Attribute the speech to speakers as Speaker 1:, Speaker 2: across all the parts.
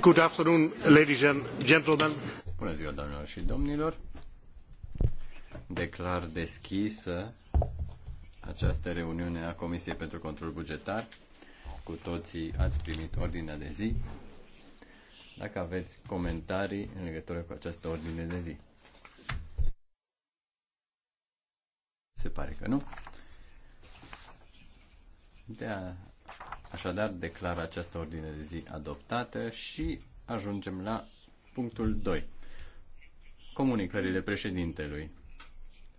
Speaker 1: Good afternoon, ladies and gentlemen. Bună ziua, doamnelor și domnilor. Declar deschisă această reuniune a Comisiei pentru Control Bugetar. Cu toții ați primit ordinea de zi. Dacă aveți comentarii în legătură cu această ordine de zi. Se pare că nu. De a, Așadar, declar această ordine de zi adoptată și ajungem la punctul 2. Comunicările președintelui.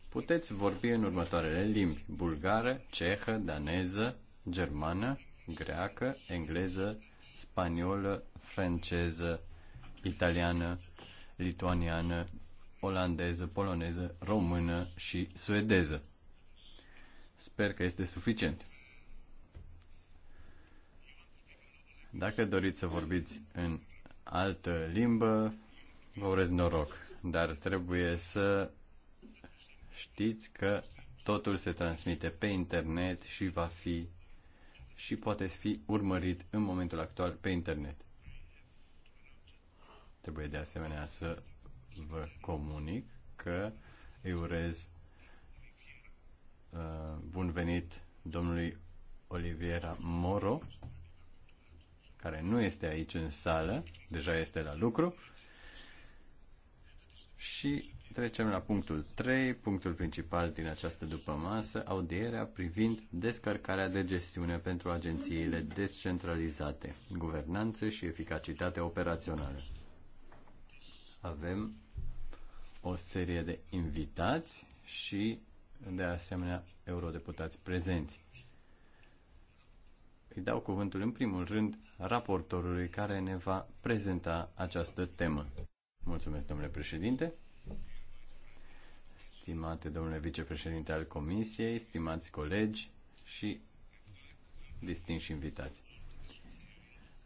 Speaker 1: Puteți vorbi în următoarele limbi. Bulgară, cehă, daneză, germană, greacă, engleză, spaniolă, franceză, italiană, lituaniană, olandeză, poloneză, română și suedeză. Sper că este suficient. Dacă doriți să vorbiți în altă limbă, vă urez noroc, dar trebuie să știți că totul se transmite pe internet și va fi și poate fi urmărit în momentul actual pe internet. Trebuie de asemenea să vă comunic că îi urez uh, bun venit domnului Oliviera Moro, care nu este aici în sală, deja este la lucru. Și trecem la punctul 3, punctul principal din această dupămasă, audierea privind descărcarea de gestiune pentru agențiile descentralizate, guvernanță și eficacitate operațională. Avem o serie de invitați și, de asemenea, eurodeputați prezenți. Îi dau cuvântul în primul rând raportorului care ne va prezenta această temă. Mulțumesc, domnule președinte. Stimate domnule vicepreședinte al Comisiei, stimați colegi și distinși invitați.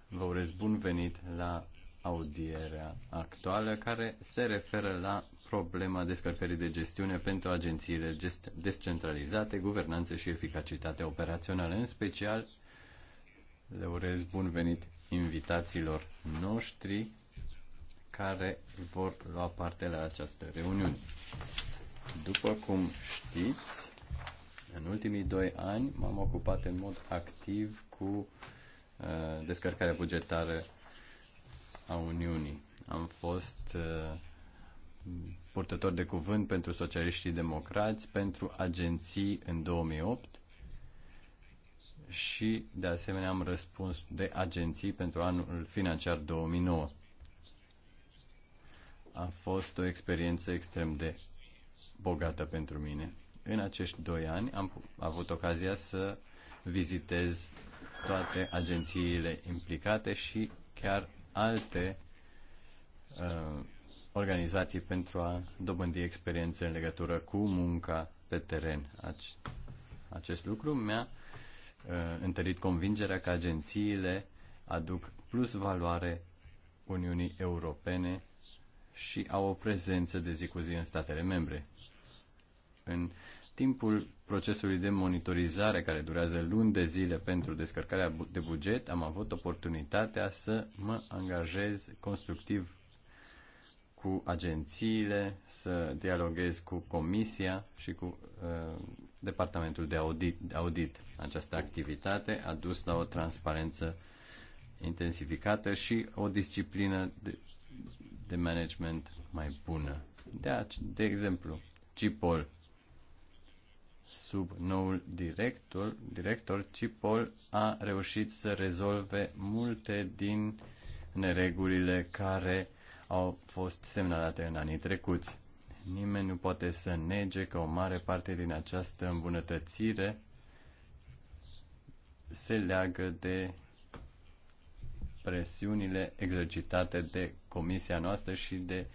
Speaker 1: Vă urez bun venit la audierea actuală care se referă la problema descărcării de gestiune pentru agențiile gest- descentralizate, guvernanță și eficacitate operațională, în special le urez bun venit invitațiilor noștri care vor lua parte la această reuniune. După cum știți, în ultimii doi ani m-am ocupat în mod activ cu uh, descărcarea bugetară a Uniunii. Am fost uh, purtător de cuvânt pentru socialiștii democrați pentru agenții în 2008 și, de asemenea, am răspuns de agenții pentru anul financiar 2009. A fost o experiență extrem de bogată pentru mine. În acești doi ani am avut ocazia să vizitez toate agențiile implicate și chiar alte uh, organizații pentru a dobândi experiențe în legătură cu munca pe teren. Acest lucru mi-a Uh, întărit convingerea că agențiile aduc plus valoare Uniunii Europene și au o prezență de zi cu zi în statele membre. În timpul procesului de monitorizare care durează luni de zile pentru descărcarea de buget, am avut oportunitatea să mă angajez constructiv cu agențiile, să dialoghez cu comisia și cu uh, Departamentul de audit, audit. Această activitate a dus la o transparență intensificată și o disciplină de, de management mai bună. De, de exemplu, CIPOL, sub noul director, director, CIPOL a reușit să rezolve multe din neregulile care au fost semnalate în anii trecuți. Nimeni nu poate să nege că o mare parte din această îmbunătățire se leagă de presiunile exercitate de comisia noastră și de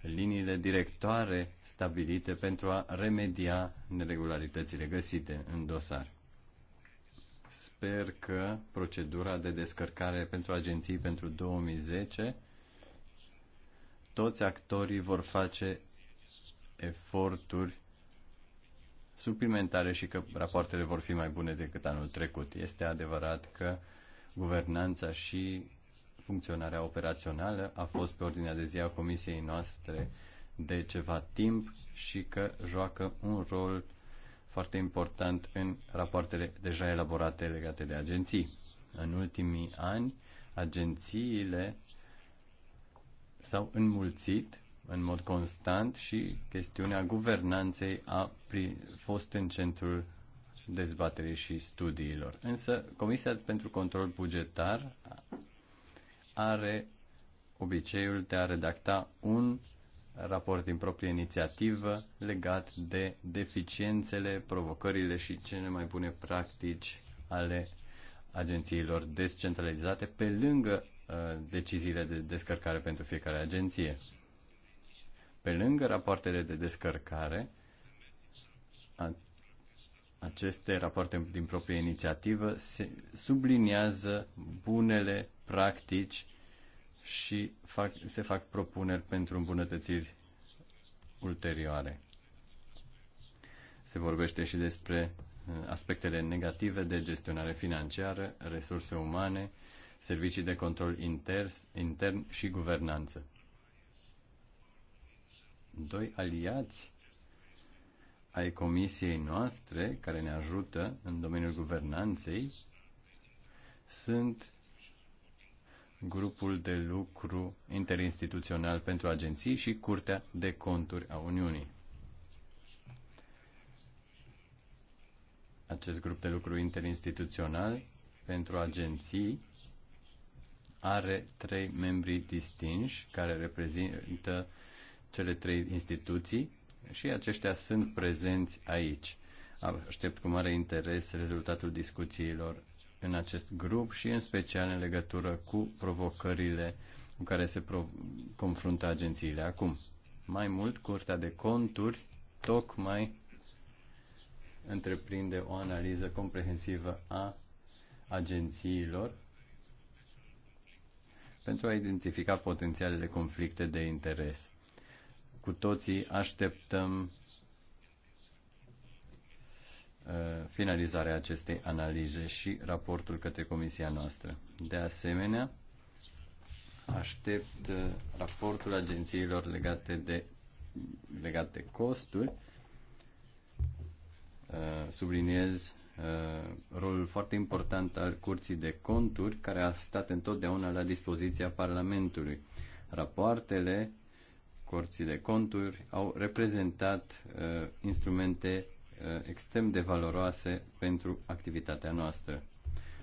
Speaker 1: liniile directoare stabilite pentru a remedia neregularitățile găsite în dosar. Sper că procedura de descărcare pentru agenții pentru 2010 toți actorii vor face eforturi suplimentare și că rapoartele vor fi mai bune decât anul trecut. Este adevărat că guvernanța și funcționarea operațională a fost pe ordinea de zi a comisiei noastre de ceva timp și că joacă un rol foarte important în rapoartele deja elaborate legate de agenții. În ultimii ani, agențiile s-au înmulțit în mod constant și chestiunea guvernanței a fost în centrul dezbaterii și studiilor. Însă Comisia pentru Control Bugetar are obiceiul de a redacta un raport din proprie inițiativă legat de deficiențele, provocările și cele mai bune practici ale agențiilor descentralizate pe lângă uh, deciziile de descărcare pentru fiecare agenție. Pe lângă rapoartele de descărcare, aceste rapoarte din proprie inițiativă se subliniază bunele practici și fac, se fac propuneri pentru îmbunătățiri ulterioare. Se vorbește și despre uh, aspectele negative de gestionare financiară, resurse umane, servicii de control inter, intern și guvernanță doi aliați ai comisiei noastre care ne ajută în domeniul guvernanței sunt grupul de lucru interinstituțional pentru agenții și Curtea de Conturi a Uniunii. Acest grup de lucru interinstituțional pentru agenții are trei membri distinși care reprezintă uh, cele trei instituții și aceștia sunt prezenți aici. Aștept cu mare interes rezultatul discuțiilor în acest grup și în special în legătură cu provocările cu care se confruntă agențiile acum. Mai mult, Curtea de Conturi tocmai întreprinde o analiză comprehensivă a agențiilor pentru a identifica potențialele conflicte de interes cu toții așteptăm uh, finalizarea acestei analize și raportul către comisia noastră. De asemenea, aștept uh, raportul agențiilor legate de, legate de costuri. Uh, subliniez rolul foarte important al Curții de Conturi, care a stat întotdeauna la dispoziția Parlamentului. Rapoartele Corții de conturi au reprezentat uh, instrumente uh, extrem de valoroase pentru activitatea noastră.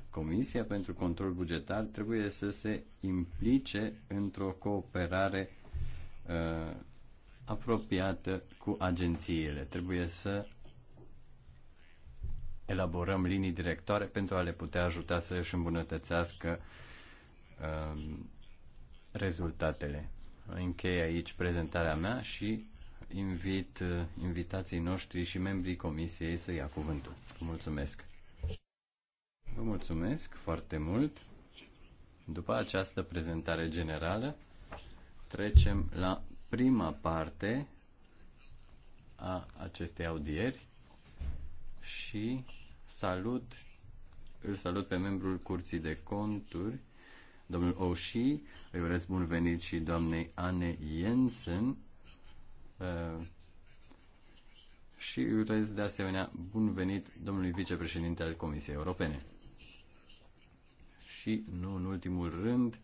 Speaker 1: Comisia pentru control bugetar trebuie să se implice într-o cooperare uh, apropiată cu agențiile. Trebuie să elaborăm linii directoare pentru a le putea ajuta să își îmbunătățească uh, rezultatele închei aici prezentarea mea și invit uh, invitații noștri și membrii comisiei să ia cuvântul. Vă mulțumesc! Vă mulțumesc foarte mult! După această prezentare generală, trecem la prima parte a acestei audieri și salut, îl salut pe membrul Curții de Conturi, domnul Oshi, îi urez bun venit și doamnei Anne Jensen uh, și îi urez de asemenea bun venit domnului vicepreședinte al Comisiei Europene. Și, nu în ultimul rând,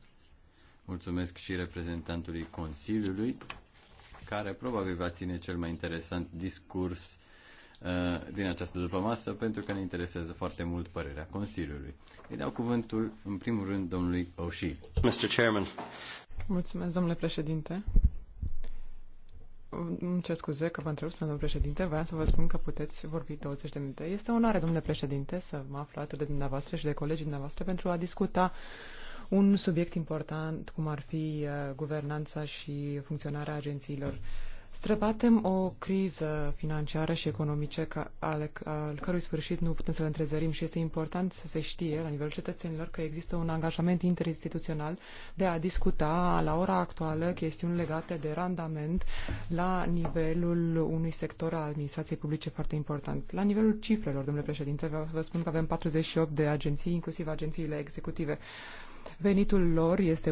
Speaker 1: mulțumesc și reprezentantului Consiliului, care probabil va ține cel mai interesant discurs Uh, din această după-masă, pentru că ne interesează foarte mult părerea Consiliului. Îi dau cuvântul, în primul rând, domnului Oshi. Mr. Chairman.
Speaker 2: Mulțumesc, domnule președinte. Îmi cer scuze că vă întrerup, domnule președinte. Vreau să vă spun că puteți vorbi 20 de minute. Este o onoare, domnule președinte, să mă aflu atât de dumneavoastră și de colegii dumneavoastră pentru a discuta un subiect important, cum ar fi uh, guvernanța și funcționarea agențiilor Străbatem o criză financiară și economică ca, ale, al cărui sfârșit nu putem să-l întrezărim și este important să se știe la nivelul cetățenilor că există un angajament interinstituțional de a discuta la ora actuală chestiuni legate de randament la nivelul unui sector al administrației publice foarte important. La nivelul cifrelor, domnule președinte, vă, vă spun că avem 48 de agenții, inclusiv agențiile executive. Uh, Venitul lor este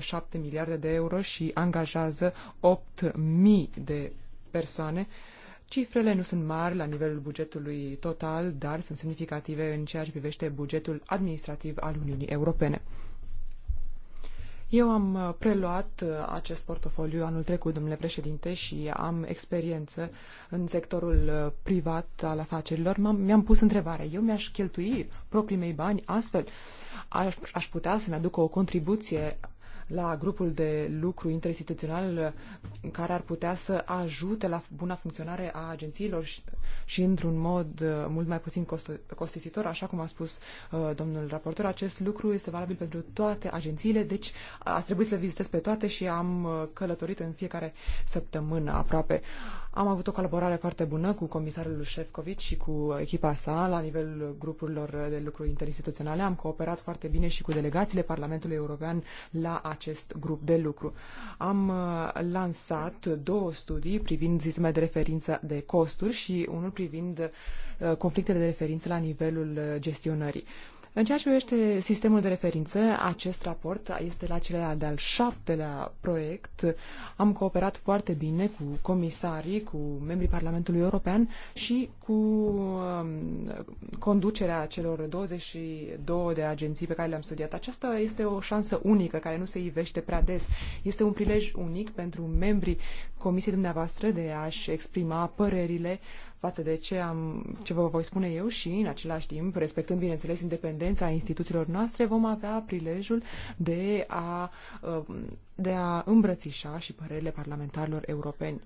Speaker 2: 1,7 miliarde de euro și angajează 8.000 de persoane. Cifrele nu sunt mari la nivelul bugetului total, dar sunt semnificative în ceea ce privește bugetul administrativ al Uniunii Europene. Eu am uh, preluat uh, acest portofoliu anul trecut, domnule președinte, și am experiență în sectorul uh, privat al afacerilor. mi-am pus întrebarea, eu mi-aș cheltui proprii mei bani astfel? Aș, aș putea să-mi aduc o contribuție la grupul de lucru interinstituțional uh, care ar putea să ajute la buna funcționare a agențiilor și, și într-un mod uh, mult mai puțin cost, costisitor, așa cum a spus uh, domnul raportor. Acest lucru este valabil pentru toate agențiile, deci a trebuit să le vizitez pe toate și am uh, călătorit în fiecare săptămână aproape. Am avut o colaborare foarte bună cu comisarul Șefcovici și cu echipa sa la nivel grupurilor de lucru interinstituționale. Am cooperat foarte bine și cu delegațiile Parlamentului European la acest grup de lucru. Am uh, lansat două studii privind zisme de referință de costuri și unul privind uh, conflictele de referință la nivelul uh, gestionării. În ceea ce privește sistemul de referință, acest raport este la cel de-al șaptelea proiect. Am cooperat foarte bine cu comisarii, cu membrii Parlamentului European și cu um, conducerea celor 22 de agenții pe care le-am studiat. Aceasta este o șansă unică care nu se ivește prea des. Este un prilej unic pentru membrii comisiei dumneavoastră de a-și exprima părerile uh, față de ce, am, ce vă voi spune eu și, în același timp, respectând, bineînțeles, independența instituțiilor noastre, vom avea prilejul de a, um, de a îmbrățișa și părerile parlamentarilor europeni.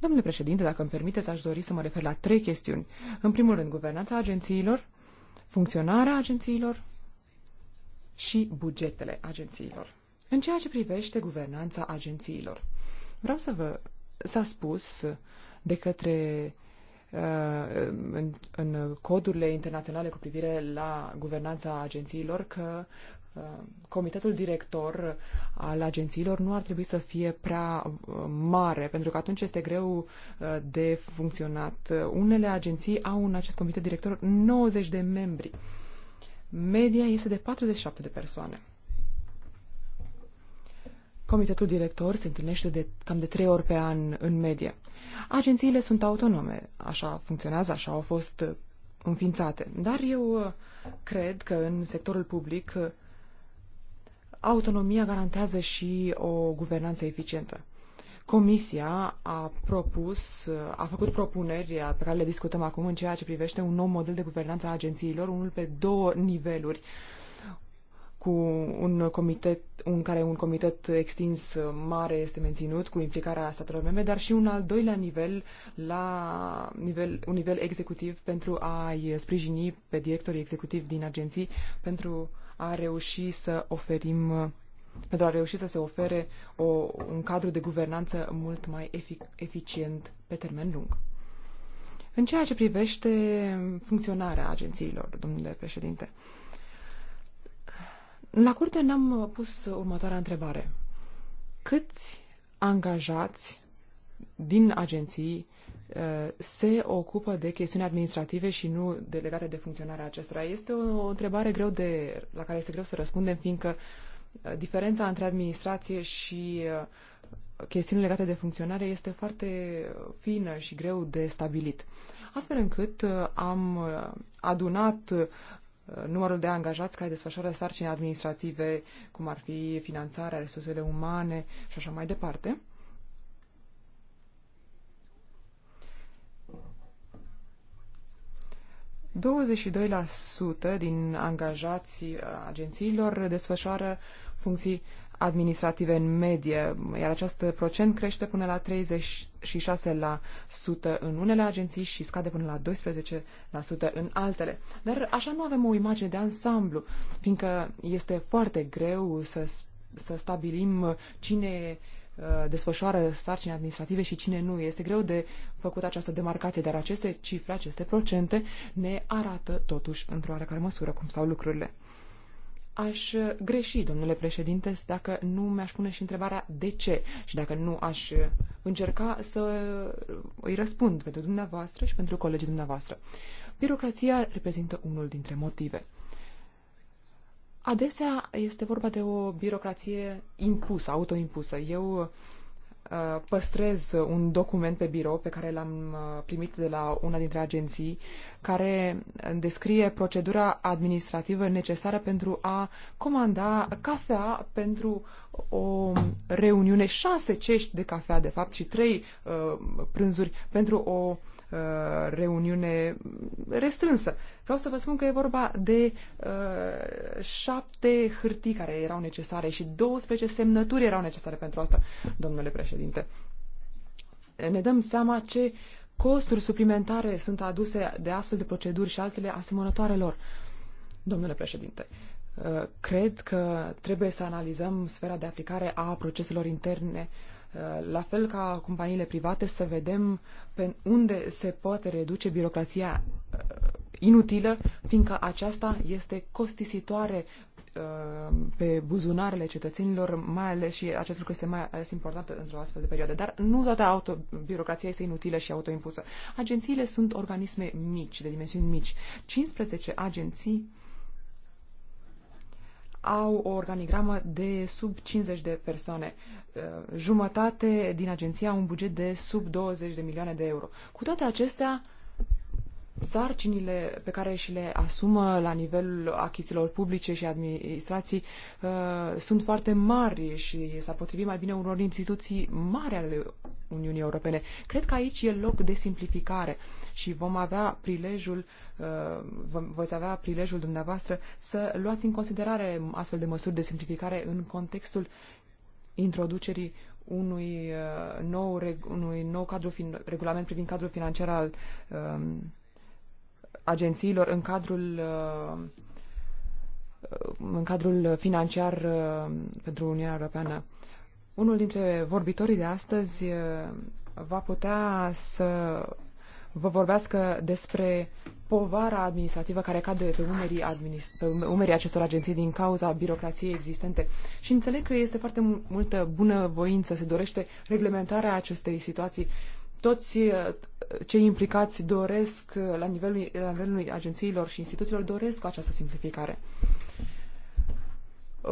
Speaker 2: Domnule președinte, dacă îmi permiteți, aș dori să mă refer la trei chestiuni. În primul rând, guvernanța agențiilor, funcționarea agențiilor și bugetele agențiilor. În ceea ce privește guvernanța agențiilor, vreau să vă... S-a spus de către uh, în, în codurile internaționale cu privire la guvernanța agențiilor că uh, comitetul director al agențiilor nu ar trebui să fie prea uh, mare, pentru că atunci este greu de funcționat. Unele agenții au în acest comitet director 90 de membri. Media este de 47 de persoane. Comitetul director se întâlnește de cam de trei ori pe an în medie. Agențiile sunt autonome, așa funcționează, așa au fost uh, înființate. Dar eu uh, cred că în sectorul public uh, autonomia garantează și o guvernanță eficientă. Comisia a propus, a făcut propuneri pe care le discutăm acum în ceea ce privește un nou model de guvernanță a agențiilor, unul pe două niveluri. Uh, cu un comitet, un care un comitet extins mare este menținut cu implicarea statelor membre, dar și un al doilea nivel la nivel, un nivel executiv pentru a-i sprijini pe directorii executivi din agenții pentru a reuși să oferim pentru a reuși să se ofere o, un cadru de guvernanță mult mai efic- eficient pe termen lung. În ceea ce privește funcționarea agențiilor, domnule președinte, uh, la curte ne-am uh, pus următoarea întrebare. Câți angajați din agenții uh, se ocupă de chestiuni administrative și nu de legate de funcționarea acestora? Este o întrebare greu de, la care este greu să răspundem, fiindcă uh, diferența între administrație și chestiuni legate de funcționare este foarte fină și greu de stabilit. Astfel încât am adunat Uh, numărul de angajați care desfășoară sarcini administrative, cum ar fi finanțarea, resursele umane și așa mai departe. sută din angajații uh, agențiilor desfășoară funcții administrative în medie, iar acest procent crește până la 36% în unele agenții și scade până la 12% în altele. Dar așa nu avem o imagine de ansamblu, fiindcă este foarte greu să, să stabilim cine uh, desfășoară sarcini administrative și cine nu. Este greu de făcut această demarcație, dar aceste cifre, aceste procente ne arată totuși într-o oarecare măsură cum stau lucrurile. Aș uh, greși, domnule președinte, dacă nu mi-aș pune și întrebarea de ce și dacă nu aș uh, încerca să uh, îi răspund pentru dumneavoastră și pentru colegii dumneavoastră. Birocrația reprezintă unul dintre motive. Adesea este vorba de o birocrație impusă, autoimpusă. Eu Uh, păstrez un document pe birou pe care l-am uh, primit de la una dintre agenții care descrie procedura administrativă necesară pentru a comanda cafea pentru o reuniune, șase cești de cafea de fapt și trei uh, prânzuri pentru o Uh, reuniune restrânsă. Vreau să vă spun că e vorba de uh, șapte hârtii care erau necesare și 12 semnături erau necesare pentru asta, domnule președinte. Ne dăm seama ce costuri suplimentare sunt aduse de astfel de proceduri și altele asemănătoare lor. Domnule președinte, uh, cred că trebuie să analizăm sfera de aplicare a proceselor interne uh, Eh, la fel ca companiile private, să vedem pe unde se poate reduce birocrația eh, inutilă, fiindcă aceasta este costisitoare eh, pe buzunarele cetățenilor, mai ales și acest lucru este mai ales important într-o astfel de perioadă. Dar nu toată auto, este inutilă și autoimpusă. Agențiile sunt organisme mici, de dimensiuni mici. 15 agenții au o organigramă de sub 50 de persoane. Uh, jumătate din agenția au un buget de sub 20 de milioane de euro. Cu toate acestea, sarcinile pe care și le asumă la nivelul achizițiilor publice și administrații uh, sunt foarte mari și s a potrivit mai bine unor instituții mari ale Uniunii Europene. Cred că aici e loc de simplificare. Uh, și vom avea prilejul, uh, veți avea prilejul dumneavoastră să luați în considerare astfel de măsuri de simplificare în contextul introducerii unui uh, nou, unui nou cadru regulament privind cadrul financiar al um, agențiilor în cadrul uh, în cadrul financiar pentru Uniunea Europeană. Unul dintre vorbitorii de astăzi va putea să vă vorbească despre povara administrativă care cade pe umerii, administ- pe umerii acestor agenții din cauza birocrației existente. Și înțeleg că este foarte multă bună voință, se dorește reglementarea acestei situații. Toți eh, cei implicați doresc, eh, la nivelul, la nivelul agențiilor și instituțiilor, doresc această simplificare.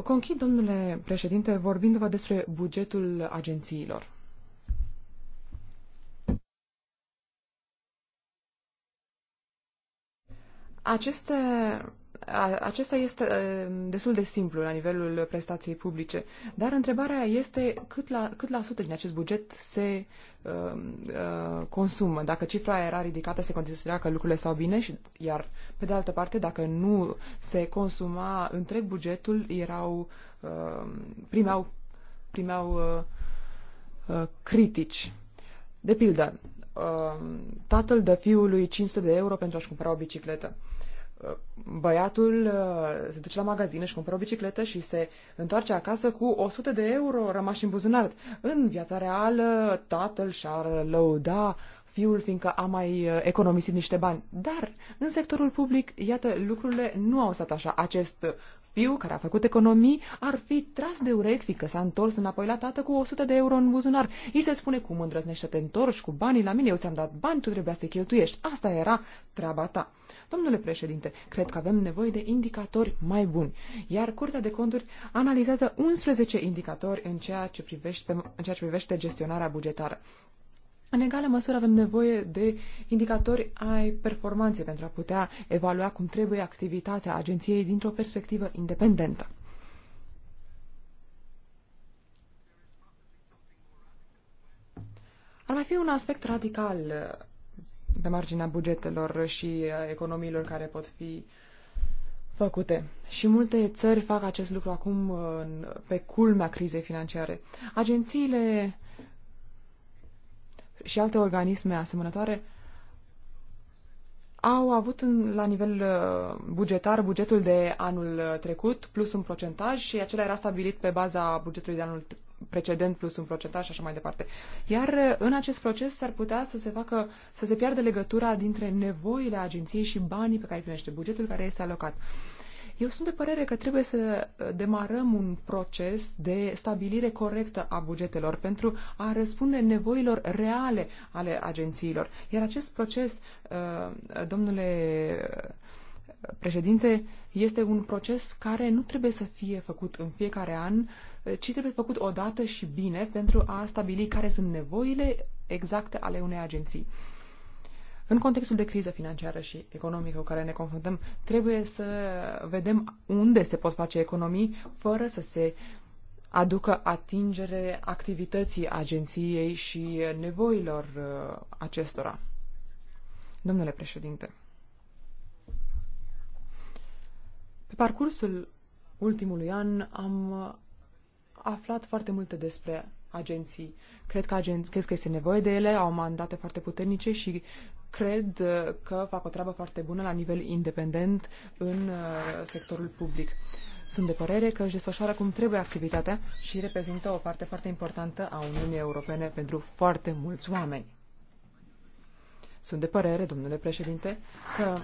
Speaker 2: Conchid, domnule președinte, vorbindu-vă despre bugetul agențiilor. Aceste, acesta este destul de simplu la nivelul prestației publice, dar întrebarea este cât la, cât la sută din acest buget se uh, uh, consumă. Dacă cifra era ridicată, se considera că lucrurile s-au bine, și, iar pe de altă parte, dacă nu se consuma întreg bugetul, erau, uh, primeau, primeau uh, uh, critici. De pildă, uh, tatăl dă fiului 500 de euro pentru a-și cumpăra o bicicletă băiatul uh, se duce la magazin și cumpără o bicicletă și se întoarce acasă cu 100 de euro rămași în buzunar. În viața reală, tatăl și-ar lăuda fiul fiindcă a mai uh, economisit niște bani. Dar, în sectorul public, iată, lucrurile nu au stat așa. Acest fiu care a făcut economii ar fi tras de urechi, fiindcă s-a întors înapoi la tată cu 100 de euro în buzunar. Îi se spune cum îndrăznește te întorci cu banii la mine, eu ți-am dat bani, tu trebuia să te cheltuiești. Asta era treaba ta. Domnule președinte, cred că avem nevoie de indicatori mai buni, iar Curtea de Conturi analizează 11 indicatori în ceea ce privește, în ceea ce privește gestionarea bugetară. În egală măsură avem nevoie de indicatori ai performanței pentru a putea evalua cum trebuie activitatea agenției dintr-o perspectivă independentă. Ar mai fi un aspect radical uh, pe marginea bugetelor și uh, economiilor care pot fi făcute. Și multe țări fac acest lucru acum uh, pe culmea crizei financiare. Agențiile uh, și alte organisme asemănătoare au avut în, la nivel uh, bugetar bugetul de anul uh, trecut plus un procentaj și acela era stabilit pe baza bugetului de anul precedent plus un procentaj și așa mai departe. Iar uh, în acest proces s-ar putea să se facă, să se piardă legătura dintre nevoile agenției și banii pe care îi primește, bugetul care este alocat. Eu sunt de părere că trebuie să uh, demarăm un proces de stabilire corectă a bugetelor pentru a răspunde nevoilor reale ale agențiilor. Iar acest proces, uh, domnule uh, președinte, este un proces care nu trebuie să fie făcut în fiecare an, ci trebuie făcut odată și bine pentru a stabili care sunt nevoile exacte ale unei agenții. În contextul de criză financiară și economică cu care ne confruntăm, trebuie să vedem unde se pot face economii fără să se aducă atingere activității agenției și nevoilor uh, acestora. Domnule președinte, pe parcursul ultimului an am uh, aflat foarte multe despre agenții. Cred că, agen- cred că este nevoie de ele, au mandate foarte puternice și cred uh, că fac o treabă foarte bună la nivel independent în uh, sectorul public. Sunt de părere că își desfășoară cum trebuie activitatea și reprezintă o parte foarte importantă a Uniunii Europene pentru foarte mulți oameni. Sunt de părere, domnule președinte, că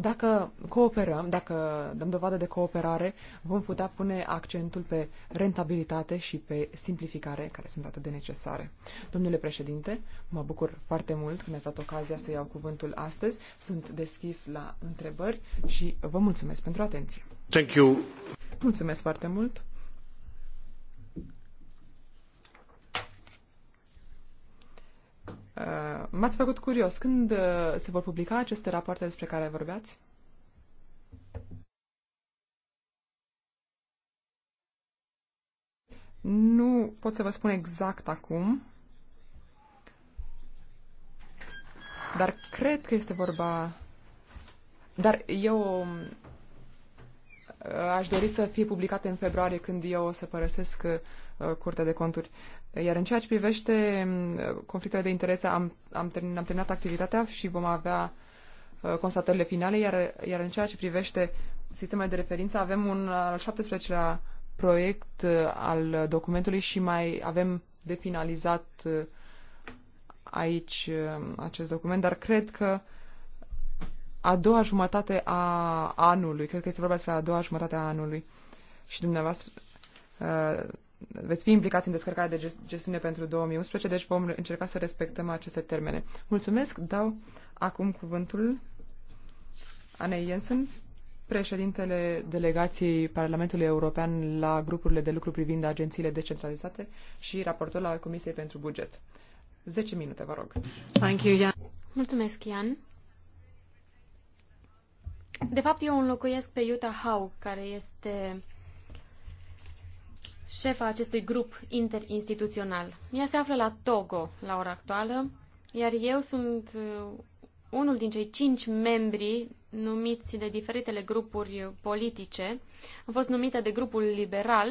Speaker 2: dacă cooperăm, dacă dăm dovadă de cooperare, vom putea pune accentul pe rentabilitate și pe simplificare, care sunt atât de necesare. Domnule președinte, mă bucur foarte mult că mi-ați dat ocazia să iau cuvântul astăzi. Sunt deschis la întrebări și vă mulțumesc pentru atenție. Thank you. Mulțumesc foarte mult. Uh, m-ați făcut curios. Când uh, se vor publica aceste rapoarte despre care vorbeați? Nu pot să vă spun exact acum, dar cred că este vorba... Dar eu uh, aș dori să fie publicate în februarie când eu o să părăsesc Uh, Curtea de Conturi. Iar în ceea ce privește um, conflictele de interese, am, am, termin, am terminat activitatea și vom avea uh, constatările finale, iar, iar în ceea ce privește sistemele de referință, avem un uh, al 17-lea proiect al documentului și mai avem de finalizat aici acest document, dar cred că a doua jumătate a anului, cred că este vorba despre a doua jumătate a anului și dumneavoastră veți fi implicați în descărcarea de gestiune pentru 2011, deci vom încerca să respectăm aceste termene. Mulțumesc, dau acum cuvântul Anei Jensen, președintele delegației Parlamentului European la grupurile de lucru privind agențiile decentralizate și raportorul al Comisiei pentru Buget. 10 minute, vă rog.
Speaker 3: Thank you, Jan. Mulțumesc, Ian. De fapt, eu înlocuiesc pe Jutta Hau, care este șefa acestui grup interinstituțional. Ea se află la Togo la ora actuală, iar eu sunt uh, unul din cei cinci membri numiți de diferitele grupuri politice. Am fost numită de grupul liberal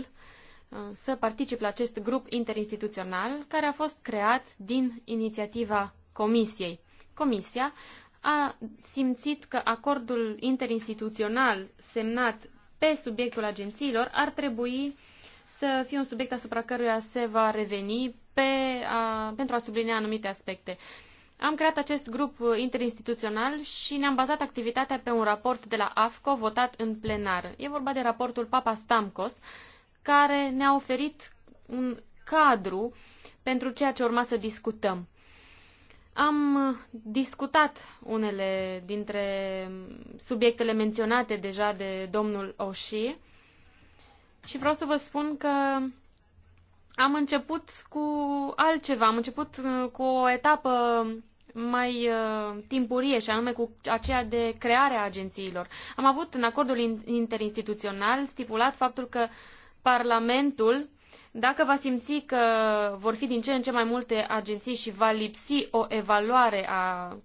Speaker 3: uh, să particip la acest grup interinstituțional care a fost creat din inițiativa Comisiei. Comisia a simțit că acordul interinstituțional semnat pe subiectul agențiilor ar trebui uh, să fie un subiect asupra căruia se va reveni pe a, pentru a sublinia anumite aspecte. Am creat acest grup interinstituțional și ne-am bazat activitatea pe un raport de la AFCO votat în plenar. E vorba de raportul Papa Stamkos, care ne-a oferit un cadru pentru ceea ce urma să discutăm. Am discutat unele dintre subiectele menționate deja de domnul Oșie, și vreau să vă spun că am început cu altceva, am început uh, cu o etapă mai uh, timpurie și anume cu aceea de creare a agențiilor. Am avut în acordul interinstituțional stipulat faptul că Parlamentul, dacă va simți că vor fi din ce în ce mai multe agenții și va lipsi o evaluare a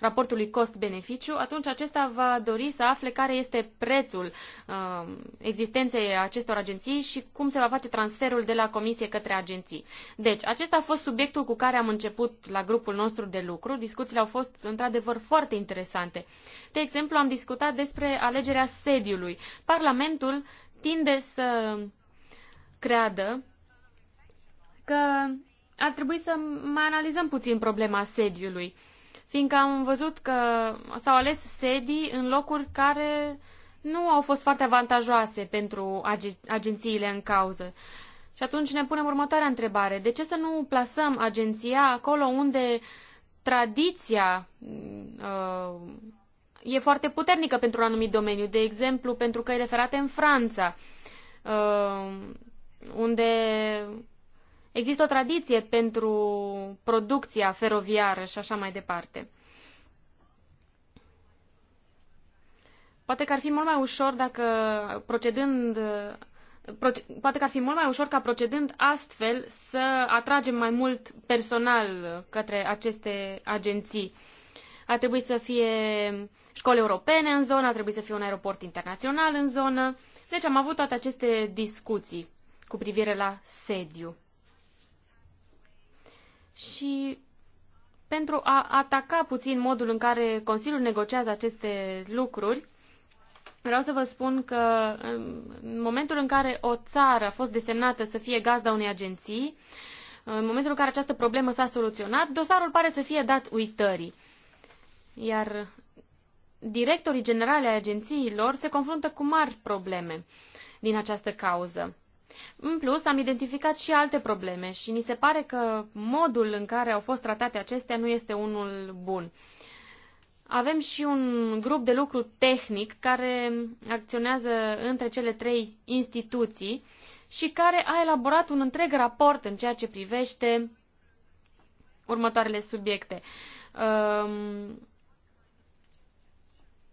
Speaker 3: raportului cost-beneficiu, atunci acesta va dori să afle care este prețul uh, existenței acestor agenții și cum se va face transferul de la comisie către agenții. Deci, acesta a fost subiectul cu care am început la grupul nostru de lucru. Discuțiile au fost, într-adevăr, foarte interesante. De exemplu, am discutat despre alegerea sediului. Parlamentul tinde să creadă că ar trebui să mai analizăm puțin problema sediului. Uh, fiindcă am văzut că s-au ales sedii în locuri care nu au fost foarte avantajoase pentru ag- agențiile în cauză. Și atunci ne punem următoarea întrebare. De ce să nu plasăm agenția acolo unde tradiția uh, e foarte puternică pentru un anumit domeniu? De exemplu, pentru e referate în Franța, uh, unde Există o tradiție pentru producția feroviară și așa mai departe. Poate că ar fi mult mai ușor dacă procedând poate că ar fi mult mai ușor ca procedând astfel să atragem mai mult personal către aceste agenții. Ar trebui să fie școli europene în zonă, ar trebui să fie un aeroport internațional în zonă. Deci am avut toate aceste discuții cu privire la sediu și pentru a ataca puțin modul în care Consiliul negociază aceste lucruri, vreau să vă spun că în momentul în care o țară a fost desemnată să fie gazda unei agenții, în momentul în care această problemă s-a soluționat, dosarul pare să fie dat uitării. Iar directorii generale ai agențiilor se confruntă cu mari probleme din această cauză. În plus, am identificat și alte probleme și ni se pare că modul în care au fost tratate acestea nu este unul bun. Avem și un grup de lucru tehnic care acționează între cele trei instituții și care a elaborat un întreg raport în ceea ce privește următoarele subiecte. Ehm,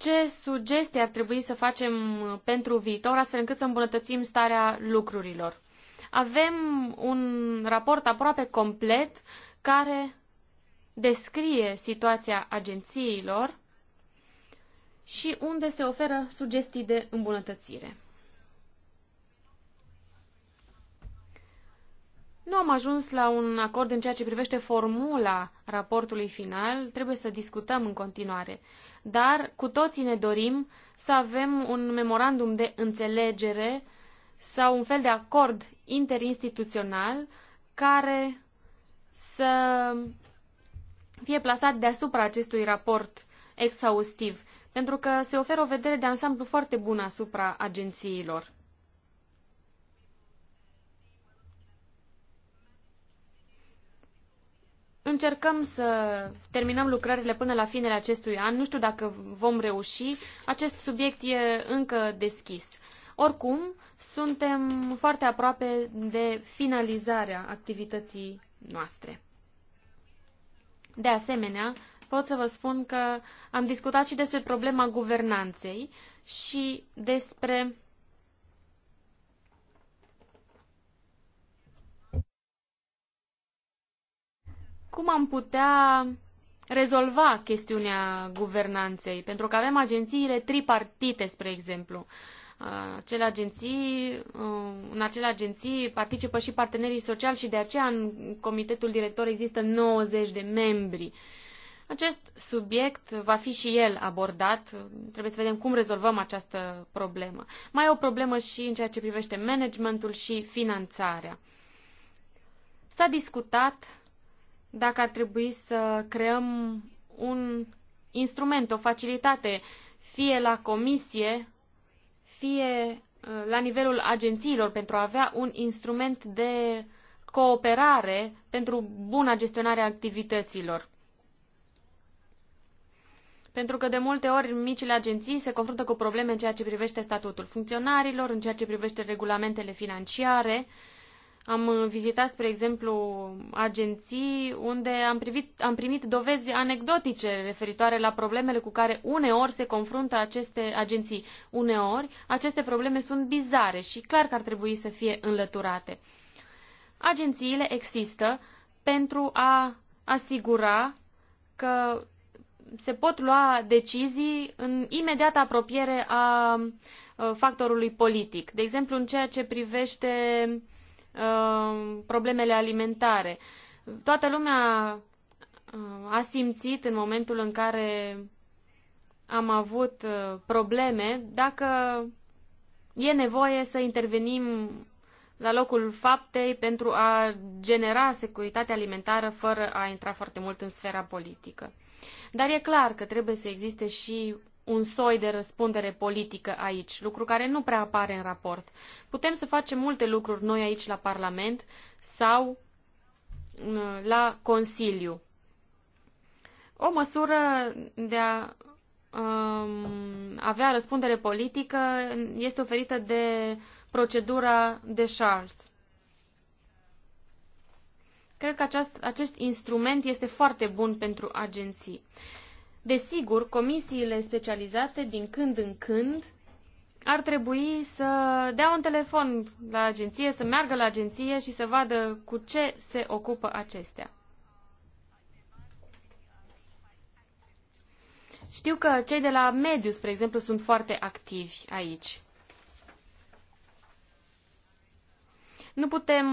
Speaker 3: ce sugestii ar trebui să facem uh, pentru viitor, astfel încât să îmbunătățim starea lucrurilor. Avem un raport aproape complet care descrie situația agențiilor și unde se oferă sugestii de îmbunătățire. Nu am ajuns la un acord în ceea ce privește formula raportului final, trebuie să discutăm în continuare dar cu toții ne dorim să avem un memorandum de înțelegere sau un fel de acord interinstituțional care să fie plasat deasupra acestui raport exhaustiv, pentru că se oferă o vedere de ansamblu foarte bună asupra agențiilor. Încercăm să terminăm lucrările până la finele acestui an. Nu știu dacă vom reuși. Acest subiect e încă deschis. Oricum, suntem foarte aproape de finalizarea activității noastre. De asemenea, pot să vă spun că am discutat și despre problema guvernanței și despre cum am putea rezolva chestiunea guvernanței, pentru că avem agențiile tripartite, spre exemplu. Uh, acele agenții, uh, în acele agenții participă și partenerii sociali și de aceea în comitetul director există 90 de membri. Acest subiect va fi și el abordat. Trebuie să vedem cum rezolvăm această problemă. Mai e o problemă și în ceea ce privește managementul și finanțarea. S-a discutat dacă ar trebui să creăm un instrument, o facilitate, fie la comisie, fie uh, la nivelul agențiilor pentru a avea un instrument de cooperare pentru buna gestionare a activităților. Pentru că de multe ori micile agenții se confruntă cu probleme în ceea ce privește statutul funcționarilor, în ceea ce privește regulamentele financiare, uh, am vizitat, spre exemplu, agenții unde am, privit, am primit dovezi anecdotice referitoare la problemele cu care uneori se confruntă aceste agenții. Uneori, aceste probleme sunt bizare și clar că ar trebui să fie înlăturate. Agențiile există pentru a asigura că se pot lua decizii în imediată apropiere a factorului politic. De exemplu, în ceea ce privește Uh, problemele alimentare. Toată lumea uh, a simțit în momentul în care am avut uh, probleme dacă e nevoie să intervenim la locul faptei pentru a genera securitate alimentară fără a intra foarte mult în sfera politică. Dar e clar că trebuie să existe și un soi de răspundere politică aici, lucru care nu prea apare în raport. Putem să facem multe lucruri noi aici la Parlament sau uh, la Consiliu. O măsură de a um, avea răspundere politică este oferită de procedura de Charles. Cred că aceast, acest instrument este foarte bun pentru agenții. Desigur, comisiile specializate din când în când ar trebui să dea un telefon la agenție, să meargă la agenție și să vadă cu ce se ocupă acestea. Știu că cei de la mediu, spre exemplu, sunt foarte activi aici. Nu putem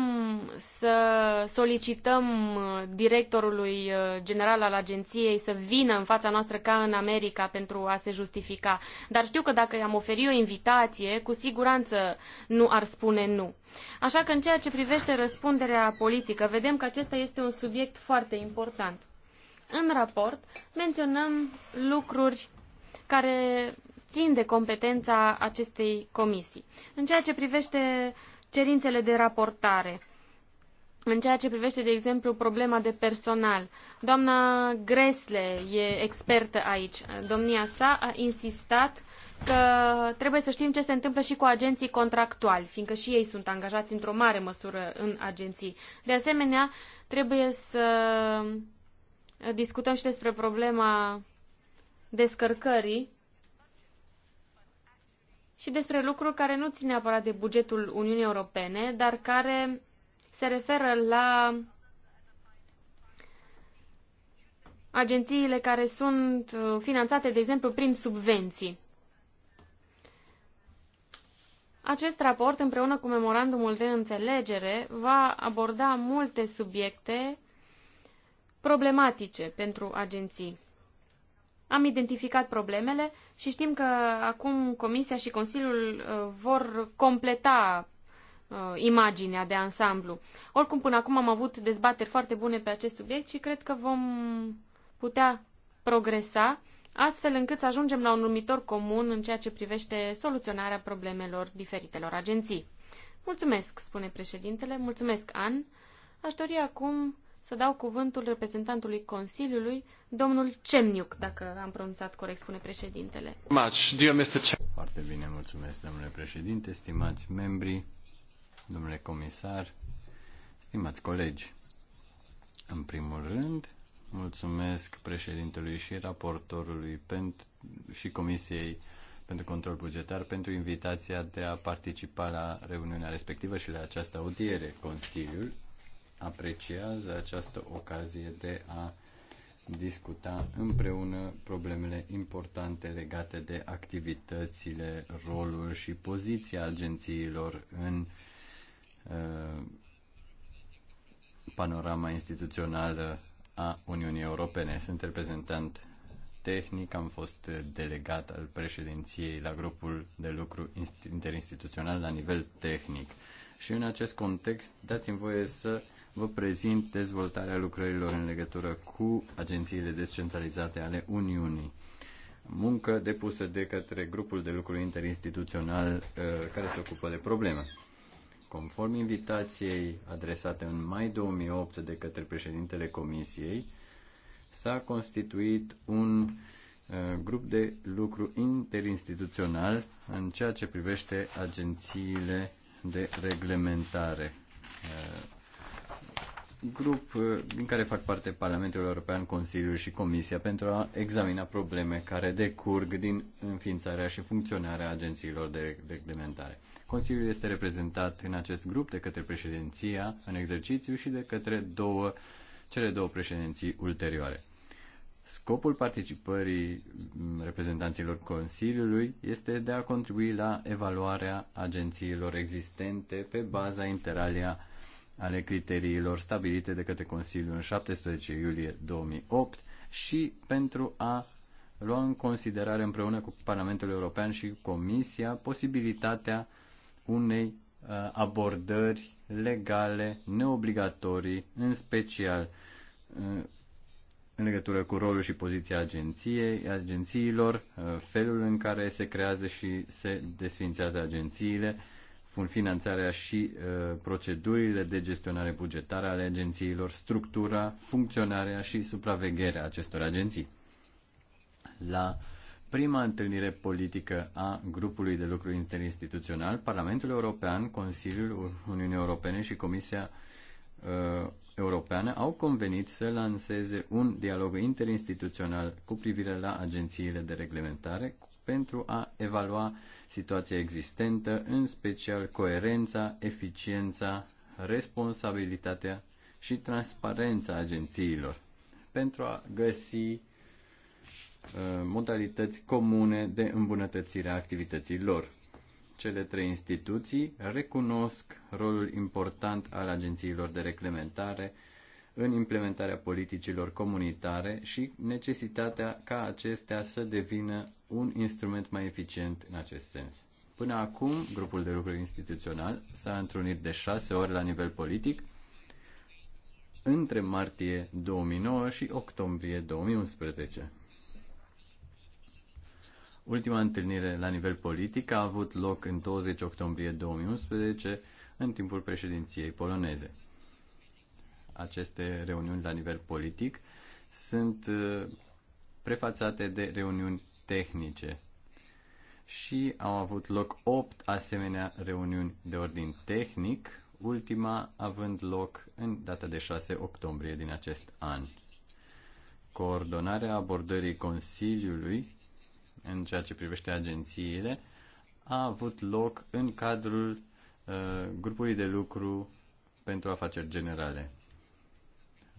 Speaker 3: să solicităm uh, directorului uh, general al agenției să vină în fața noastră ca în America pentru a se justifica. Dar știu că dacă i-am oferit o invitație, cu siguranță nu ar spune nu. Așa că în ceea ce privește răspunderea politică, vedem că acesta este un subiect foarte important. În raport menționăm lucruri care țin de competența acestei comisii. În ceea ce privește cerințele de raportare. În ceea ce privește, de exemplu, problema de personal, doamna Gresle e expertă aici. Domnia sa a insistat că trebuie să știm ce se întâmplă și cu agenții contractuali, fiindcă și ei sunt angajați într-o mare măsură în agenții. De asemenea, trebuie să discutăm și despre problema descărcării și despre lucruri care nu țin neapărat de bugetul Uniunii Europene, dar care se referă la agențiile care sunt uh, finanțate, de exemplu, prin subvenții. Acest raport, împreună cu memorandumul de înțelegere, va aborda multe subiecte problematice pentru agenții. Am identificat problemele și știm că acum Comisia și Consiliul uh, vor completa uh, imaginea de ansamblu. Oricum, până acum am avut dezbateri foarte bune pe acest subiect și cred că vom putea progresa astfel încât să ajungem la un numitor comun în ceea ce privește soluționarea problemelor diferitelor agenții. Mulțumesc, spune președintele, mulțumesc, An. Aș dori acum să dau cuvântul reprezentantului Consiliului, domnul Cemniuc, dacă am pronunțat corect, spune președintele.
Speaker 1: Foarte bine, mulțumesc, domnule președinte, stimați membri, domnule comisar, stimați colegi. În primul rând, mulțumesc președintelui și raportorului pentru, și Comisiei pentru Control Bugetar pentru invitația de a participa la reuniunea respectivă și la această audiere. Consiliul apreciază această ocazie de a discuta împreună problemele importante legate de activitățile, rolul și poziția agențiilor în uh, panorama instituțională a Uniunii Europene. Sunt reprezentant tehnic, am fost delegat al președinției la grupul de lucru interinstituțional la nivel tehnic. Și în acest context, dați-mi voie să vă prezint dezvoltarea lucrărilor în legătură cu agențiile descentralizate ale Uniunii. Muncă depusă de către grupul de lucru interinstituțional uh, care se ocupă de probleme. Conform invitației adresate în mai 2008 de către președintele Comisiei, s-a constituit un uh, grup de lucru interinstituțional în ceea ce privește agențiile de reglementare uh, grup uh, din care fac parte Parlamentul European, Consiliul și Comisia pentru a examina probleme care decurg din înființarea și funcționarea agențiilor de reglementare. Consiliul este reprezentat în acest grup de către președinția în exercițiu și de către două, cele două președinții ulterioare. Scopul participării reprezentanților Consiliului este de a contribui la evaluarea agențiilor existente pe baza interalia ale criteriilor stabilite de către Consiliu în 17 iulie 2008 și pentru a lua în considerare împreună cu Parlamentul European și Comisia posibilitatea unei uh, abordări legale neobligatorii, în special uh, în legătură cu rolul și poziția agenției, agențiilor, uh, felul în care se creează și se desfințează agențiile, finanțarea și uh, procedurile de gestionare bugetară ale agențiilor, structura, funcționarea și supravegherea acestor agenții. La prima întâlnire politică a grupului de lucru interinstituțional, Parlamentul European, Consiliul Uniunii Europene și Comisia uh, Europeană au convenit să lanseze un dialog interinstituțional cu privire la agențiile de reglementare pentru a evalua uh, situația existentă, în special coerența, eficiența, responsabilitatea și transparența agențiilor pentru a găsi uh, modalități comune de îmbunătățire a activității lor. Cele trei instituții recunosc rolul important al agențiilor de reclementare, în implementarea politicilor comunitare și necesitatea ca acestea să devină un instrument mai eficient în acest sens. Până acum, grupul de lucru instituțional s-a întrunit de șase ori la nivel politic între martie 2009 și octombrie 2011. Ultima întâlnire la nivel politic a avut loc în 20 octombrie 2011 în timpul președinției poloneze aceste reuniuni la nivel politic sunt uh, prefațate de reuniuni tehnice. Și au avut loc 8 asemenea reuniuni de ordin tehnic, ultima având loc în data de 6 octombrie din acest an. Coordonarea abordării Consiliului în ceea ce privește agențiile a avut loc în cadrul uh, grupului de lucru pentru afaceri generale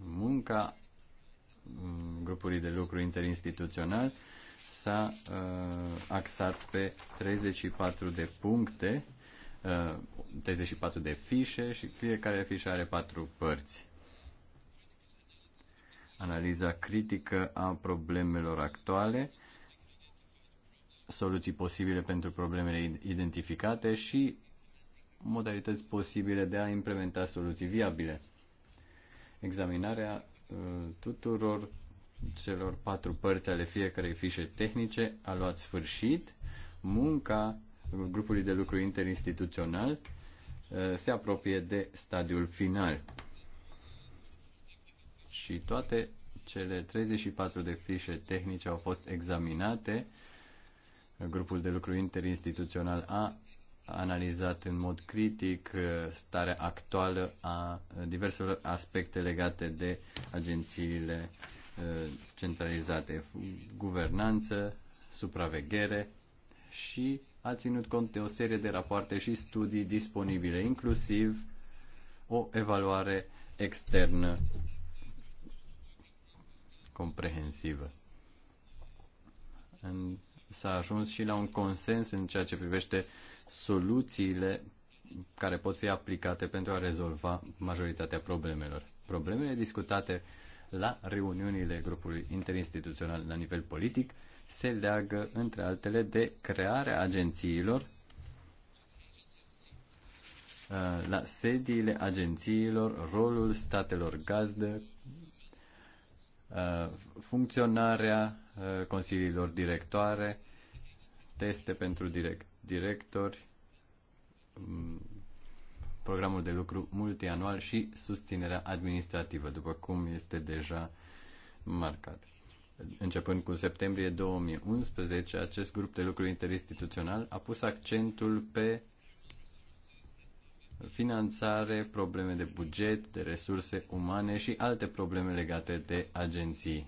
Speaker 1: munca mm, grupului de lucru interinstituțional s-a uh, axat pe 34 de puncte, uh, 34 de fișe și fiecare fișă are patru părți. Analiza critică a problemelor actuale, soluții posibile pentru problemele identificate și modalități posibile de a implementa soluții viabile examinarea uh, tuturor celor patru părți ale fiecarei fișe tehnice a luat sfârșit. Munca grupului de lucru interinstituțional uh, se apropie de stadiul final. Și toate cele 34 de fișe tehnice au fost examinate. Grupul de lucru interinstituțional a analizat în mod critic uh, starea actuală a uh, diverselor aspecte legate de agențiile uh, centralizate, guvernanță, supraveghere și a ținut cont de o serie de rapoarte și studii disponibile, inclusiv o evaluare externă comprehensivă. And s-a ajuns și la un consens în ceea ce privește soluțiile care pot fi aplicate pentru a rezolva majoritatea problemelor. Problemele discutate la reuniunile grupului interinstituțional la nivel politic se leagă, între altele, de crearea agențiilor uh, la sediile agențiilor, rolul statelor gazdă, Uh, funcționarea uh, consiliilor directoare, teste pentru direct, directori, um, programul de lucru multianual și susținerea administrativă, după cum este deja marcat. Începând cu septembrie 2011, acest grup de lucru interinstituțional a pus accentul pe finanțare, probleme de buget, de resurse umane și alte probleme legate de agenții.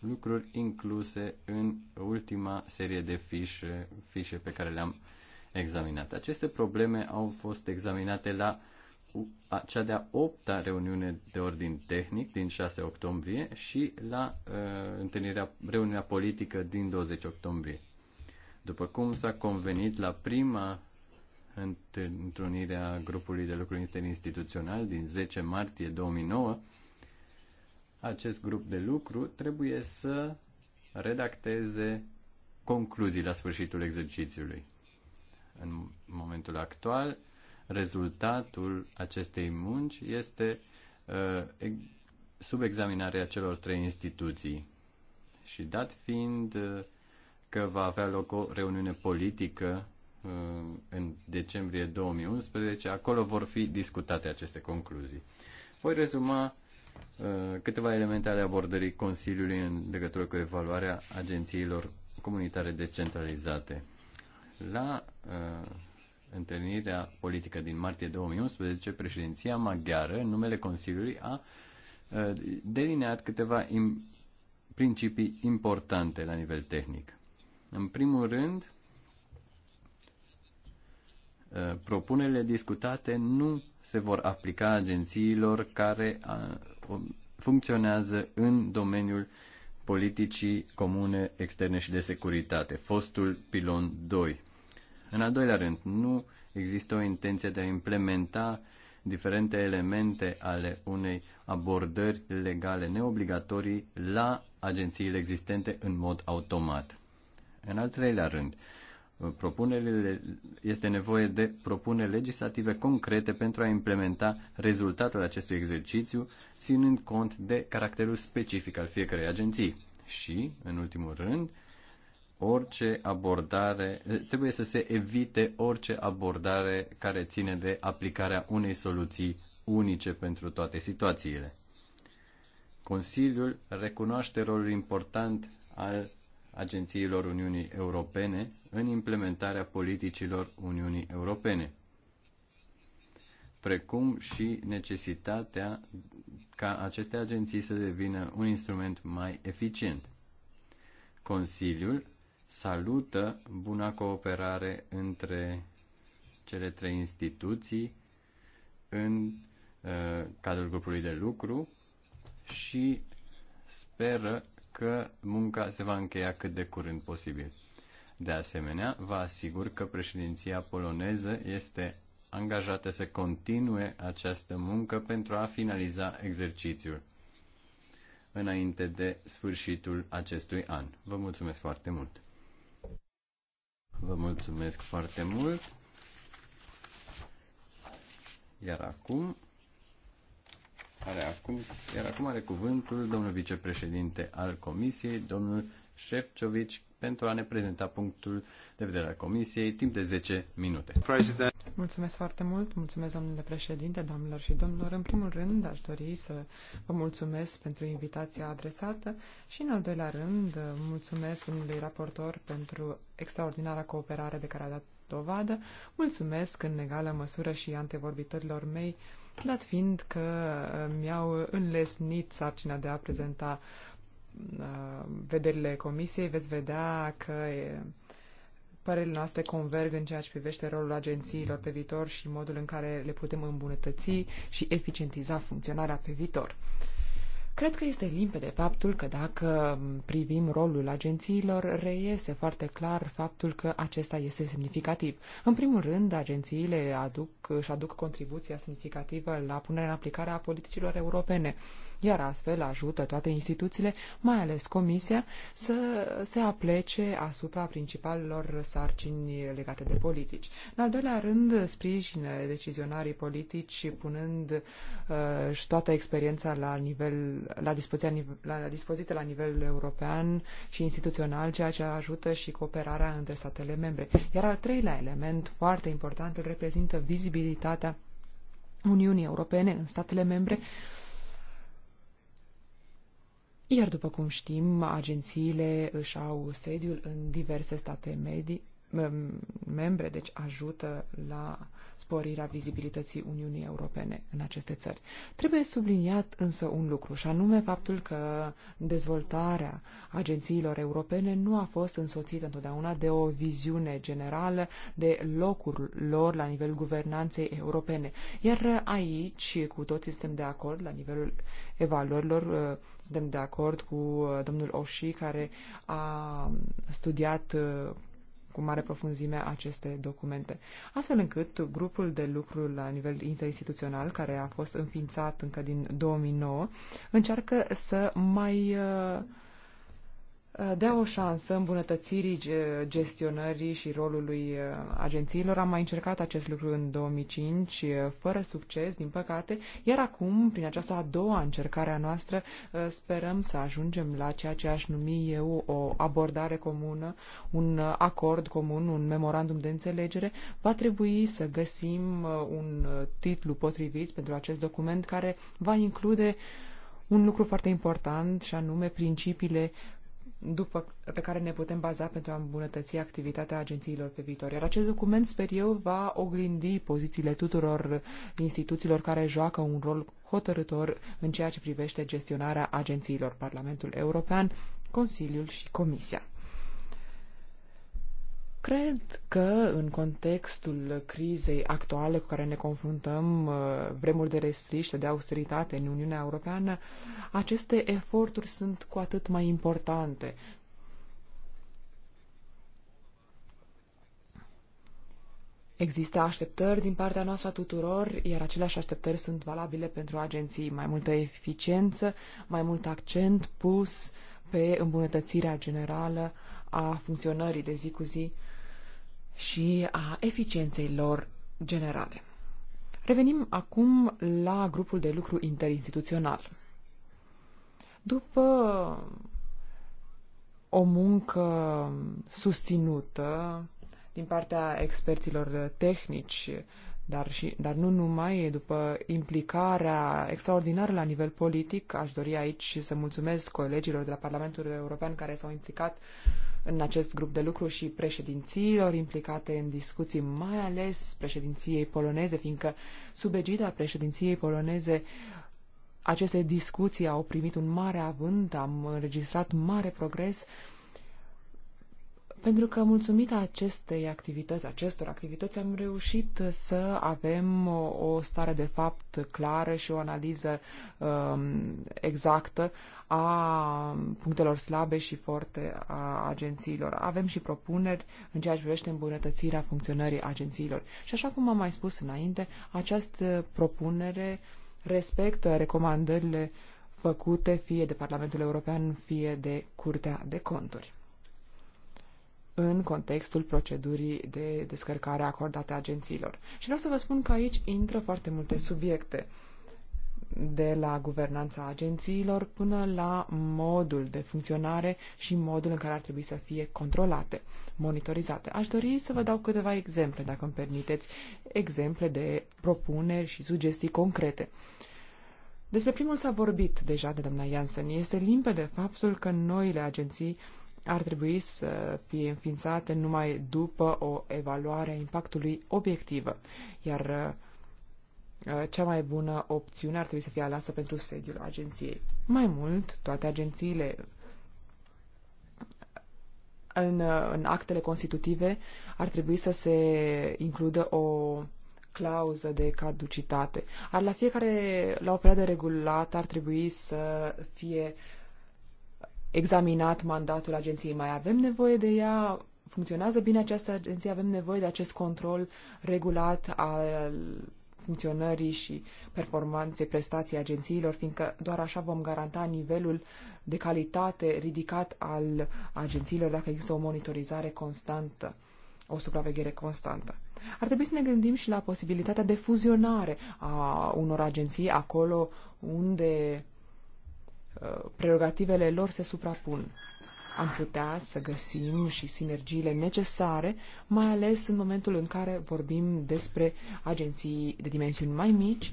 Speaker 1: Lucruri incluse în ultima serie de fișe, fișe pe care le-am examinat. Aceste probleme au fost examinate la cea de-a opta reuniune de ordin tehnic din 6 octombrie și la uh, întâlnirea, reuniunea politică din 20 octombrie. După cum s-a convenit la prima întrunirea grupului de lucru interinstituțional din 10 martie 2009, acest grup de lucru trebuie să redacteze concluzii la sfârșitul exercițiului. În momentul actual, rezultatul acestei munci este uh, sub examinarea celor trei instituții. Și dat fiind uh, că va avea loc o reuniune politică Uh, în decembrie 2011. Acolo vor fi discutate aceste concluzii. Voi rezuma uh, câteva elemente ale abordării Consiliului în legătură cu evaluarea agențiilor comunitare descentralizate. La uh, întâlnirea politică din martie 2011, președinția maghiară, în numele Consiliului, a uh, delineat câteva im- principii importante la nivel tehnic. În primul rând, Uh, propunerile discutate nu se vor aplica agențiilor care uh, funcționează în domeniul politicii comune externe și de securitate, fostul pilon 2. În al doilea rând, nu există o intenție de a implementa diferente elemente ale unei abordări legale neobligatorii la agențiile existente în mod automat. În al treilea rând, propunerile, este nevoie de propuneri legislative concrete pentru a implementa rezultatul acestui exercițiu, ținând cont de caracterul specific al fiecărei agenții. Și, în ultimul rând, orice abordare, trebuie să se evite orice abordare care ține de aplicarea unei soluții unice pentru toate situațiile. Consiliul recunoaște rolul important al agențiilor Uniunii Europene în implementarea politicilor Uniunii Europene, precum și necesitatea ca aceste agenții să devină un instrument mai eficient. Consiliul salută buna cooperare între cele trei instituții în uh, cadrul grupului de lucru și speră că munca se va încheia cât de curând posibil. De asemenea, vă asigur că președinția poloneză este angajată să continue această muncă pentru a finaliza exercițiul înainte de sfârșitul acestui an. Vă mulțumesc foarte mult! Vă mulțumesc foarte mult! Iar acum are acum, iar acum are cuvântul domnul vicepreședinte al Comisiei, domnul Șefcovici pentru a ne prezenta punctul de vedere al Comisiei timp de 10 minute. President.
Speaker 2: Mulțumesc foarte mult, mulțumesc domnule președinte, doamnelor și domnilor. În primul rând aș dori să vă mulțumesc pentru invitația adresată și în al doilea rând mulțumesc domnului raportor pentru extraordinara cooperare de care a dat dovadă. Mulțumesc în egală măsură și antevorbitorilor mei, dat fiind că mi-au înlesnit sarcina de a prezenta Uh, vederile comisiei, veți vedea că uh, părerile noastre converg în ceea ce privește rolul agențiilor pe viitor și modul în care le putem îmbunătăți și eficientiza funcționarea pe viitor. Cred că este limpede faptul că dacă privim rolul agențiilor, reiese foarte clar faptul că acesta este semnificativ. În primul rând, agențiile aduc, își aduc contribuția semnificativă la punerea în aplicare a politicilor europene iar astfel ajută toate instituțiile, mai ales Comisia, să se aplece asupra principalelor sarcini legate de politici. În al doilea rând, sprijină decizionarii politici, punând uh, și toată experiența la, nivel, la, dispoziția, la, la dispoziție la nivel european și instituțional, ceea ce ajută și cooperarea între statele membre. Iar al treilea element foarte important îl reprezintă vizibilitatea Uniunii Europene în statele membre, uh, iar după cum știm, agențiile își au sediul în diverse state medii, membre, deci ajută la sporirea vizibilității Uniunii Europene în aceste țări. Trebuie subliniat însă un lucru, și anume faptul că dezvoltarea agențiilor europene nu a fost însoțită întotdeauna de o viziune generală de locul lor la nivel guvernanței europene. Iar aici, cu toți suntem de acord, la nivelul evaluărilor, uh, suntem de acord cu uh, domnul Oșii, care a studiat uh, cu mare profunzime aceste documente. Astfel încât grupul de lucru la nivel interinstituțional, care a fost înființat încă din 2009, încearcă să mai uh, Uh, dea o șansă îmbunătățirii gestionării și rolului uh, agențiilor. Am mai încercat acest lucru în 2005, uh, fără succes, din păcate, iar acum, prin această a doua încercare a noastră, sperăm să ajungem la ceea ce aș numi eu o abordare comună, un acord comun, un memorandum de înțelegere. Va trebui să găsim un titlu potrivit pentru acest document care va include un lucru foarte important și anume principiile după, pe care ne putem baza pentru a îmbunătăți activitatea agențiilor pe viitor. Iar acest document, sper eu, va oglindi pozițiile tuturor instituțiilor care joacă un rol hotărător în ceea ce privește gestionarea agențiilor Parlamentul European, Consiliul și Comisia. Cred că în contextul crizei actuale cu care ne confruntăm, uh, vremuri de restriște, de austeritate în Uniunea Europeană, aceste eforturi sunt cu atât mai importante. Există așteptări din partea noastră a tuturor, iar aceleași așteptări sunt valabile pentru agenții. Mai multă eficiență, mai mult accent pus pe îmbunătățirea generală a funcționării de zi cu zi și a eficienței lor generale. Revenim acum la grupul de lucru interinstituțional. După o muncă susținută din partea experților tehnici, dar, și, dar nu numai, după implicarea extraordinară la nivel politic, aș dori aici să mulțumesc colegilor de la Parlamentul European care s-au implicat uh, în acest grup de lucru și președințiilor implicate în discuții, mai ales președinției poloneze, fiindcă sub egida președinției poloneze aceste discuții au primit un mare avânt, am înregistrat mare progres pentru că mulțumită acestei activități, acestor activități, am reușit să avem o, o stare de fapt clară și o analiză um, exactă a punctelor slabe și forte a agențiilor. Avem și propuneri în ceea ce privește îmbunătățirea funcționării agențiilor. Și așa cum am mai spus înainte, această propunere respectă recomandările făcute fie de Parlamentul European, fie de Curtea de Conturi în contextul procedurii de descărcare acordate agențiilor. Și vreau să vă spun că aici intră foarte multe subiecte, de la guvernanța agențiilor până la modul de funcționare și modul în care ar trebui să fie controlate, monitorizate. Aș dori să vă dau câteva exemple, dacă îmi permiteți, exemple de propuneri și sugestii concrete. despre primul s-a vorbit deja de doamna Janssen. Este limpede faptul că noile agenții uh, ar trebui să fie înființate numai după o evaluare a impactului obiectivă, iar uh, cea mai bună opțiune ar trebui să fie aleasă pentru sediul agenției. Mai mult, toate agențiile în, în actele constitutive ar trebui să se includă o clauză de caducitate. Ar la fiecare, la o perioadă regulată, ar trebui să fie uh, examinat mandatul agenției. Mai avem nevoie de ea? Funcționează bine această agenție? Avem nevoie de acest control regulat al funcționării și performanței prestației agențiilor, fiindcă doar așa vom garanta nivelul de calitate ridicat al agențiilor dacă există o monitorizare constantă, o supraveghere constantă. Ar trebui să ne gândim și la posibilitatea de fuzionare a unor agenții acolo unde Uh, prerogativele lor se suprapun. Am putea să găsim și sinergiile necesare, mai ales în momentul în care vorbim despre agenții de dimensiuni mai mici,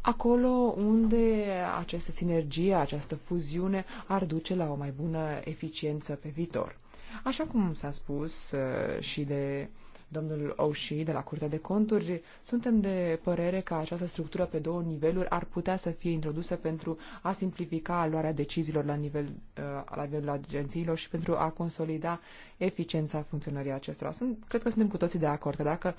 Speaker 2: acolo unde această sinergie, această fuziune ar duce la o mai bună eficiență pe viitor. Așa cum s-a spus uh, și de uh, domnul Oshii de la Curtea de Conturi, suntem de părere că această structură pe două niveluri ar putea să fie introdusă pentru a simplifica luarea deciziilor la, nivel, uh, la nivelul agențiilor și pentru a consolida eficiența funcționării acestora. Sunt, cred că suntem cu toții de acord că dacă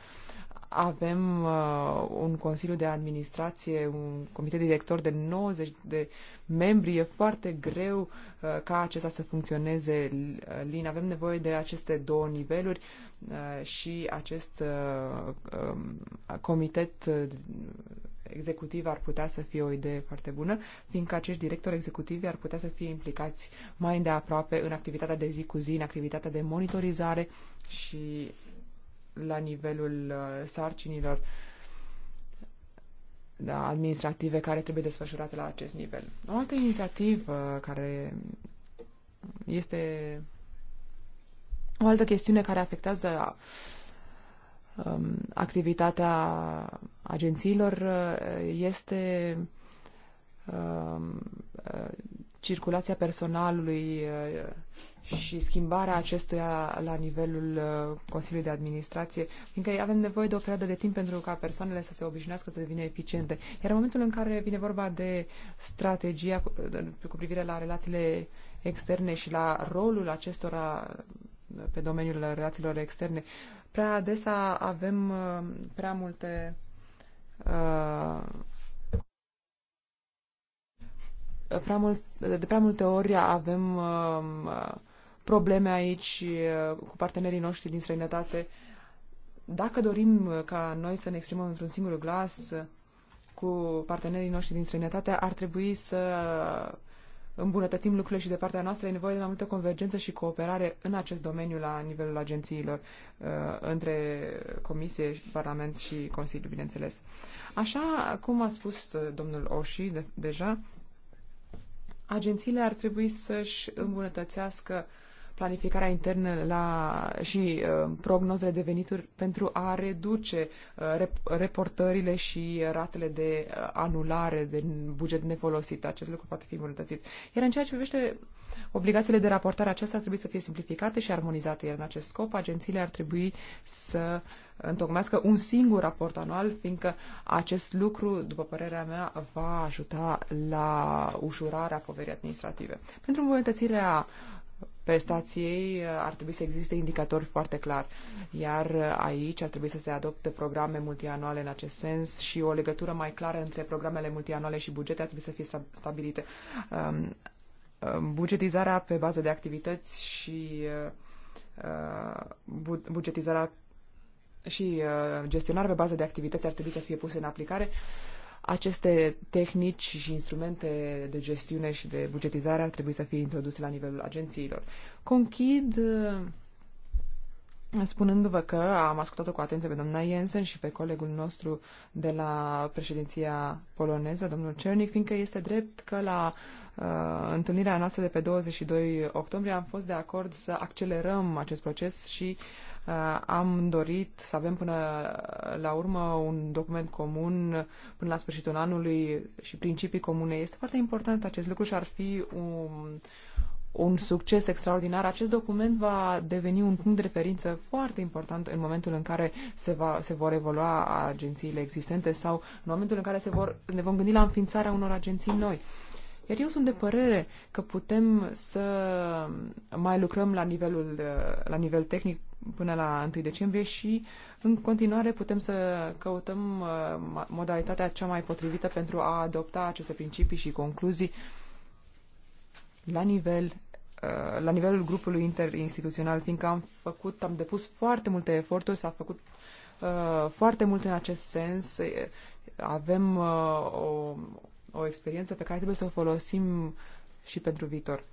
Speaker 2: avem uh, un consiliu de administrație, un comitet de director de 90 de membri. E foarte greu uh, ca acesta să funcționeze uh, lin. Avem nevoie de aceste două niveluri uh, și acest uh, um, comitet uh, executiv ar putea să fie o idee foarte bună, fiindcă acești directori executivi ar putea să fie implicați mai îndeaproape în activitatea de zi cu zi, în activitatea de monitorizare și la nivelul uh, sarcinilor da, administrative care trebuie desfășurate la acest nivel. O altă inițiativă care este o altă chestiune care afectează um, activitatea agențiilor uh, este um, uh, circulația personalului și schimbarea acestuia la nivelul uh, Consiliului de Administrație, fiindcă avem nevoie de o perioadă de timp pentru ca persoanele să se obișnuiască să devină eficiente. Iar în momentul în care vine vorba de strategia cu, cu privire la relațiile externe și la rolul acestora uh, pe domeniul relațiilor externe, prea adesea avem uh, prea multe uh, prea mult, de prea multe ori avem uh, probleme aici cu partenerii noștri din străinătate. Dacă dorim ca noi să ne exprimăm într-un singur glas cu partenerii noștri din străinătate, ar trebui să îmbunătățim lucrurile și de partea noastră e nevoie de mai multă convergență și cooperare în acest domeniu la nivelul agențiilor între Comisie, Parlament și Consiliu, bineînțeles. Așa cum a spus domnul Oși de- deja, agențiile ar trebui să-și îmbunătățească uh, planificarea internă la, și uh, prognozele de venituri pentru a reduce uh, reportările și ratele de uh, anulare de buget nefolosit. Acest lucru poate fi îmbunătățit. Iar în ceea ce privește obligațiile de raportare, acestea ar trebui să fie simplificate și armonizate. Iar în acest scop, agențiile ar trebui să întocmească un singur raport anual, fiindcă acest lucru, după părerea mea, va ajuta la ușurarea poverii administrative. Pentru îmbunătățirea uh, pe stației ar trebui să existe indicatori foarte clar. Iar aici ar trebui să se adopte programe multianuale în acest sens și o legătură mai clară între programele multianuale și bugete ar trebui să fie stabilite. Um, um, bugetizarea pe bază de activități și uh, uh, bugetizarea și uh, gestionarea pe bază de activități ar trebui să fie puse în aplicare aceste tehnici și instrumente de gestiune și de bugetizare ar trebui să fie introduse la nivelul agențiilor. Conchid uh, spunându-vă că am ascultat-o cu atenție pe doamna Jensen și pe colegul nostru de la președinția poloneză, domnul Cernic, fiindcă este drept că la uh, întâlnirea noastră de pe 22 octombrie am fost de acord să accelerăm acest proces și uh, Uh, am dorit să avem până la urmă un document comun până la sfârșitul anului și principii comune. Este foarte important acest lucru și ar fi un, un succes extraordinar. Acest document va deveni un punct de referință foarte important în momentul în care se, va, se vor evolua agențiile existente sau în momentul în care se vor, ne vom gândi la înființarea unor agenții noi. Iar eu sunt de părere că putem să mai lucrăm la, nivelul, la nivel tehnic până la 1 decembrie și în continuare putem să căutăm uh, modalitatea cea mai potrivită pentru a adopta aceste principii și concluzii la nivel uh, la nivelul grupului interinstituțional, fiindcă am făcut, am depus foarte multe eforturi, s-a făcut uh, foarte mult în acest sens. Avem uh, o, o experiență pe care trebuie să o folosim și pentru viitor.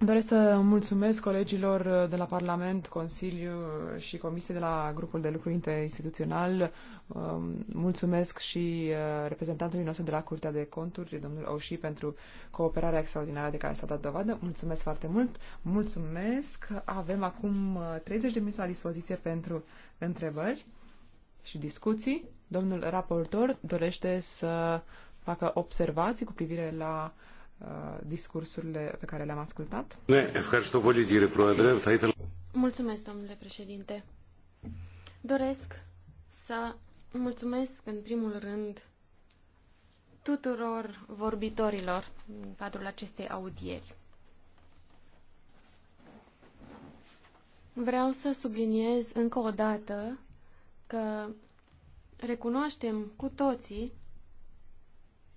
Speaker 2: Doresc să mulțumesc colegilor de la Parlament, Consiliu și Comisie de la grupul de lucru interinstituțional. Um, mulțumesc și uh, reprezentantului nostru de la Curtea de Conturi, domnul Oși, pentru cooperarea extraordinară de care s-a dat dovadă. Mulțumesc foarte mult! Mulțumesc! Avem acum 30 uh, de minute la dispoziție pentru întrebări și discuții. Domnul raportor dorește să facă observații cu privire la uh, Uh, discursurile pe care le-am ascultat.
Speaker 3: Mulțumesc, domnule președinte. Doresc să mulțumesc în primul rând tuturor vorbitorilor în cadrul acestei audieri. Vreau să subliniez încă o dată că recunoaștem cu toții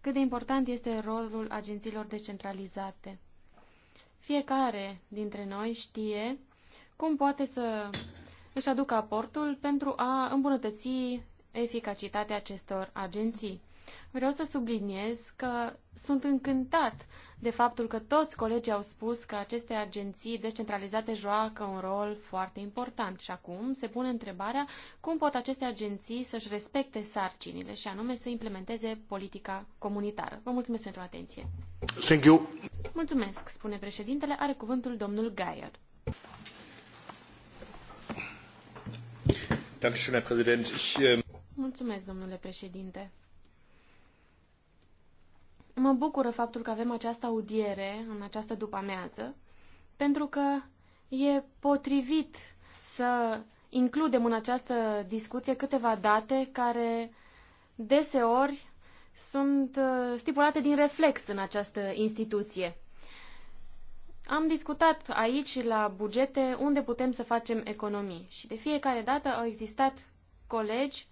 Speaker 3: cât de important este rolul agențiilor decentralizate. Fiecare dintre noi știe cum poate să își aducă aportul pentru a îmbunătăți eficacitatea acestor agenții. Vreau să subliniez că sunt încântat de faptul că toți colegii au spus că aceste agenții decentralizate joacă un rol foarte important și acum se pune întrebarea cum pot aceste agenții să-și respecte sarcinile și anume să implementeze politica comunitară. Vă mulțumesc pentru atenție. Thank you. Mulțumesc, spune președintele. Are cuvântul domnul Gaier.
Speaker 2: Ähm,
Speaker 3: mulțumesc, domnule președinte. Mă bucură faptul că avem această audiere în această după-amiază, pentru că e potrivit să includem în această discuție câteva date care deseori sunt uh, stipulate din reflex în această instituție. Am discutat aici la bugete unde putem să facem economii și de fiecare dată au existat colegi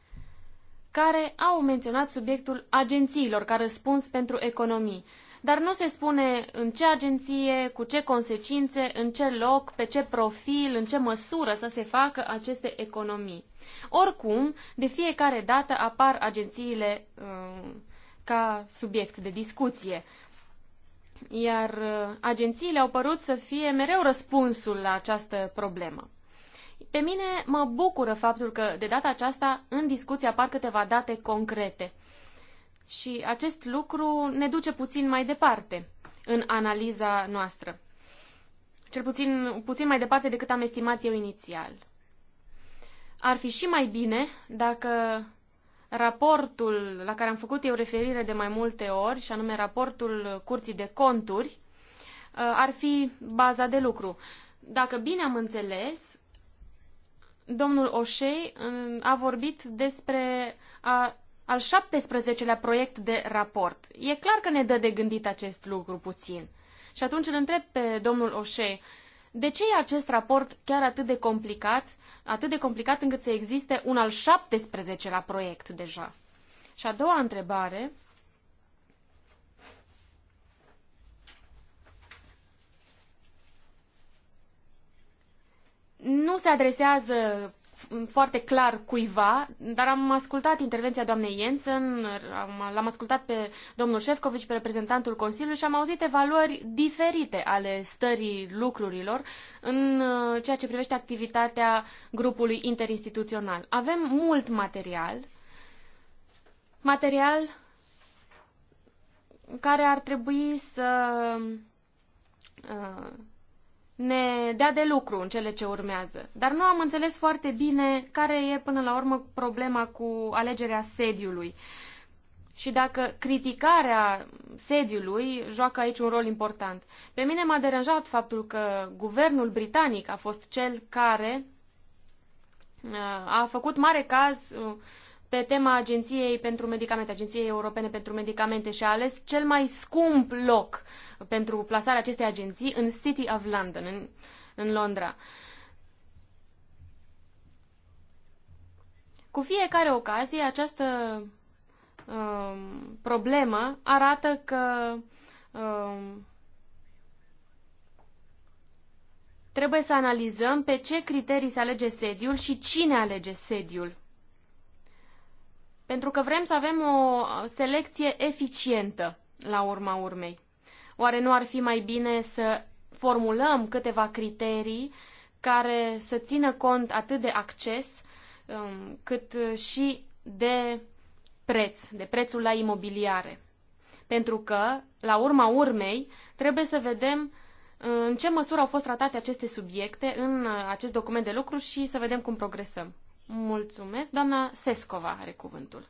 Speaker 3: care au menționat subiectul agențiilor ca răspuns pentru economii. Dar nu se spune în ce agenție, cu ce consecințe, în ce loc, pe ce profil, în ce măsură să se facă aceste economii. Oricum, de fiecare dată apar agențiile uh, ca subiect de discuție. Iar uh, agențiile au părut să fie mereu răspunsul la această problemă. Pe mine mă bucură faptul că de data aceasta în discuție apar câteva date concrete. Și acest lucru ne duce puțin mai departe în analiza noastră. Cel puțin, puțin mai departe decât am estimat eu inițial. Ar fi și mai bine dacă raportul la care am făcut eu referire de mai multe ori, și anume raportul Curții de Conturi, uh, ar fi baza de lucru. Dacă bine am înțeles, domnul Oșei a vorbit despre a, al 17-lea proiect de raport. E clar că ne dă de gândit acest lucru puțin. Și atunci îl întreb pe domnul Oșei, de ce e acest raport chiar atât de complicat, atât de complicat încât să existe un al 17-lea proiect deja? Și a doua întrebare nu se adresează foarte clar cuiva, dar am ascultat intervenția doamnei Jensen, l-am ascultat pe domnul Șefcovici, pe reprezentantul Consiliului și am auzit evaluări diferite ale stării lucrurilor în uh, ceea ce privește activitatea grupului interinstituțional. Avem mult material, material care ar trebui să uh, ne dea de lucru în cele ce urmează. Dar nu am înțeles foarte bine care e până la urmă problema cu alegerea sediului. Și dacă criticarea sediului joacă aici un rol important. Pe mine m-a deranjat faptul că guvernul britanic a fost cel care uh, a făcut mare caz uh, pe tema Agenției pentru Medicamente, Agenției Europene pentru Medicamente și a ales cel mai scump loc pentru plasarea acestei agenții în City of London, în, în Londra. Cu fiecare ocazie, această uh, problemă arată că uh, trebuie să analizăm pe ce criterii se alege sediul și cine alege sediul. Pentru că vrem să avem o selecție eficientă, la urma urmei. Oare nu ar fi mai bine să formulăm câteva criterii care să țină cont atât de acces, um, cât și de preț, de prețul la imobiliare? Pentru că, la urma urmei, trebuie să vedem uh, în ce măsură au fost tratate aceste subiecte în uh, acest document de lucru și să vedem cum progresăm. Mulțumesc. Doamna Sescova are cuvântul.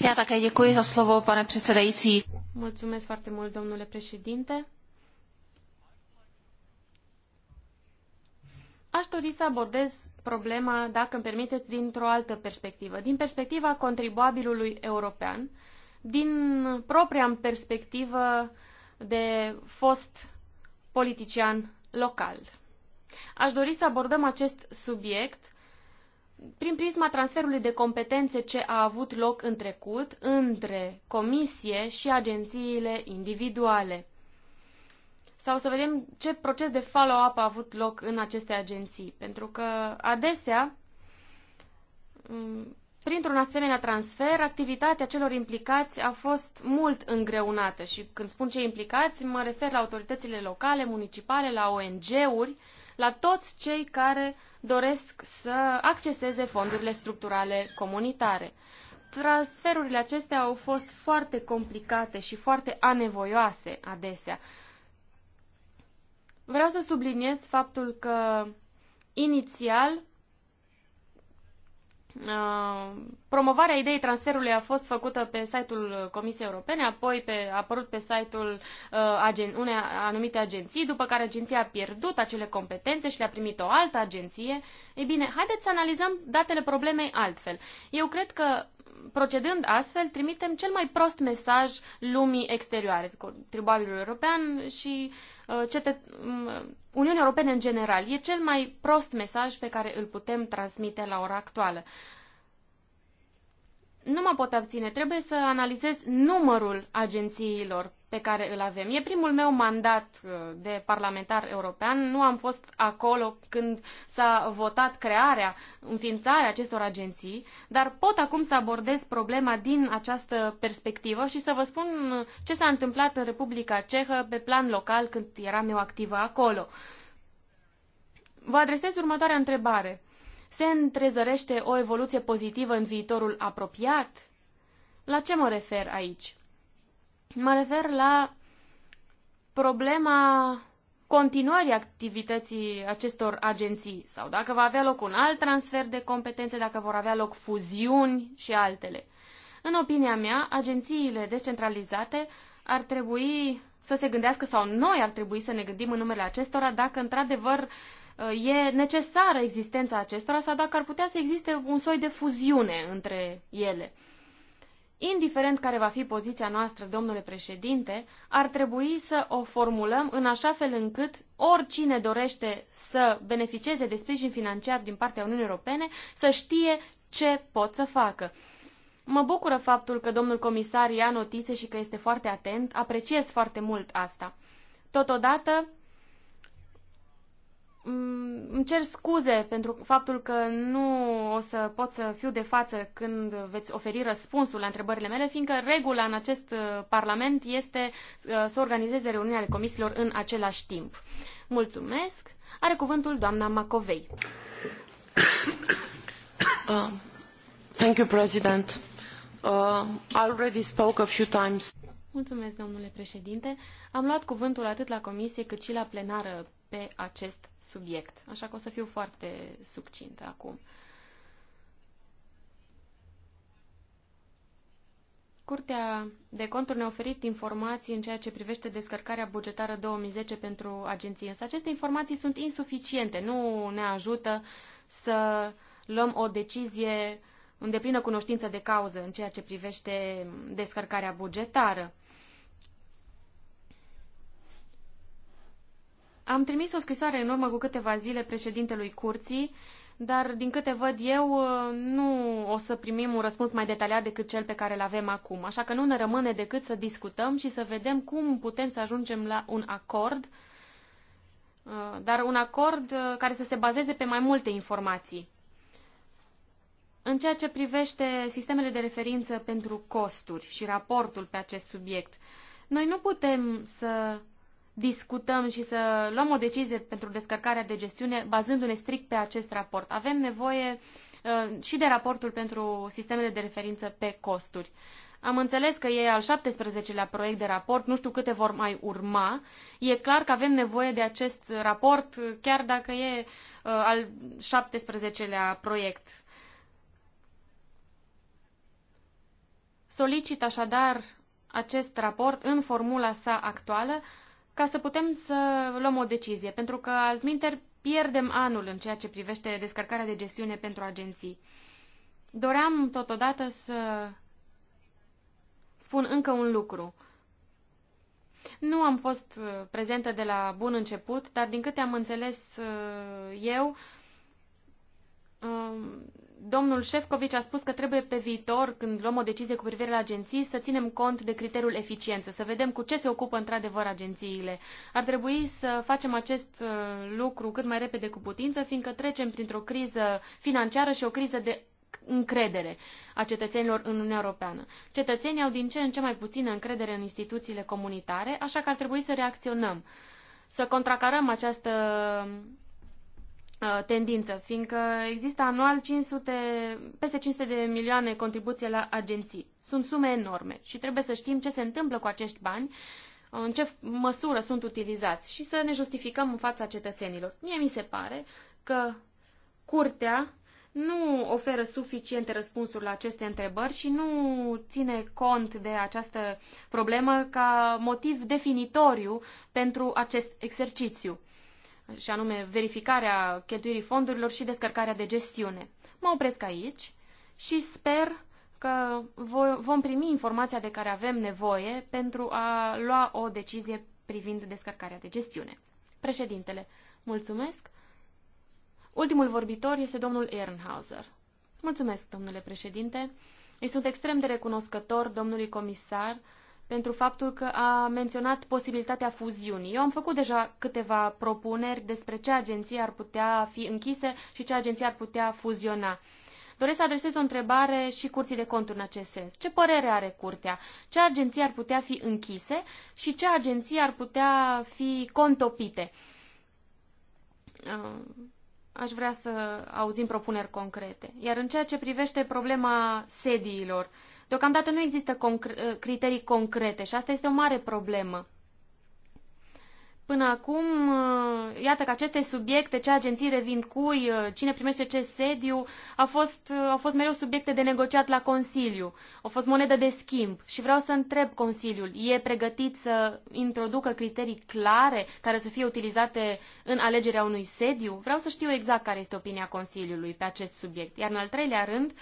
Speaker 3: Ia také děkuji za slovo, pane předsedající. Mulțumesc foarte mult, domnule președinte. Aș dori să abordez problema, dacă îmi permiteți, dintr-o altă perspectivă, din perspectiva contribuabilului european, din propria perspectivă de fost politician local. Aș dori să abordăm acest subiect prin prisma transferului de competențe ce a avut loc în trecut între comisie și agențiile individuale. Sau să vedem ce proces de follow-up a avut loc în aceste agenții. Pentru că adesea, printr-un asemenea transfer, activitatea celor implicați a fost mult îngreunată. Și când spun cei implicați, mă refer la autoritățile locale, municipale, la ONG-uri, la toți cei care doresc să acceseze fondurile structurale comunitare. Transferurile acestea au fost foarte complicate și foarte anevoioase adesea. Vreau să subliniez faptul că inițial Uh, promovarea ideii transferului a fost făcută pe site-ul Comisiei Europene, apoi pe, a apărut pe site-ul uh, agen, unei anumite agenții, după care agenția a pierdut acele competențe și le-a primit o altă agenție. Ei bine, haideți să analizăm datele problemei altfel. Eu cred că procedând astfel, trimitem cel mai prost mesaj lumii exterioare, contribuabilul european și Uniunea uh, um, Uniunii Europene în general. E cel mai prost mesaj pe care îl putem transmite la ora actuală. Nu mă pot abține. Trebuie să analizez numărul agențiilor pe care îl avem. E primul meu mandat uh, de parlamentar european. Nu am fost acolo când s-a votat crearea, înființarea acestor agenții, dar pot acum să abordez problema din această perspectivă și să vă spun uh, ce s-a întâmplat în Republica Cehă pe plan local când eram eu activă acolo. Vă adresez următoarea întrebare. Se întrezărește o evoluție pozitivă în viitorul apropiat? La ce mă refer aici? Mă refer la problema continuării activității acestor agenții sau dacă va avea loc un alt transfer de competențe, dacă vor avea loc fuziuni și altele. În opinia mea, agențiile descentralizate ar trebui să se gândească sau noi ar trebui să ne gândim în numele acestora dacă într-adevăr e necesară existența acestora sau dacă ar putea să existe un soi de fuziune între ele indiferent care va fi poziția noastră, domnule președinte, ar trebui să o formulăm în așa fel încât oricine dorește să beneficieze de sprijin financiar din partea Uniunii Europene să știe ce pot să facă. Mă bucură faptul că domnul comisar ia notițe și că este foarte atent, apreciez foarte mult asta. Totodată, Mm, îmi cer scuze pentru faptul că nu o să pot să fiu de față când veți oferi răspunsul la întrebările mele, fiindcă regula în acest uh, Parlament este uh, să organizeze reuniunea ale comisiilor în același timp. Mulțumesc. Are cuvântul doamna Macovei. Uh, thank you, President. Uh, already spoke a few times. Mulțumesc, domnule președinte. Am luat cuvântul atât la comisie cât și la plenară pe acest subiect. Așa că o să fiu foarte succintă acum. Curtea de conturi ne-a oferit informații în ceea ce privește descărcarea bugetară 2010 pentru agenție, însă aceste informații sunt insuficiente, nu ne ajută să luăm o decizie în deplină cunoștință de cauză în ceea ce privește descărcarea bugetară. Am trimis o scrisoare în urmă cu câteva zile președintelui curții, dar din câte văd eu uh, nu o să primim un răspuns mai detaliat decât cel pe care îl avem acum. Așa că nu ne rămâne decât să discutăm și să vedem cum putem să ajungem la un acord, uh, dar un acord uh, care să se bazeze pe mai multe informații. În ceea ce privește sistemele de referință pentru costuri și raportul pe acest subiect, noi nu putem să discutăm și să luăm o decizie pentru descărcarea de gestiune bazându-ne strict pe acest raport. Avem nevoie uh, și de raportul pentru sistemele de referință pe costuri. Am înțeles că e al 17-lea proiect de raport, nu știu câte vor mai urma. E clar că avem nevoie de acest raport, chiar dacă e uh, al 17-lea proiect. Solicit așadar acest raport în formula sa actuală, ca să putem să luăm o decizie, pentru că altminteri pierdem anul în ceea ce privește descărcarea de gestiune pentru agenții. Doream totodată să spun încă un lucru. Nu am fost uh, prezentă de la bun început, dar din câte am înțeles uh, eu, um, domnul Șefcovic a spus că trebuie pe viitor, când luăm o decizie cu privire la agenții, să ținem cont de criteriul eficiență, să vedem cu ce se ocupă într-adevăr agențiile. Ar trebui să facem acest uh, lucru cât mai repede cu putință, fiindcă trecem printr-o criză financiară și o criză de încredere a cetățenilor în Uniunea Europeană. Cetățenii au din ce în ce mai puțină încredere în instituțiile comunitare, așa că ar trebui să reacționăm, să contracarăm această Uh, tendință, fiindcă există anual 500, peste 500 de milioane contribuție la agenții. Sunt sume enorme și trebuie să știm ce se întâmplă cu acești bani, în ce măsură sunt utilizați și să ne justificăm în fața cetățenilor. Mie mi se pare că curtea nu oferă suficiente răspunsuri la aceste întrebări și nu ține cont de această problemă ca motiv definitoriu pentru acest exercițiu și anume verificarea cheltuirii fondurilor și descărcarea de gestiune. Mă opresc aici și sper că vom primi informația de care avem nevoie pentru a lua o decizie privind descărcarea de gestiune. Președintele, mulțumesc. Ultimul vorbitor este domnul Ehrenhauser. Mulțumesc, domnule președinte. Îi sunt extrem de recunoscător domnului comisar pentru faptul că a menționat posibilitatea fuziunii. Eu am făcut deja câteva propuneri despre ce agenții ar putea fi închise și ce agenții ar putea fuziona. Doresc să adresez o întrebare și curții de conturi în acest sens. Ce părere are curtea? Ce agenții ar putea fi închise și ce agenții ar putea fi contopite? Uh, aș vrea să auzim propuneri concrete. Iar în ceea ce privește problema sediilor, uh, Deocamdată nu există concre- criterii concrete și asta este o mare problemă. Până acum, uh, iată că aceste subiecte, ce agenții revin cui, uh, cine primește ce sediu, au fost, uh, au fost mereu subiecte de negociat la Consiliu, au fost monedă de schimb și vreau să întreb Consiliul, e pregătit să introducă criterii clare care să fie utilizate în alegerea unui sediu? Vreau să știu exact care este opinia Consiliului pe acest subiect. Iar în al treilea rând,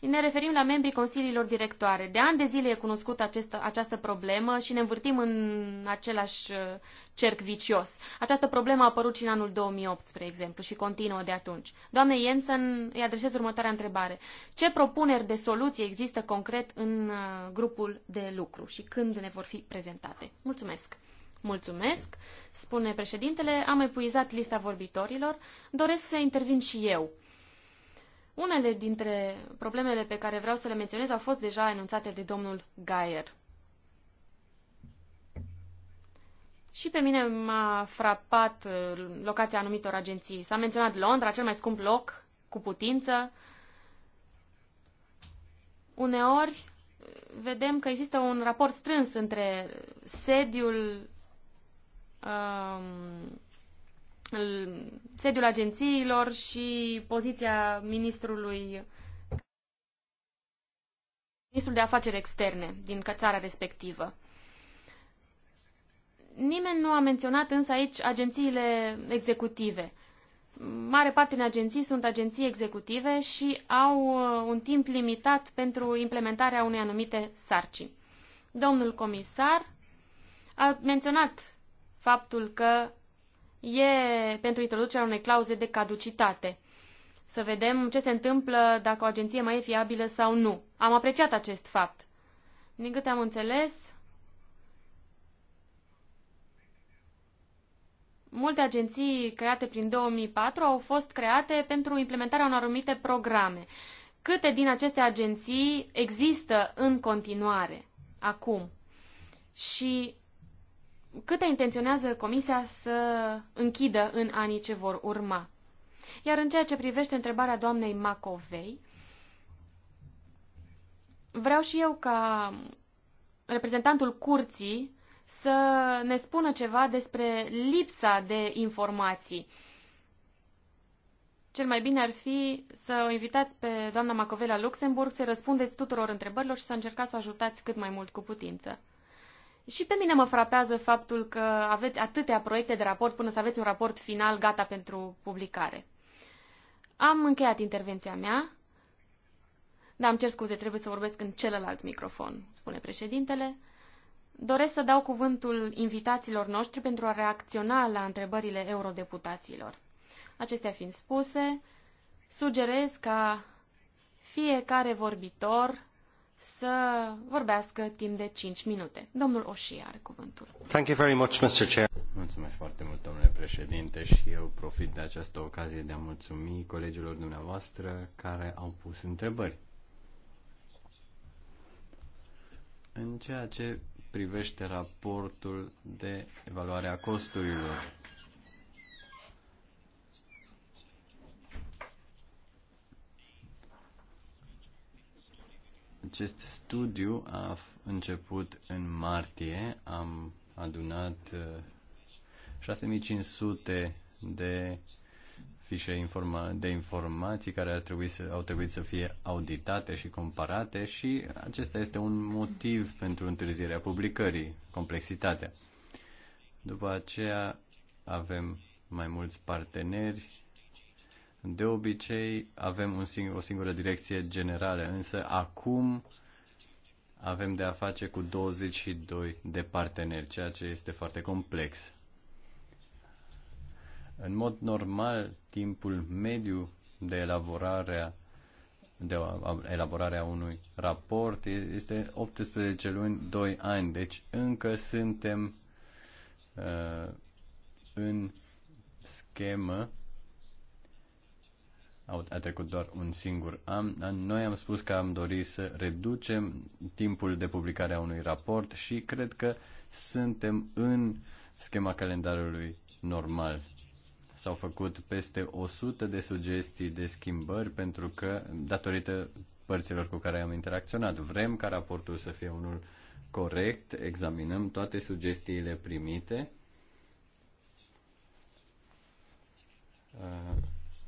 Speaker 3: ne referim la membrii consiliilor directoare. De ani de zile e cunoscută această problemă și ne învârtim în același cerc vicios. Această problemă a apărut și în anul 2008, spre exemplu, și continuă de atunci. Doamne Jensen, îi adresez următoarea întrebare. Ce propuneri de soluție există concret în uh, grupul de lucru și când ne vor fi prezentate? Mulțumesc! Mulțumesc, spune președintele, am epuizat lista vorbitorilor, doresc să intervin și eu. Unele dintre problemele pe care vreau să le menționez au fost deja enunțate de domnul Gaier. Și pe mine m-a frapat uh, locația anumitor agenții. S-a menționat Londra, cel mai scump loc, cu putință. Uneori uh, vedem că există un raport strâns între sediul um, sediul agențiilor și poziția ministrului ministrul de afaceri externe din țara respectivă. Nimeni nu a menționat însă aici agențiile executive. Mare parte din agenții sunt agenții executive și au uh, un timp limitat pentru implementarea unei anumite sarcini. Domnul comisar a menționat faptul că e pentru introducerea unei clauze de caducitate. Să vedem ce se întâmplă dacă o agenție mai e fiabilă sau nu. Am apreciat acest fapt. Din câte am înțeles, Multe agenții create prin 2004 au fost create pentru implementarea unor anumite programe. Câte din aceste agenții există în continuare acum? Și câte intenționează Comisia să închidă în anii ce vor urma? Iar în ceea ce privește întrebarea doamnei Macovei, vreau și eu ca reprezentantul curții să ne spună ceva despre lipsa de informații. Cel mai bine ar fi să o invitați pe doamna Macovela Luxemburg, să răspundeți tuturor întrebărilor și să încercați să o ajutați cât mai mult cu putință. Și pe mine mă frapează faptul că aveți atâtea proiecte de raport până să aveți un raport final gata pentru publicare. Am încheiat intervenția mea. Da, îmi cer scuze, trebuie să vorbesc în celălalt microfon, spune președintele. Doresc să dau cuvântul invitaților noștri pentru a reacționa la întrebările eurodeputaților. Acestea fiind spuse, sugerez ca fiecare vorbitor să vorbească timp de 5 minute. Domnul Oșie are cuvântul. Thank you very much, Mr.
Speaker 1: Chair. Mulțumesc foarte mult, domnule președinte, și eu profit de această ocazie de a mulțumi colegilor dumneavoastră care au pus întrebări. În ceea ce privește raportul de evaluare a costurilor. Acest studiu a început în martie. Am adunat 6500 uh, de fișe informa- de informații care ar trebui să, au trebuit să fie auditate și comparate și acesta este un motiv pentru întârzierea publicării, complexitatea. După aceea avem mai mulți parteneri. De obicei avem un sing- o singură direcție generală, însă acum avem de a face cu 22 de parteneri, ceea ce este foarte complex în mod normal, timpul mediu de elaborare de elaborarea unui raport este 18 luni, 2 ani, deci încă suntem uh, în schemă. Au, a trecut doar un singur an. Noi am spus că am dorit să reducem timpul de publicare a unui raport și cred că suntem în schema calendarului normal. S-au făcut peste 100 de sugestii de schimbări pentru că, datorită părților cu care am interacționat, vrem ca raportul să fie unul corect, examinăm toate sugestiile primite. Uh,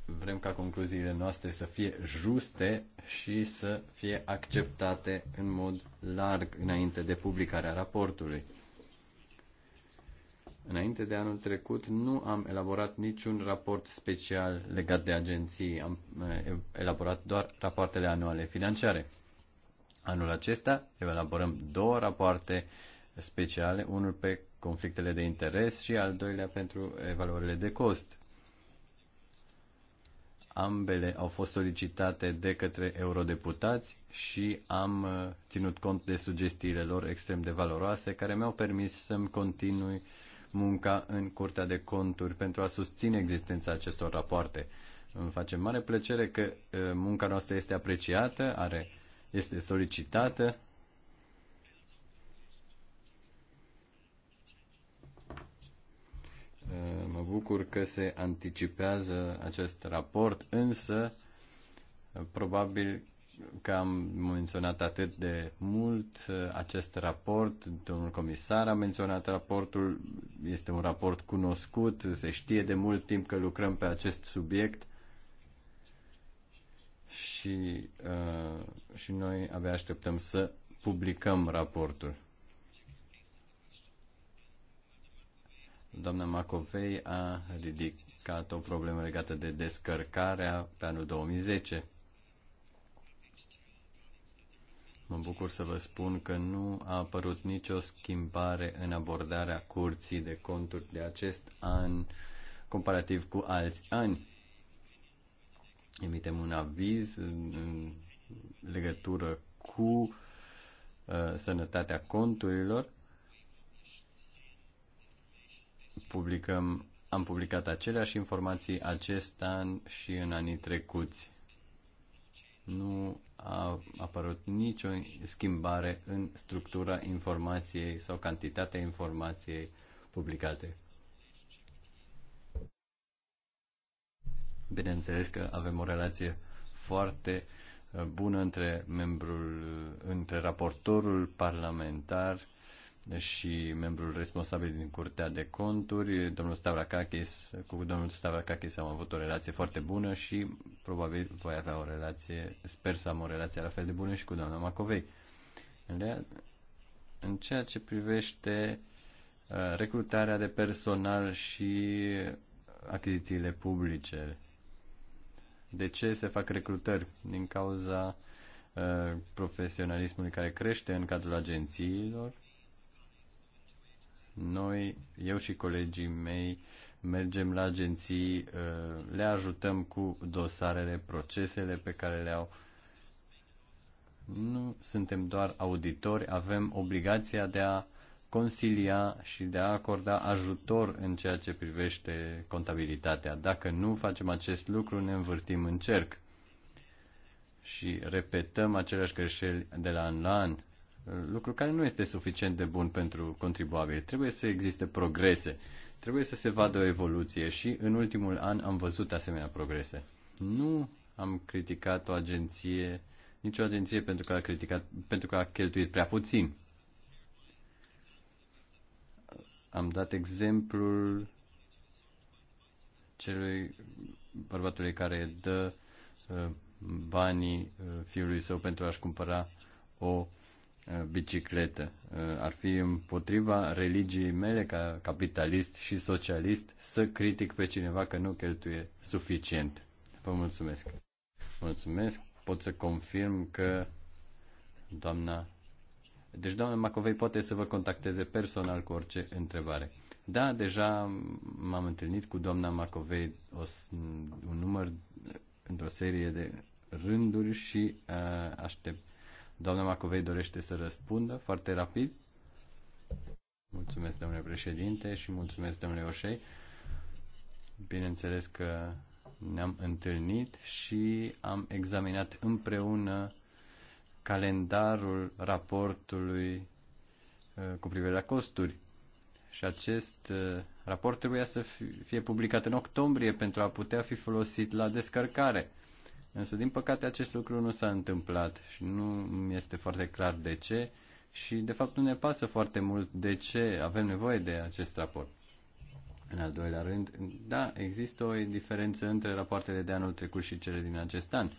Speaker 1: vrem ca concluziile noastre să fie juste și să fie acceptate în mod larg înainte de publicarea raportului. Înainte de anul trecut nu am elaborat niciun raport special legat de agenții, am eh, elaborat doar rapoartele anuale financiare. Anul acesta elaborăm două rapoarte speciale, unul pe conflictele de interes și al doilea pentru evaluările de cost. Ambele au fost solicitate de către eurodeputați și am eh, ținut cont de sugestiile lor extrem de valoroase care mi-au permis să-mi continui uh, munca în Curtea de Conturi pentru a susține existența acestor rapoarte. Îmi face mare plăcere că munca noastră este apreciată, are, este solicitată. Mă bucur că se anticipează acest raport, însă probabil că am menționat atât de mult uh, acest raport, domnul comisar a menționat raportul, este un raport cunoscut, se știe de mult timp că lucrăm pe acest subiect și, uh, și noi abia așteptăm să publicăm raportul. Doamna Macovei a ridicat o problemă legată de descărcarea pe anul 2010 Mă bucur să vă spun că nu a apărut nicio schimbare în abordarea curții de conturi de acest an comparativ cu alți ani. Emitem un aviz în legătură cu uh, sănătatea conturilor. Publicăm, am publicat aceleași informații acest an și în anii trecuți nu a apărut nicio schimbare în structura informației sau cantitatea informației publicate. Bineînțeles că avem o relație foarte uh, bună între membrul, între raportorul parlamentar și membrul responsabil din Curtea de Conturi, domnul Stavrakakis, cu domnul Stavrakakis am avut o relație foarte bună și probabil voi avea o relație, sper să am o relație la fel de bună și cu doamna Macovei. În ceea ce privește uh, recrutarea de personal și achizițiile publice, de ce se fac recrutări? Din cauza uh, profesionalismului care crește în cadrul agențiilor, noi, eu și colegii mei, mergem la agenții, uh, le ajutăm cu dosarele, procesele pe care le au. Nu suntem doar auditori, avem obligația de a consilia și de a acorda ajutor în ceea ce privește contabilitatea. Dacă nu facem acest lucru, ne învârtim în cerc și repetăm aceleași greșeli de la an la an lucru care nu este suficient de bun pentru contribuabil. Trebuie să existe progrese, trebuie să se vadă o evoluție și în ultimul an am văzut asemenea progrese. Nu am criticat o agenție, nicio agenție pentru că a, criticat, pentru că a cheltuit prea puțin. Am dat exemplul celui bărbatului care dă uh, banii uh, fiului său pentru a-și cumpăra o uh, Uh, bicicletă. Uh, ar fi împotriva religiei mele ca capitalist și socialist să critic pe cineva că nu cheltuie suficient. Vă mulțumesc. Mulțumesc. Pot să confirm că doamna... Deci doamna Macovei poate să vă contacteze personal cu orice întrebare. Da, deja m-am întâlnit cu doamna Macovei o, un număr într-o serie de rânduri și uh, aștept Doamna Macovei dorește să răspundă foarte rapid. Mulțumesc, domnule președinte, și mulțumesc, domnule Oșei. Bineînțeles că ne-am întâlnit și am examinat împreună calendarul raportului uh, cu privire la costuri. Și acest uh, raport trebuia să fie publicat în octombrie pentru a putea fi folosit la descărcare. Însă, din păcate, acest lucru nu s-a întâmplat și nu este foarte clar de ce și, de fapt, nu ne pasă foarte mult de ce avem nevoie de acest raport. În al doilea rând, da, există o diferență între rapoartele de anul trecut și cele din acest an.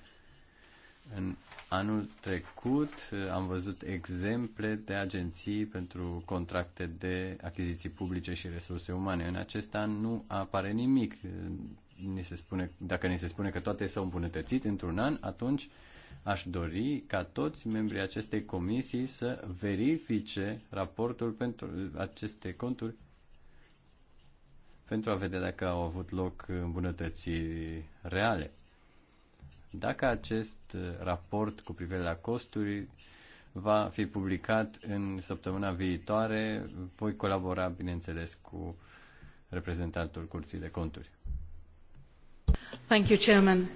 Speaker 1: În anul trecut eh, am văzut exemple de agenții pentru contracte de achiziții publice și resurse umane. În acest an nu apare nimic ni se spune, dacă ni se spune că toate s-au îmbunătățit într-un an, atunci aș dori ca toți membrii acestei comisii să verifice raportul pentru aceste conturi pentru a vedea dacă au avut loc îmbunătățiri reale. Dacă acest raport cu privire la costuri va fi publicat în săptămâna viitoare, voi colabora, bineînțeles, cu reprezentantul Curții de Conturi. Thank you, Chairman.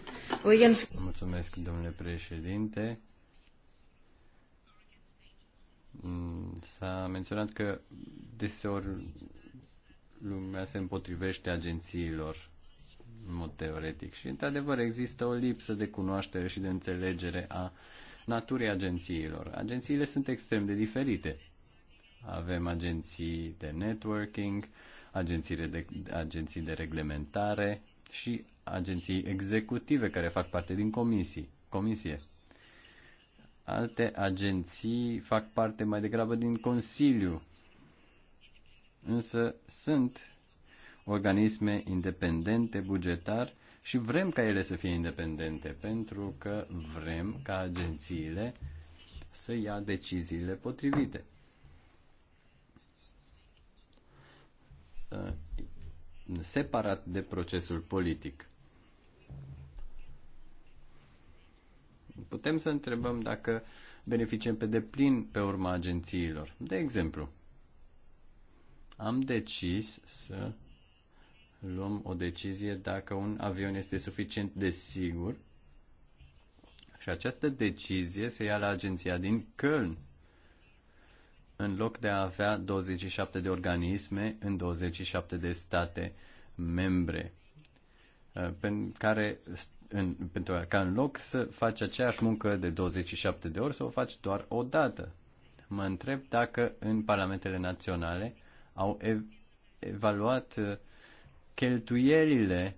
Speaker 1: Mulțumesc, domnule președinte. Mm, s-a menționat că deseori lumea se împotrivește agențiilor în mod teoretic și, într-adevăr, există o lipsă de cunoaștere și de înțelegere a naturii agențiilor. Agențiile sunt extrem de diferite. Avem agenții de networking, agenții de, agenții de reglementare, și agenții executive care fac parte din comisii, comisie. Alte agenții fac parte mai degrabă din Consiliu, însă sunt organisme independente bugetar și vrem ca ele să fie independente pentru că vrem ca agențiile să ia deciziile potrivite. Uh, separat de procesul politic. Putem să întrebăm dacă beneficiem pe deplin pe urma agențiilor. De exemplu, am decis să luăm o decizie dacă un avion este suficient de sigur și această decizie se ia la agenția din Köln în loc de a avea 27 de organisme în 27 de state membre, uh, pentru care, în, pentru ca în loc să faci aceeași muncă de 27 de ori, să o faci doar o dată. Mă întreb dacă în parlamentele naționale au ev- evaluat uh, cheltuielile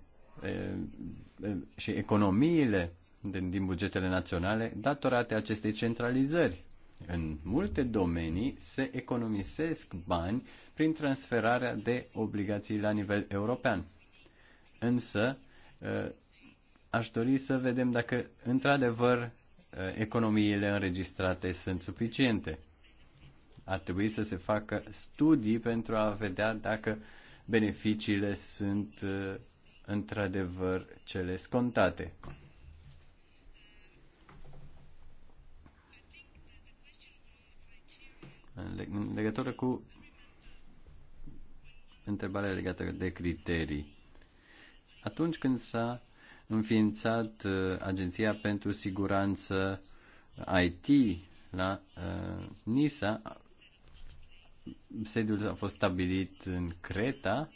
Speaker 1: uh, și economiile din, din bugetele naționale datorate acestei centralizări în multe domenii se economisesc bani prin transferarea de obligații la nivel european. Însă, ă, aș dori să vedem dacă, într-adevăr, ă, economiile înregistrate sunt suficiente. Ar trebui să se facă studii pentru a vedea dacă beneficiile sunt, ă, într-adevăr, cele scontate. În legătură cu întrebarea legată de criterii. Atunci când s-a înființat uh, Agenția pentru Siguranță uh, IT la uh, NISA, sediul a fost stabilit în Creta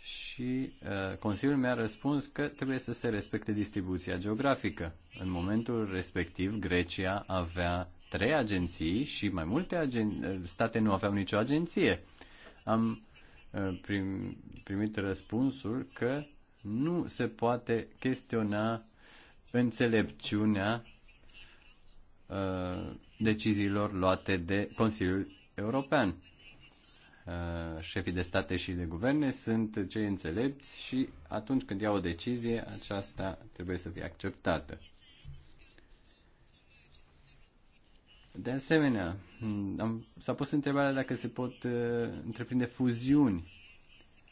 Speaker 1: și uh, Consiliul mi-a răspuns că trebuie să se respecte distribuția geografică. În momentul respectiv, Grecia avea trei agenții și mai multe agen- state nu aveau nicio agenție. Am uh, prim, primit răspunsul că nu se poate chestiona înțelepciunea uh, deciziilor luate de Consiliul European. Uh, șefii de state și de guverne sunt cei înțelepți și atunci când iau o decizie, aceasta trebuie să fie acceptată. De asemenea, am, s-a pus întrebarea dacă se pot uh, întreprinde fuziuni.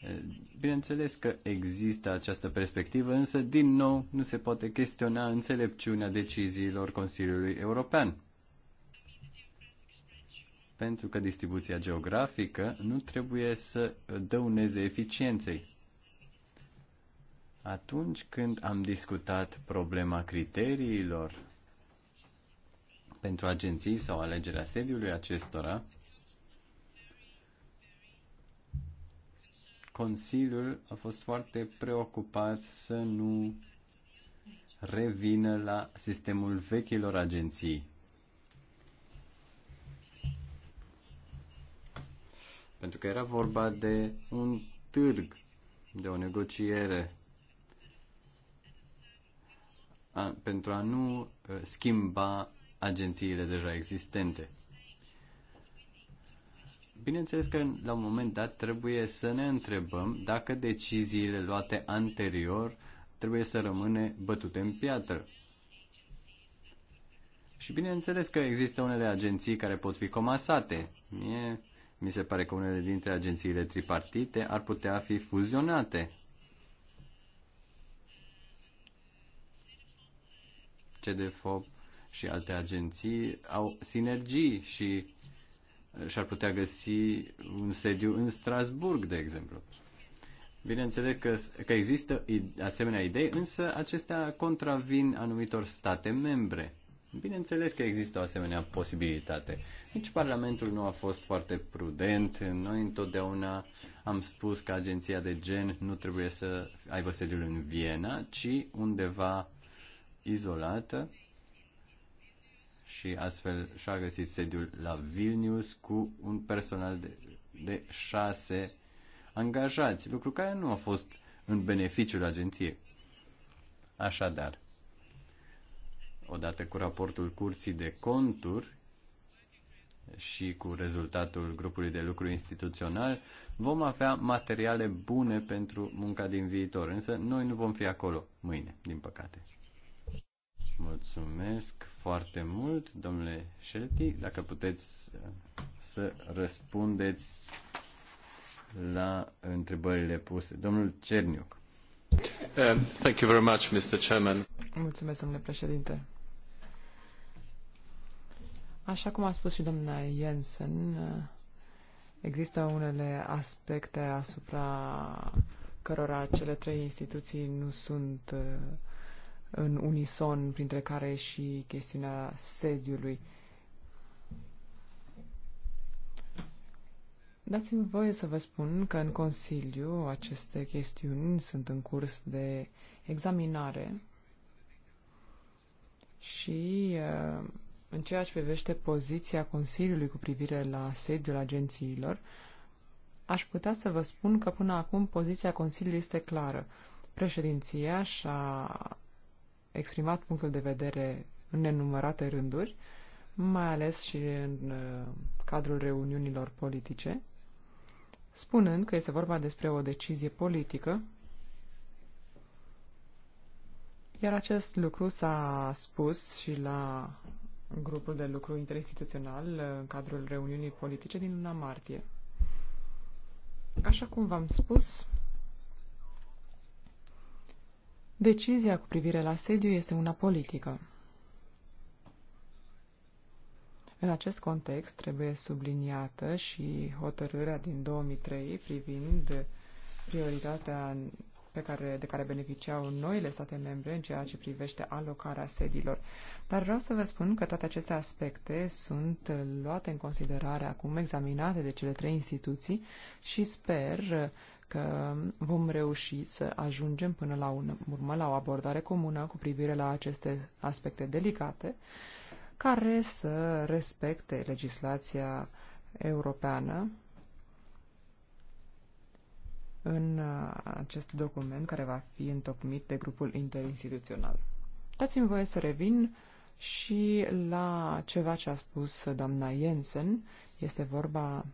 Speaker 1: Uh, bineînțeles că există această perspectivă, însă, din nou, nu se poate chestiona înțelepciunea deciziilor Consiliului European. Pentru că distribuția geografică nu trebuie să dăuneze eficienței. Atunci când am discutat problema criteriilor pentru agenții sau alegerea sediului acestora, Consiliul a fost foarte preocupat să nu revină la sistemul vechilor agenții. Pentru că era vorba de un târg, de o negociere, a, pentru a nu uh, schimba agențiile deja existente. Bineînțeles că la un moment dat trebuie să ne întrebăm dacă deciziile luate anterior trebuie să rămâne bătute în piatră. Și bineînțeles că există unele agenții care pot fi comasate. Mie mi se pare că unele dintre agențiile tripartite ar putea fi fuzionate. CDFOP și alte agenții au sinergii și uh, și-ar putea găsi un sediu în Strasburg, de exemplu. Bineînțeles că, că există asemenea idei, însă acestea contravin anumitor state membre. Bineînțeles că există o asemenea posibilitate. Nici Parlamentul nu a fost foarte prudent. Noi întotdeauna am spus că agenția de gen nu trebuie să aibă sediul în Viena, ci undeva izolată și astfel și-a găsit sediul la Vilnius cu un personal de, de șase angajați, lucru care nu a fost în beneficiul agenției. Așadar, odată cu raportul Curții de Conturi și cu rezultatul grupului de lucru instituțional, vom avea materiale bune pentru munca din viitor, însă noi nu vom fi acolo mâine, din păcate. Mulțumesc foarte mult, domnule Shelty. Dacă puteți uh, să răspundeți la întrebările puse. Domnul Cerniuc. Uh, thank you very much, Mr. Chairman.
Speaker 2: Mulțumesc, domnule președinte. Așa cum a spus și domnul Jensen, uh, există unele aspecte asupra cărora cele trei instituții nu sunt uh, în unison, printre care și chestiunea sediului. Dați-mi voie să vă spun că în Consiliu aceste chestiuni sunt în curs de examinare și uh, în ceea ce privește poziția Consiliului cu privire la sediul agențiilor, aș putea să vă spun că până acum poziția Consiliului este clară. Președinția și-a exprimat punctul de vedere în nenumărate rânduri, mai ales și în uh, cadrul reuniunilor politice, spunând că este vorba despre o decizie politică, iar acest lucru s-a spus și la grupul de lucru interinstituțional uh, în cadrul reuniunii politice din luna martie. Așa cum v-am spus, Decizia cu privire la sediu este una politică. În acest context trebuie subliniată și hotărârea din 2003 privind prioritatea pe care, de care beneficiau noile state membre în ceea ce privește alocarea sediilor. Dar vreau să vă spun că toate aceste aspecte sunt luate în considerare acum, examinate de cele trei instituții și sper că vom reuși să ajungem până la un, urmă la o abordare comună cu privire la aceste aspecte delicate care să respecte legislația europeană în uh, acest document care va fi întocmit de grupul interinstituțional. Dați-mi voie să revin și la ceva ce a spus doamna Jensen. Este vorba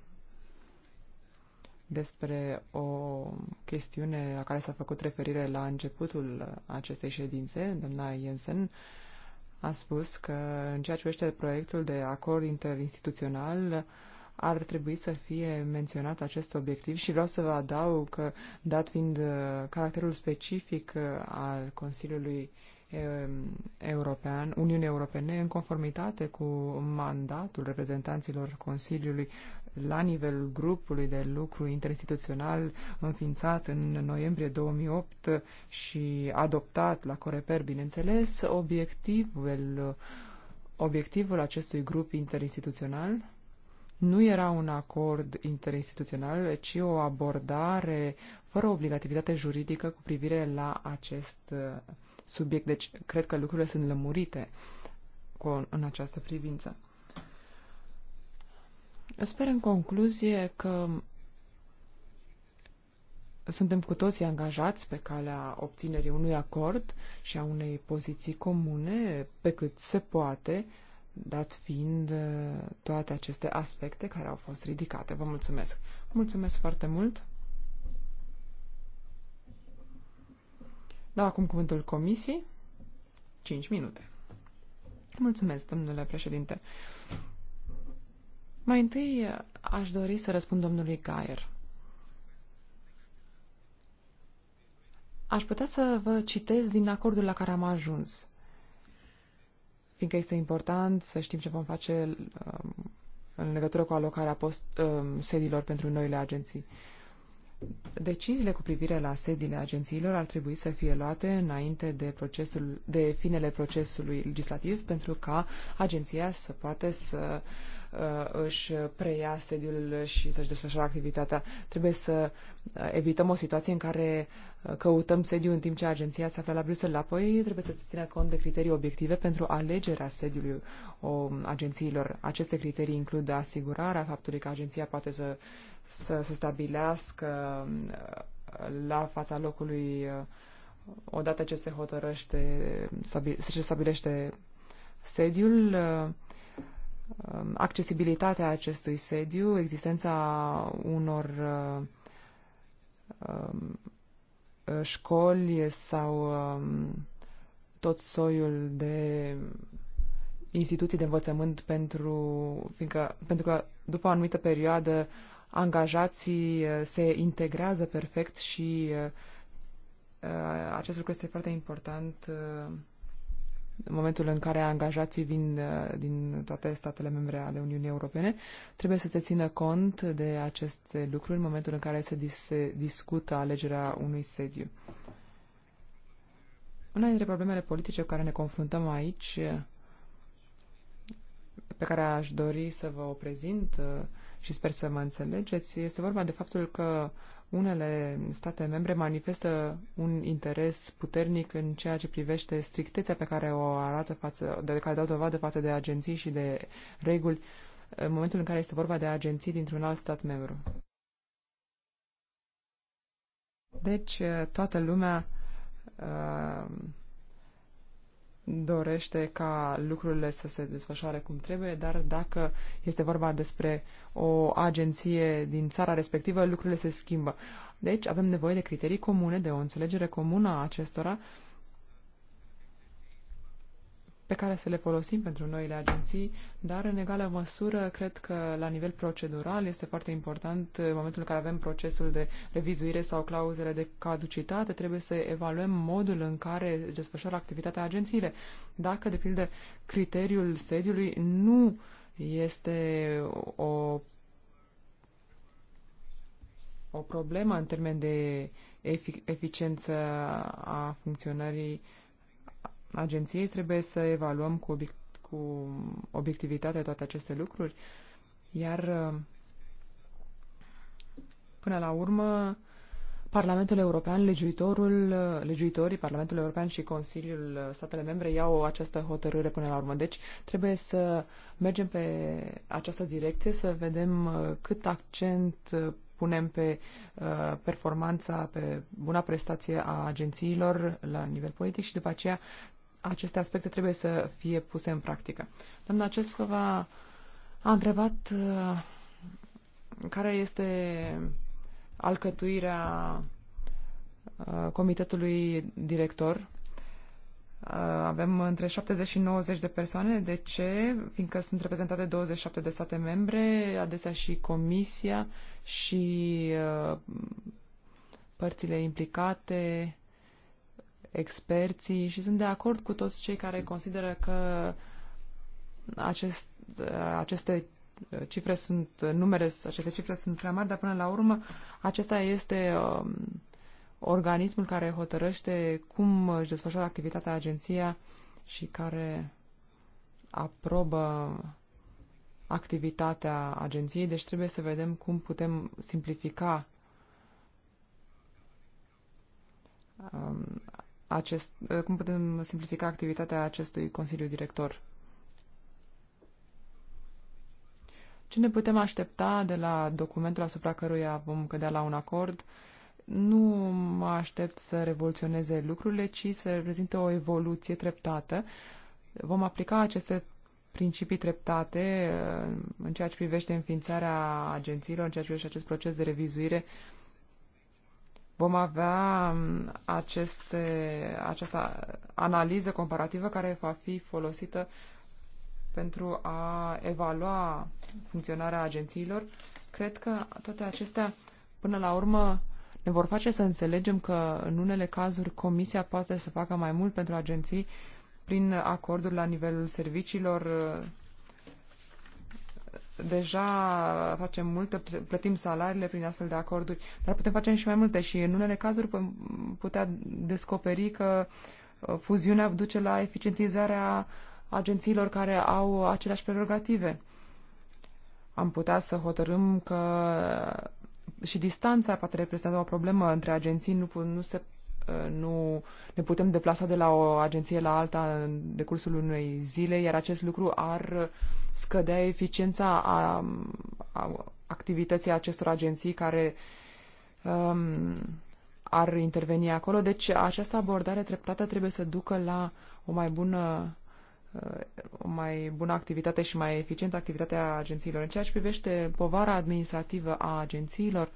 Speaker 2: despre o chestiune la care s-a făcut referire la începutul acestei ședințe. Doamna Jensen a spus că în ceea ce privește proiectul de acord interinstituțional ar trebui să fie menționat acest obiectiv și vreau să vă adaug că, dat fiind uh, caracterul specific uh, al Consiliului um, european, Uniunii Europene, în conformitate cu mandatul reprezentanților Consiliului la nivelul grupului de lucru interinstituțional înființat în noiembrie 2008 și adoptat la Coreper, bineînțeles, obiectivul, obiectivul acestui grup interinstituțional nu era un acord interinstituțional, ci o abordare fără obligativitate juridică cu privire la acest uh, subiect. Deci, cred că lucrurile sunt lămurite cu, în această privință. Sper în concluzie că suntem cu toții angajați pe calea obținerii unui acord și a unei poziții comune pe cât se poate, dat fiind uh, toate aceste aspecte care au fost ridicate. Vă mulțumesc! Mulțumesc foarte mult! Da, acum cuvântul comisiei. 5 minute. Mulțumesc, domnule președinte. Mai întâi aș dori să răspund domnului Gaier. Aș putea să vă citez din acordul la care am ajuns, fiindcă este important să știm ce vom face um, în legătură cu alocarea post, um, sedilor pentru noile agenții. Deciziile cu privire la sediile agențiilor ar trebui să fie luate înainte de, procesul, de finele procesului legislativ pentru ca agenția să poată să uh, Uh, își preia sediul și să-și desfășoare activitatea. Trebuie să uh, evităm o situație în care uh, căutăm sediu în timp ce agenția se află la Bruxelles. Apoi trebuie să țină cont de criterii obiective pentru alegerea sediului o, agențiilor. Aceste criterii includ asigurarea faptului că agenția poate să, să, să stabilească la fața locului odată ce se hotărăște, stabi, se stabilește sediul, Um, accesibilitatea acestui sediu, existența unor uh, um, școli sau um, tot soiul de instituții de învățământ pentru, fiindcă, pentru că după o anumită perioadă angajații uh, se integrează perfect și uh, acest lucru este foarte important în momentul în care angajații vin uh, din toate statele membre ale Uniunii Europene, trebuie să se țină cont de aceste lucruri în momentul în care se, dis- se discută alegerea unui sediu. Una dintre problemele politice cu care ne confruntăm aici, pe care aș dori să vă o prezint uh, și sper să mă înțelegeți, este vorba de faptul că unele state membre manifestă un interes puternic în ceea ce privește strictețea pe care o arată față, de care dau dovadă față de agenții și de reguli în momentul în care este vorba de agenții dintr-un alt stat membru. Deci, toată lumea uh, dorește ca lucrurile să se desfășoare cum trebuie, dar dacă este vorba despre o agenție din țara respectivă, lucrurile se schimbă. Deci avem nevoie de criterii comune, de o înțelegere comună a acestora pe care să le folosim pentru noile agenții, dar în egală măsură cred că la nivel procedural este foarte important în momentul în care avem procesul de revizuire sau clauzele de caducitate, trebuie să evaluăm modul în care desfășoară activitatea agențiile. Dacă, de pildă, criteriul sediului nu este o o problemă în termen de efic- eficiență a funcționării uh, agenției, trebuie să evaluăm cu, obiect- cu obiectivitate toate aceste lucruri, iar uh, până la urmă Parlamentul European, legiuitorul, uh, legiuitorii Parlamentului European și Consiliul uh, statele membre iau această hotărâre până la urmă. Deci trebuie să mergem pe această direcție, să vedem cât accent punem pe uh, performanța, pe buna prestație a agențiilor la nivel politic și după aceea aceste aspecte trebuie să fie puse în practică. Doamna Cescova a întrebat uh, care este alcătuirea uh, comitetului director. Uh, avem între 70 și 90 de persoane. De ce? Fiindcă sunt reprezentate 27 de state membre, adesea și comisia și părțile implicate, experții și sunt de acord cu toți cei care consideră că acest, aceste cifre sunt, numere, aceste cifre sunt prea mari, dar până la urmă acesta este um, organismul care hotărăște cum își desfășoară activitatea agenția și care aprobă activitatea agenției, deci trebuie să vedem cum putem simplifica um, acest, uh, cum putem simplifica activitatea acestui Consiliu Director? Ce ne putem aștepta de la documentul asupra căruia vom cădea la un acord? Nu mă aștept să revoluționeze lucrurile, ci să reprezinte o evoluție treptată. Vom aplica aceste principii treptate uh, în ceea ce privește înființarea agențiilor, în ceea ce privește acest proces de revizuire vom avea um, aceste, această analiză comparativă care va fi folosită pentru a evalua funcționarea agențiilor. Cred că toate acestea, până la urmă, ne vor face să înțelegem că, în unele cazuri, Comisia poate să facă mai mult pentru agenții prin acorduri la nivelul serviciilor deja facem multe, plătim salariile prin astfel de acorduri, dar putem face și mai multe și în unele cazuri putea descoperi că ă, fuziunea duce la eficientizarea agențiilor care au aceleași prerogative. Am putea să hotărâm că și distanța poate reprezenta o problemă între agenții, nu, nu se Uh, nu ne putem deplasa de la o agenție la alta în decursul unei zile, iar acest lucru ar scădea eficiența a, a activității acestor agenții care um, ar interveni acolo. Deci această abordare treptată trebuie să ducă la o mai bună uh, o mai bună activitate și mai eficientă activitatea agențiilor. În ceea ce privește povara administrativă a agențiilor, uh,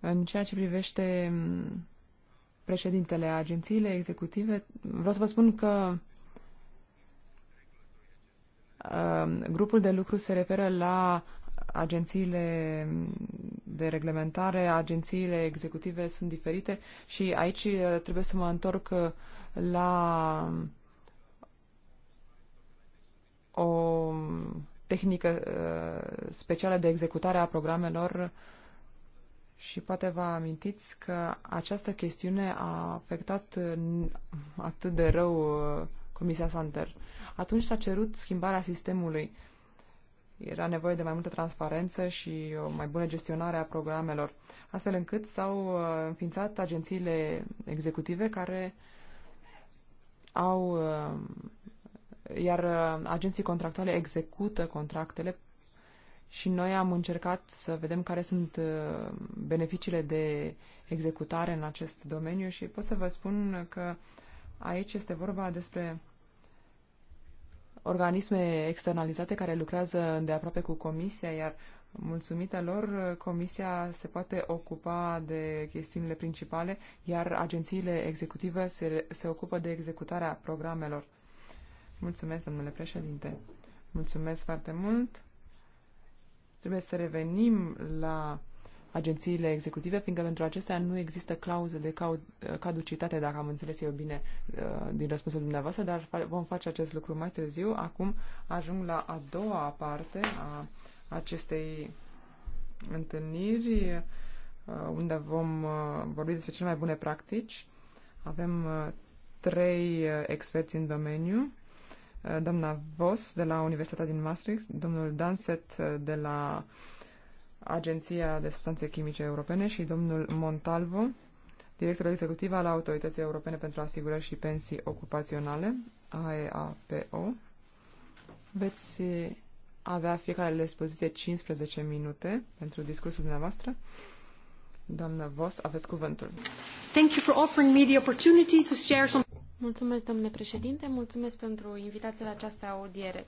Speaker 2: În ceea ce privește mm, președintele agențiile executive, vreau să vă spun că mm, grupul de lucru se referă la agențiile de reglementare, agențiile executive sunt diferite și aici trebuie să mă întorc la mm, o tehnică specială de executare a programelor uh, și poate vă amintiți că această chestiune a afectat uh, atât de rău uh, Comisia Santer. Atunci s-a cerut schimbarea sistemului. Era nevoie de mai multă transparență și o mai bună gestionare a programelor, astfel încât s-au uh, înființat agențiile executive care au iar agenții contractuale execută contractele și noi am încercat să vedem care sunt uh, beneficiile de executare în acest domeniu și pot să vă spun că aici este vorba despre organisme externalizate care lucrează de aproape cu Comisia, iar mulțumită lor, Comisia se poate ocupa de chestiunile principale, iar agențiile executive se, se ocupă de executarea programelor. Mulțumesc, domnule președinte. Mulțumesc foarte mult. Trebuie să revenim la agențiile executive, fiindcă pentru acestea nu există clauze de caducitate, dacă am înțeles eu bine uh, din răspunsul dumneavoastră, dar vom face acest lucru mai târziu. Acum ajung la a doua parte a acestei întâlniri, uh, unde vom uh, vorbi despre cele mai bune practici. Avem trei experți în domeniu doamna Vos de la Universitatea din Maastricht, domnul Danset uh, de la Agenția de Substanțe Chimice Europene și domnul Montalvo, director executiv al Autorității Europene pentru Asigurări și Pensii Ocupaționale, AEAPO. Veți uh, avea fiecare la dispoziție 15 minute pentru discursul dumneavoastră. Doamna Vos, aveți cuvântul.
Speaker 3: Thank you for offering me the opportunity to share some Mulțumesc, domnule președinte, mulțumesc pentru invitația la această audiere.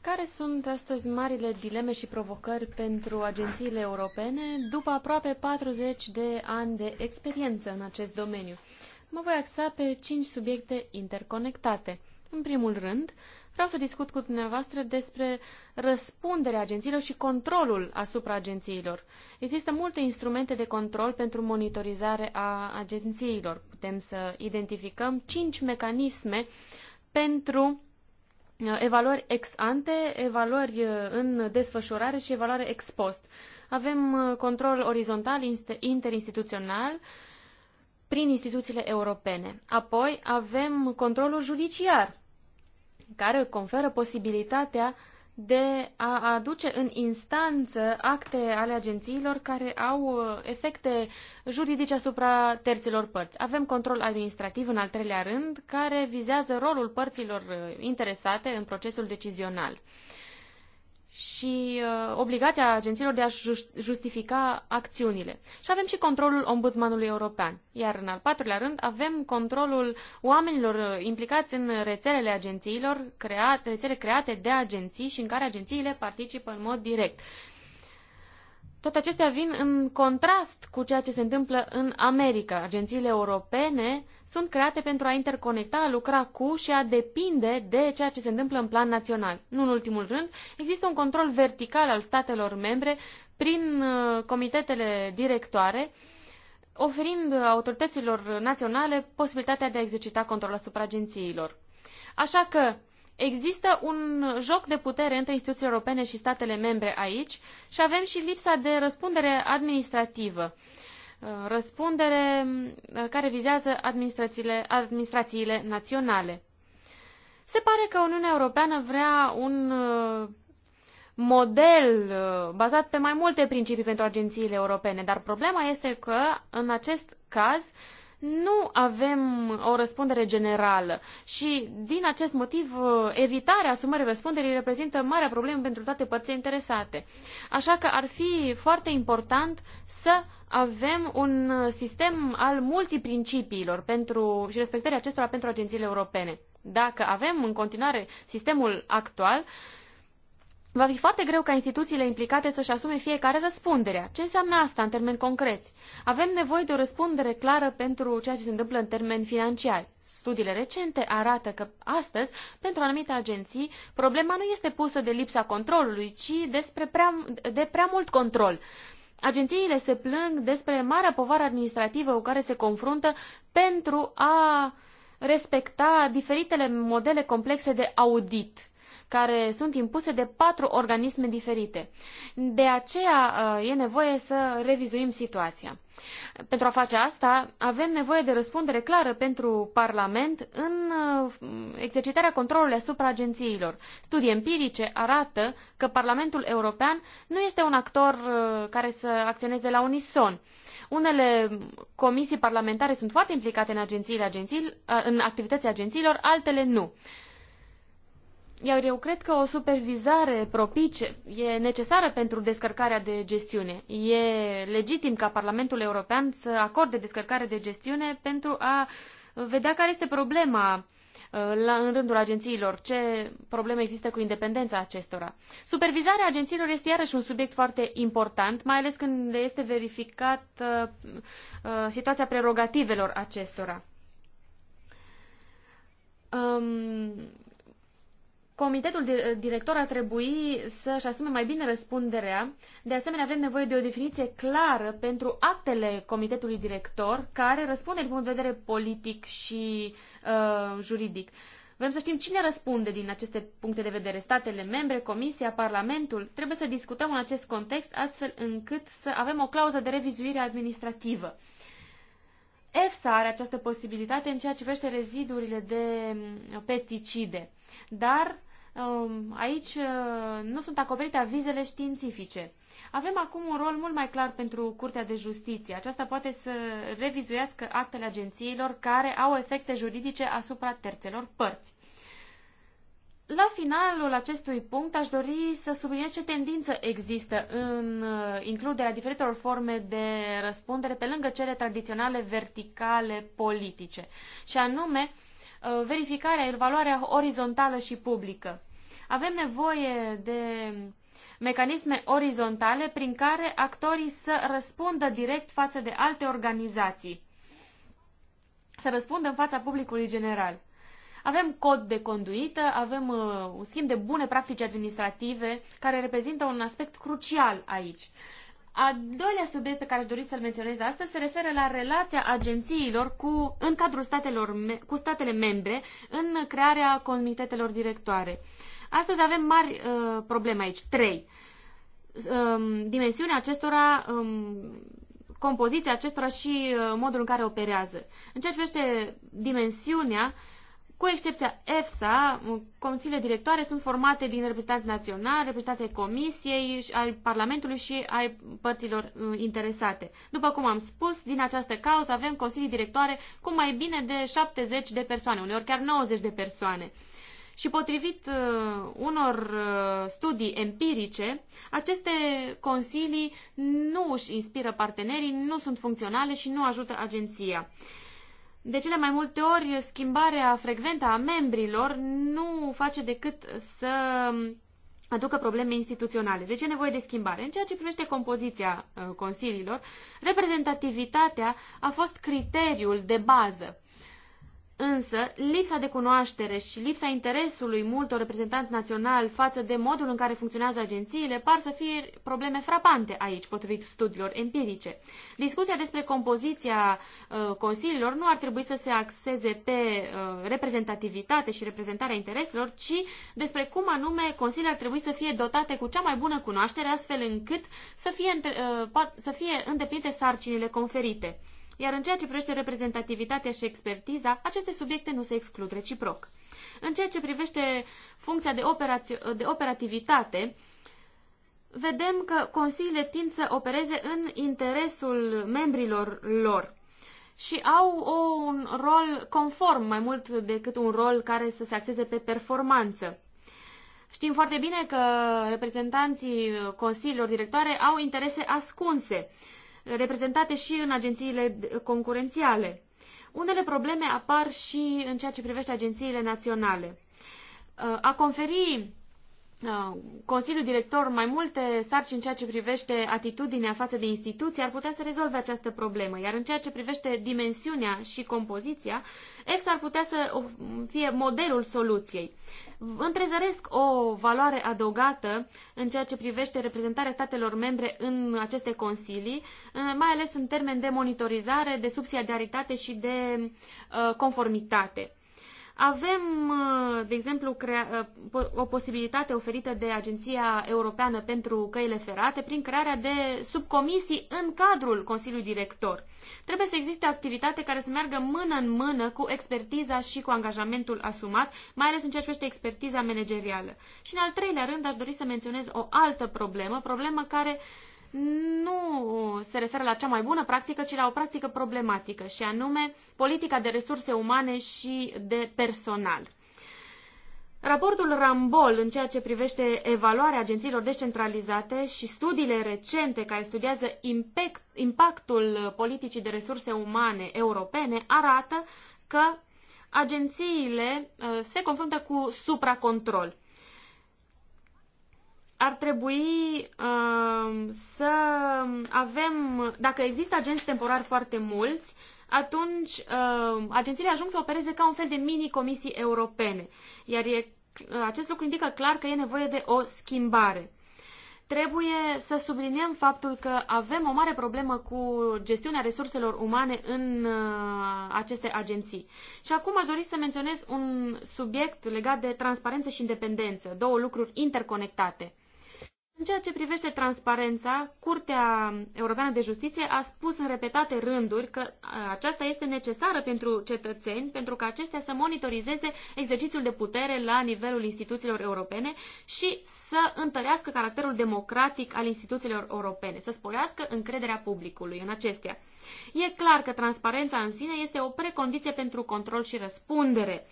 Speaker 3: Care sunt astăzi marile dileme și provocări pentru agențiile europene după aproape 40 de ani de experiență în acest domeniu? Mă voi axa pe cinci subiecte interconectate. În primul rând, Vreau să discut cu dumneavoastră despre răspunderea agențiilor și controlul asupra agențiilor. Există multe instrumente de control pentru monitorizare a agențiilor. Putem să identificăm cinci mecanisme pentru uh, evaluări ex ante, evaluări uh, în desfășurare și evaluare ex post. Avem uh, control orizontal, interinstituțional, prin instituțiile europene. Apoi avem controlul judiciar, care conferă posibilitatea de a aduce în instanță acte ale agențiilor care au uh, efecte juridice asupra terților părți. Avem control administrativ în al treilea rând, care vizează rolul părților uh, interesate în procesul decizional și uh, obligația agențiilor de a justifica acțiunile. Și avem și controlul ombudsmanului european. Iar în al patrulea rând avem controlul oamenilor uh, implicați în rețelele agențiilor, create, rețele create de agenții și în care agențiile participă în mod direct. Uh, toate acestea vin în contrast cu ceea ce se întâmplă în America. Agențiile europene sunt create pentru a interconecta, a lucra cu și a depinde de ceea ce se întâmplă în plan național. Nu în ultimul rând, există un control vertical al statelor membre prin uh, comitetele directoare, oferind autorităților naționale posibilitatea de a exercita control asupra agențiilor. Așa că Există un joc de putere între instituțiile europene și statele membre aici și avem și lipsa de răspundere administrativă. Uh, răspundere uh, care vizează administrațiile, administrațiile naționale. Se pare că Uniunea Europeană vrea un uh, model bazat pe mai multe principii pentru agențiile europene, dar problema este că, în acest caz, nu avem o răspundere generală și din acest motiv evitarea asumării răspunderii reprezintă marea problemă pentru toate părțile interesate. Așa că ar fi foarte important să avem un sistem al multiprincipiilor pentru, și respectarea acestora pentru agențiile europene. Dacă avem în continuare sistemul actual, va fi foarte greu ca instituțiile implicate să-și asume fiecare răspunderea. Ce înseamnă asta în termeni concreți? Avem nevoie de o răspundere clară pentru ceea ce se întâmplă în termeni financiari. Studiile recente arată că astăzi, pentru anumite agenții, problema nu este pusă de lipsa controlului, ci despre prea, de prea mult control. Agențiile se plâng despre marea povară administrativă cu care se confruntă pentru a respecta diferitele modele complexe de audit care sunt impuse de patru organisme diferite. De aceea uh, e nevoie să revizuim situația. Pentru a face asta, avem nevoie de răspundere clară pentru Parlament în uh, exercitarea controlului asupra agențiilor. Studii empirice arată că Parlamentul European nu este un actor uh, care să acționeze la unison. Unele comisii parlamentare sunt foarte implicate în, agențiile, agenții, în activitățile agențiilor, altele nu. Iar eu cred că o supervizare propice e necesară pentru descărcarea de gestiune. E legitim ca Parlamentul European să acorde descărcare de gestiune pentru a vedea care este problema uh, la, în rândul agențiilor, ce probleme există cu independența acestora. Supervizarea agențiilor este iarăși un subiect foarte important, mai ales când este verificat uh, uh, situația prerogativelor acestora. Um, Comitetul director ar trebui să-și asume mai bine răspunderea. De asemenea, avem nevoie de o definiție clară pentru actele comitetului director, care răspunde din punct de vedere politic și uh, juridic. Vrem să știm cine răspunde din aceste puncte de vedere. Statele membre, Comisia, Parlamentul. Trebuie să discutăm în acest context astfel încât să avem o clauză de revizuire administrativă. EFSA are această posibilitate în ceea ce privește rezidurile de pesticide, dar Um, aici uh, nu sunt acoperite avizele științifice. Avem acum un rol mult mai clar pentru Curtea de Justiție. Aceasta poate să revizuiască actele agențiilor care au efecte juridice asupra terțelor părți. La finalul acestui punct aș dori să subliniez ce tendință există în uh, includerea diferitelor forme de răspundere pe lângă cele tradiționale verticale politice, și anume uh, verificarea, evaluarea orizontală și publică. Avem nevoie de mecanisme orizontale prin care actorii să răspundă direct față de alte organizații, să răspundă în fața publicului general. Avem cod de conduită, avem uh, un schimb de bune practici administrative care reprezintă un aspect crucial aici. A doilea subiect pe care aș dori să-l menționez astăzi se referă la relația agențiilor cu, în cadrul statelor, cu statele membre în crearea comitetelor directoare. Uh, Astăzi avem mari uh, probleme aici, trei. Um, dimensiunea acestora, um, compoziția acestora și uh, modul în care operează. În ceea ce privește dimensiunea, cu excepția EFSA, um, consiliile directoare sunt formate din reprezentanți naționali, reprezentanți ai Comisiei, ai Parlamentului și ai părților uh, interesate. După cum am spus, din această cauză avem consilii directoare cu mai bine de 70 de persoane, uneori chiar 90 de persoane. Și potrivit uh, unor uh, studii empirice, aceste consilii nu își inspiră partenerii, nu sunt funcționale și nu ajută agenția. De cele mai multe ori, schimbarea frecventă a membrilor nu face decât să aducă probleme instituționale. Deci e nevoie de schimbare. În ceea ce privește compoziția uh, consiliilor, reprezentativitatea a fost criteriul de bază. Însă, lipsa de cunoaștere și lipsa interesului multor reprezentanți naționali față de modul în care funcționează agențiile par să fie probleme frapante aici, potrivit studiilor empirice. Discuția despre compoziția uh, consiliilor nu ar trebui să se axeze pe uh, reprezentativitate și reprezentarea intereselor, ci despre cum anume consiliile ar trebui să fie dotate cu cea mai bună cunoaștere, astfel încât să fie, uh, să fie îndeplinite sarcinile conferite. Iar în ceea ce privește reprezentativitatea și expertiza, aceste subiecte nu se exclud reciproc. În ceea ce privește funcția de, operaț- de operativitate, vedem că consiliile tind să opereze în interesul membrilor lor și au o, un rol conform mai mult decât un rol care să se axeze pe performanță. Știm foarte bine că reprezentanții consiliilor directoare au interese ascunse reprezentate și în agențiile concurențiale. Unele probleme apar și în ceea ce privește agențiile naționale. Uh, a conferi Uh, Consiliul Director mai multe sarcini în ceea ce privește atitudinea față de instituții ar putea să rezolve această problemă, iar în ceea ce privește dimensiunea și compoziția, EFSA ar putea să fie modelul soluției. Întrezăresc o valoare adăugată în ceea ce privește reprezentarea statelor membre în aceste consilii, uh, mai ales în termen de monitorizare, de subsidiaritate și de uh, conformitate. Avem, uh, de exemplu, uh, o posibilitate oferită de Agenția Europeană pentru Căile Ferate prin crearea de subcomisii în cadrul Consiliului Director. Trebuie să existe o activitate care să meargă mână în mână cu expertiza și cu angajamentul asumat, mai ales în ceea ce privește expertiza managerială. Și în al treilea rând aș dori să menționez o altă problemă, problemă care uh, nu se referă la cea mai bună practică, ci la o practică problematică, și anume politica de resurse umane și de personal. Raportul Rambol în ceea ce privește evaluarea agențiilor descentralizate și studiile recente care studiază impact, impactul politicii de resurse umane europene arată că agențiile uh, se confruntă cu supracontrol ar trebui uh, să avem, dacă există agenți temporari foarte mulți, atunci uh, agențiile ajung să opereze ca un fel de mini-comisii europene. Iar e, acest lucru indică clar că e nevoie de o schimbare. Trebuie să subliniem faptul că avem o mare problemă cu gestiunea resurselor umane în uh, aceste agenții. Și acum aș dori să menționez un subiect legat de transparență și independență, două lucruri interconectate. În ceea ce privește transparența, Curtea Europeană de Justiție a spus în repetate rânduri că aceasta este necesară pentru cetățeni, pentru ca acestea să monitorizeze exercițiul de putere la nivelul instituțiilor europene și să întărească caracterul democratic al instituțiilor europene, să sporească încrederea publicului în acestea. E clar că transparența în sine este o precondiție pentru control și răspundere.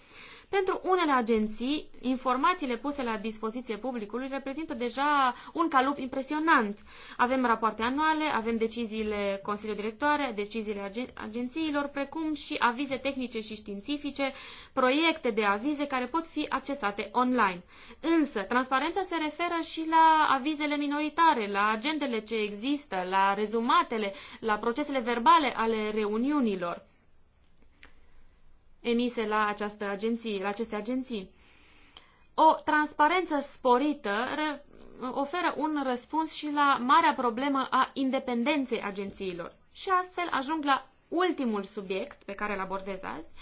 Speaker 3: Pentru unele agenții, informațiile puse la dispoziție publicului reprezintă deja un calup impresionant. Avem rapoarte anuale, avem deciziile Consiliului Directoare, deciziile agen- agențiilor, precum și avize tehnice și științifice, proiecte de avize care pot fi accesate online. Însă, transparența se referă și la avizele minoritare, la agendele ce există, la rezumatele, la procesele verbale ale reuniunilor emise la, această agenție, la aceste agenții. O transparență sporită oferă un răspuns și la marea problemă a independenței agențiilor. Și astfel ajung la ultimul subiect pe care îl abordez azi,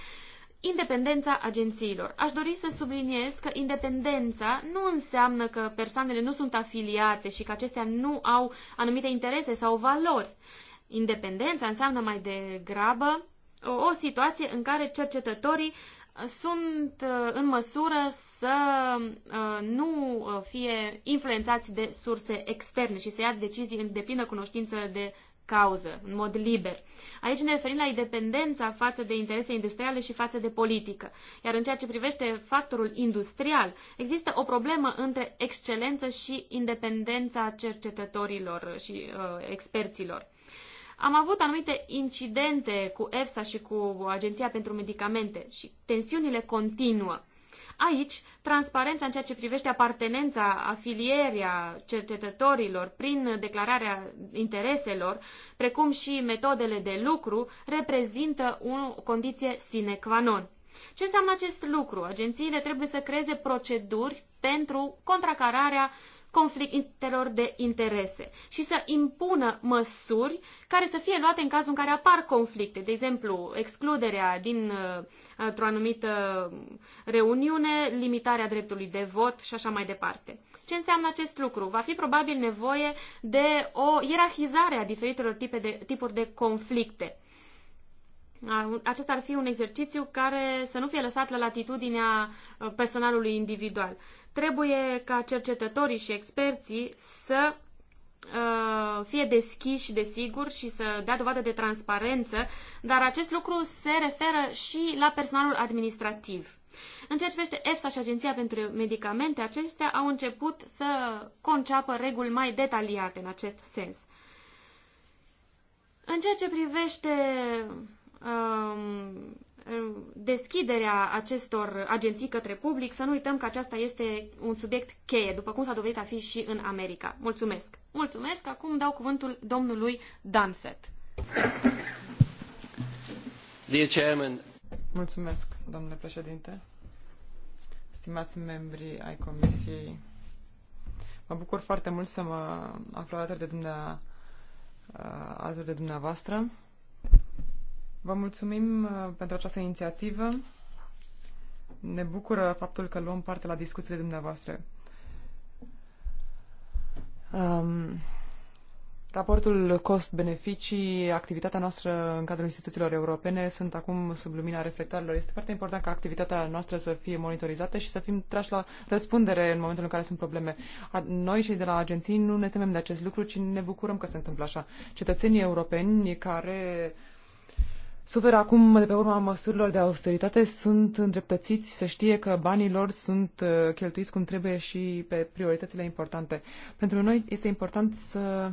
Speaker 3: independența agențiilor. Aș dori să subliniez că independența nu înseamnă că persoanele nu sunt afiliate și că acestea nu au anumite interese sau valori. Independența înseamnă mai degrabă o situație în care cercetătorii uh, sunt uh, în măsură să uh, nu fie influențați de surse externe și să ia decizii în deplină cunoștință de cauză, în mod liber. Aici ne referim la independența față de interese industriale și față de politică. Iar în ceea ce privește factorul industrial, există o problemă între excelență și independența cercetătorilor și uh, experților. Am avut anumite incidente cu EFSA și cu Agenția pentru Medicamente și tensiunile continuă. Aici, transparența în ceea ce privește apartenența, afilierea cercetătorilor prin declararea intereselor, precum și metodele de lucru, reprezintă o condiție sine qua non. Ce înseamnă acest lucru? Agențiile trebuie să creeze proceduri pentru contracararea conflictelor de interese și să impună măsuri care să fie luate în cazul în care apar conflicte, de exemplu, excluderea din uh, o anumită reuniune, limitarea dreptului de vot și așa mai departe. Ce înseamnă acest lucru? Va fi probabil nevoie de o ierarhizare a diferitelor tipe de, tipuri de conflicte. Acesta ar fi un exercițiu care să nu fie lăsat la latitudinea uh, personalului individual. Trebuie ca cercetătorii și experții să uh, fie deschiși, desigur, și să dea dovadă de transparență, dar acest lucru se referă și la personalul administrativ. În ceea ce privește EFSA și Agenția pentru Medicamente, acestea au început să conceapă reguli mai detaliate în acest sens. În ceea ce privește um, deschiderea acestor agenții către public, să nu uităm că aceasta este un subiect cheie, după cum s-a dovedit a fi și în America. Mulțumesc! Mulțumesc! Acum dau cuvântul domnului Danset.
Speaker 1: Dear Chairman. Mulțumesc,
Speaker 2: domnule președinte. Stimați membri ai Comisiei, mă bucur foarte mult să mă aflu alături de, dumnea, alături de dumneavoastră. Vă mulțumim uh, pentru această inițiativă. Ne bucură faptul că luăm parte la discuțiile dumneavoastră. Um, raportul cost-beneficii, activitatea noastră în cadrul instituțiilor europene sunt acum sub lumina reflectoarelor. Este foarte important ca activitatea noastră să fie monitorizată și să fim trași la răspundere în momentul în care sunt probleme. Noi cei de la agenții nu ne temem de acest lucru, ci ne bucurăm că se întâmplă așa. Cetățenii europeni care uh, suferă acum de pe urma măsurilor de austeritate sunt îndreptățiți să știe că banii lor sunt uh, cheltuiți cum trebuie și pe prioritățile importante. Pentru noi este important să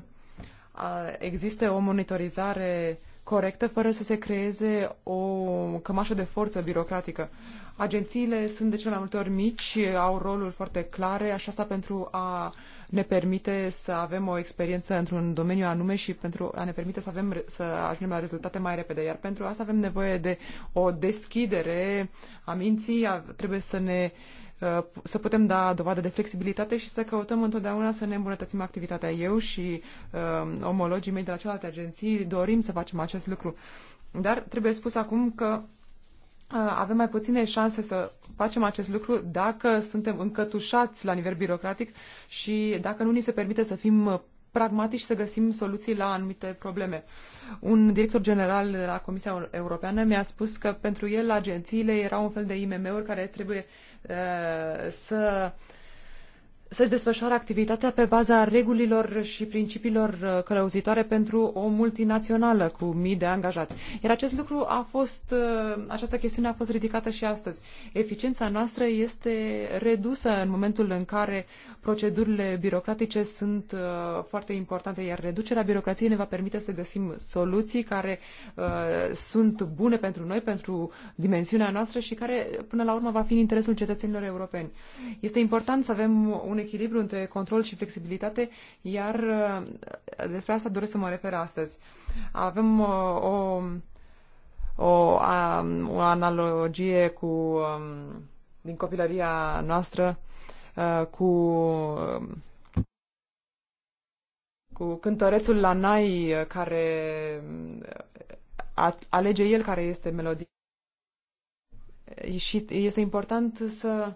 Speaker 2: uh, existe o monitorizare corectă fără să se creeze o cămașă de forță birocratică. Agențiile sunt de cel mai multe ori mici, au roluri foarte clare, așa asta pentru a uh, ne permite să avem o experiență într-un domeniu anume și pentru a ne permite să, avem, să ajungem la rezultate mai repede. Iar pentru asta avem nevoie de o deschidere a minții, trebuie să ne uh, să putem da dovadă de flexibilitate și să căutăm întotdeauna să ne îmbunătățim activitatea. Eu și uh, omologii mei de la celelalte agenții dorim să facem acest lucru. Dar trebuie spus acum că Uh, avem mai puține șanse să facem acest lucru dacă suntem încătușați la nivel birocratic și dacă nu ni se permite să fim uh, pragmatici să găsim soluții la anumite probleme. Un director general la Comisia Europeană mi-a spus că pentru el agențiile erau un fel de IMM-uri care trebuie uh, să uh, să-și desfășoare activitatea pe baza regulilor și principiilor uh, călăuzitoare pentru o multinațională cu mii de angajați. Iar acest lucru a fost, uh, această chestiune a fost ridicată și astăzi. Eficiența noastră este redusă în momentul în care procedurile birocratice sunt uh, foarte importante, iar reducerea birocrației ne va permite să găsim soluții care sunt bune pentru noi, pentru dimensiunea noastră și care, până la urmă, va fi în interesul cetățenilor europeni. Este important să avem un echilibru între control și flexibilitate, iar uh, despre asta doresc să mă refer astăzi. Avem uh, o, o, a, o analogie cu, um, din copilăria noastră uh, cu cu cântărețul la nai care alege el care este melodia. Și este important să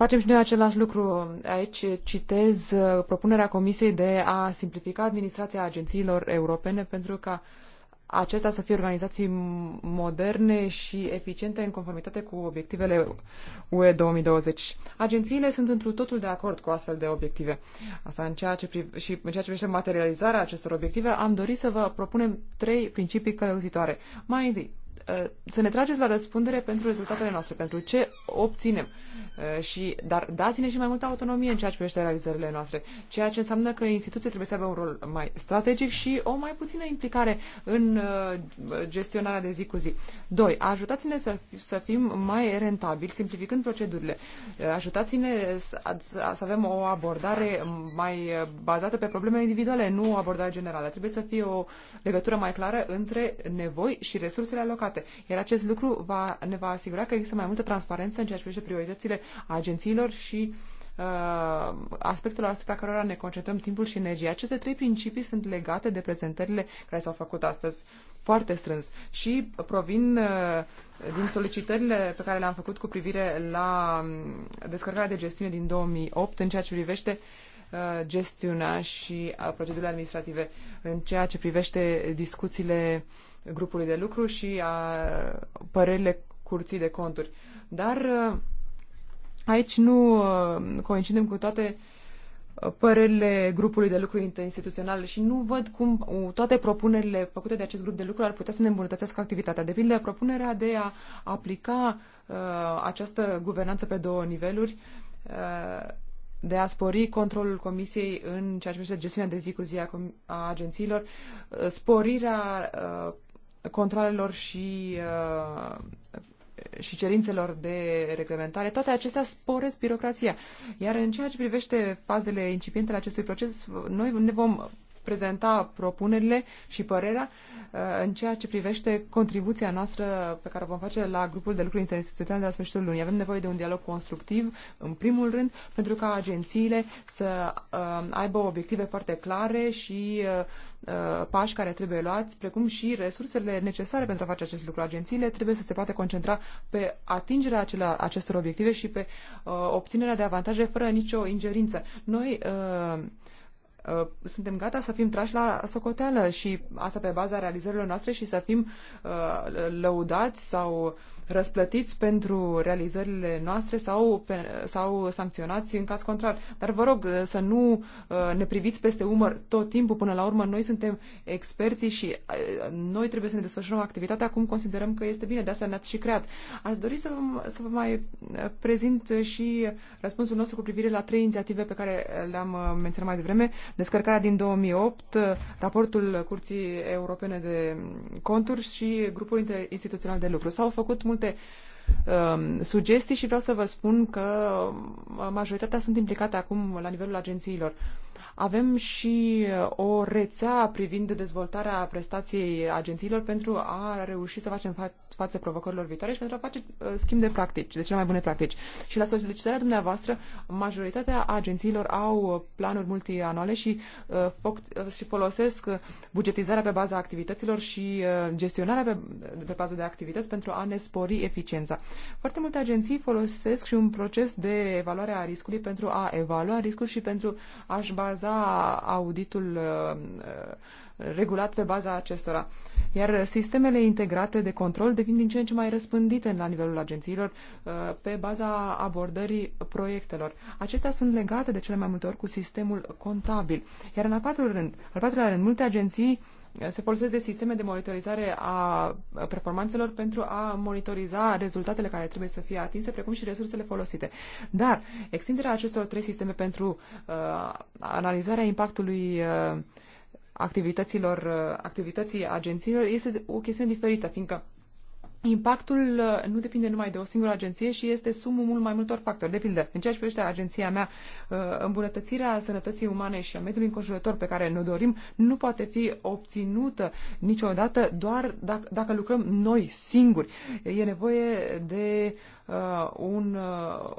Speaker 2: Facem și noi același lucru. Aici citez uh, propunerea Comisiei de a simplifica administrația agențiilor europene pentru ca acestea să fie organizații moderne și eficiente în conformitate cu obiectivele UE 2020. Agențiile sunt întru totul de acord cu astfel de obiective. Asta în ceea ce priv- și în ceea ce privește materializarea acestor obiective, am dorit să vă propunem trei principii călăuzitoare. Mai întâi, uh, să ne trageți la răspundere pentru rezultatele noastre, pentru ce obținem. Uh, și, dar dați-ne și mai multă autonomie în ceea ce privește realizările noastre, ceea ce înseamnă că instituții trebuie să aibă un rol mai strategic și o mai puțină implicare în uh, gestionarea de zi cu zi. Doi. Ajutați-ne să, să fim mai rentabili, simplificând procedurile. Uh, ajutați-ne să, să avem o abordare mai bazată pe probleme individuale, nu o abordare generală. Trebuie să fie o legătură mai clară între nevoi și resursele alocate. Iar acest lucru va, ne va asigura că există mai multă transparență în ceea ce privește prioritățile a agențiilor și uh, aspectelor asupra cărora ne concentrăm timpul și energia. Aceste trei principii sunt legate de prezentările care s-au făcut astăzi foarte strâns și provin uh, din solicitările pe care le-am făcut cu privire la um, descărcarea de gestiune din 2008 în ceea ce privește uh, gestiunea și procedurile administrative în ceea ce privește discuțiile grupului de lucru și a părerile curții de conturi. Dar Aici nu uh, coincidem cu toate uh, părerile grupului de lucru interinstituțional și nu văd cum uh, toate propunerile făcute de acest grup de lucru ar putea să ne îmbunătățească activitatea. De pildă, propunerea de a aplica uh, această guvernanță pe două niveluri, uh, de a spori controlul Comisiei în ceea ce privește gestiunea de zi cu zi a, a agențiilor, uh, sporirea uh, controlelor și uh, și cerințelor de reglementare, toate acestea sporesc birocrația. Iar în ceea ce privește fazele incipiente ale acestui proces, noi ne vom prezenta propunerile și părerea uh, în ceea ce privește contribuția noastră pe care o vom face la grupul de lucru interinstituțional de la sfârșitul lunii. Avem nevoie de un dialog constructiv, în primul rând, pentru ca agențiile să uh, aibă obiective foarte clare și uh, pași care trebuie luați, precum și resursele necesare pentru a face acest lucru. Agențiile trebuie să se poată concentra pe atingerea acela, acestor obiective și pe obținerea de avantaje fără nicio ingerință. Noi Uh, suntem gata să fim trași la socoteală și asta pe baza realizărilor noastre și să fim uh, lăudați sau răsplătiți pentru realizările noastre sau, pe, sau sancționați în caz contrar. Dar vă rog uh, să nu uh, ne priviți peste umăr tot timpul. Până la urmă, noi suntem experții și uh, noi trebuie să ne desfășurăm activitatea cum considerăm că este bine. De asta ne-ați și creat. Aș dori să vă, să vă mai prezint și răspunsul nostru cu privire la trei inițiative pe care le-am menționat mai devreme. Descărcarea din 2008, raportul Curții Europene de Conturi și grupul instituțional de lucru. S-au făcut multe multe um, sugestii și vreau să vă spun că uh, majoritatea sunt implicate acum la nivelul agențiilor. Avem și uh, o rețea privind dezvoltarea prestației agențiilor pentru a reuși să facem fa- față provocărilor viitoare și pentru a face uh, schimb de practici, de cele mai bune practici. Și la solicitarea dumneavoastră, majoritatea agențiilor au uh, planuri multianuale și, uh, foc- și folosesc bugetizarea pe baza activităților și uh, gestionarea pe, pe bază de activități pentru a ne spori eficiența. Foarte multe agenții folosesc și un proces de evaluare a riscului pentru a evalua riscul și pentru a-și baza deja auditul uh, uh, regulat pe baza acestora. Iar sistemele integrate de control devin din ce în ce mai răspândite la nivelul agențiilor uh, pe baza abordării proiectelor. Acestea sunt legate de cele mai multe ori cu sistemul contabil. Iar în al patrulea rând, al patrulea rând multe agenții se folosesc de sisteme de monitorizare a performanțelor pentru a monitoriza rezultatele care trebuie să fie atinse, precum și resursele folosite. Dar extinderea acestor trei sisteme pentru uh, analizarea impactului uh, activităților, uh, activității agențiilor este o chestiune diferită, fiindcă impactul uh, nu depinde numai de o singură agenție și este sumul mult mai multor factori. De pildă, în ceea ce privește agenția mea, uh, îmbunătățirea sănătății umane și a mediului înconjurător pe care ne dorim nu poate fi obținută niciodată doar dacă, dacă lucrăm noi singuri. E nevoie de uh, Uh, un, uh,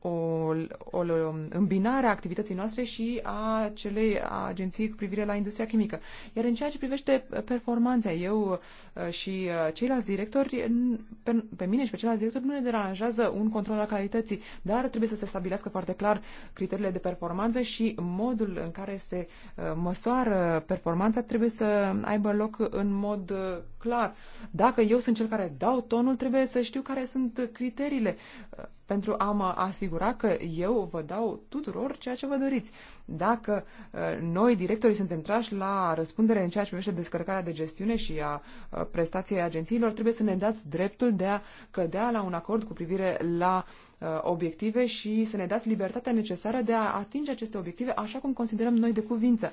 Speaker 2: o, o, o îmbinare a activității noastre și a celei a agenții cu privire la industria chimică. Iar în ceea ce privește performanța, eu uh, și ceilalți directori, pe, pe mine și pe ceilalți directori nu ne deranjează un control al calității, dar trebuie să se stabilească foarte clar criteriile de performanță și modul în care se măsoară performanța trebuie să aibă loc în mod clar. Dacă eu sunt cel care dau tonul, trebuie să știu care sunt criteriile uh, pentru a mă asigura că eu vă dau tuturor ceea ce vă doriți. Dacă uh, noi, directorii, suntem trași la răspundere în ceea ce privește descărcarea de gestiune și a uh, prestației agențiilor, trebuie să ne dați dreptul de a cădea la un acord cu privire la obiective și să ne dați libertatea necesară de a atinge aceste obiective așa cum considerăm noi de cuvință.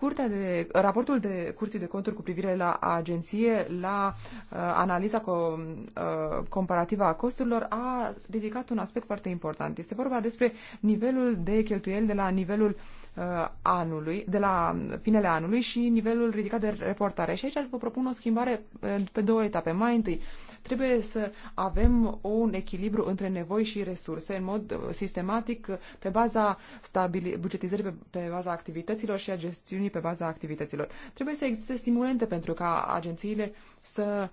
Speaker 2: Curtea de, raportul de Curții de Conturi cu privire la agenție, la uh, analiza co, uh, comparativă a costurilor, a ridicat un aspect foarte important. Este vorba despre nivelul de cheltuieli de la nivelul uh, anului, de la finele anului și nivelul ridicat de reportare. Și aici vă propun o schimbare uh, pe două etape. Mai întâi, uh, Trebuie să avem un echilibru între nevoi și resurse în mod uh, sistematic uh, pe baza stabili- bugetizării pe, pe baza activităților și a gestiunii pe baza activităților. Trebuie să existe stimulente pentru ca agențiile să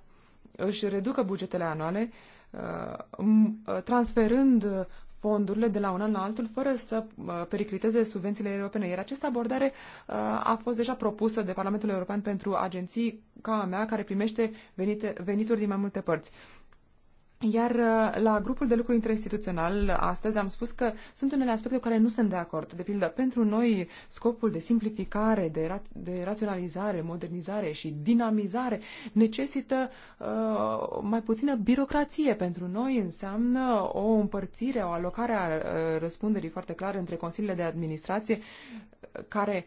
Speaker 2: își reducă bugetele anuale uh, transferând fondurile de la un an la altul fără să uh, pericliteze subvențiile europene. Iar această abordare uh, a fost deja propusă de Parlamentul European pentru agenții ca a mea care primește venite, venituri din mai multe părți. Iar uh, la grupul de lucru interinstituțional astăzi am spus că sunt unele aspecte cu care nu sunt de acord. De pildă, pentru noi scopul de simplificare, de, ra- de raționalizare, modernizare și dinamizare necesită uh, mai puțină birocrație. Pentru noi înseamnă o împărțire, o alocare a uh, răspunderii foarte clare între consiliile de administrație care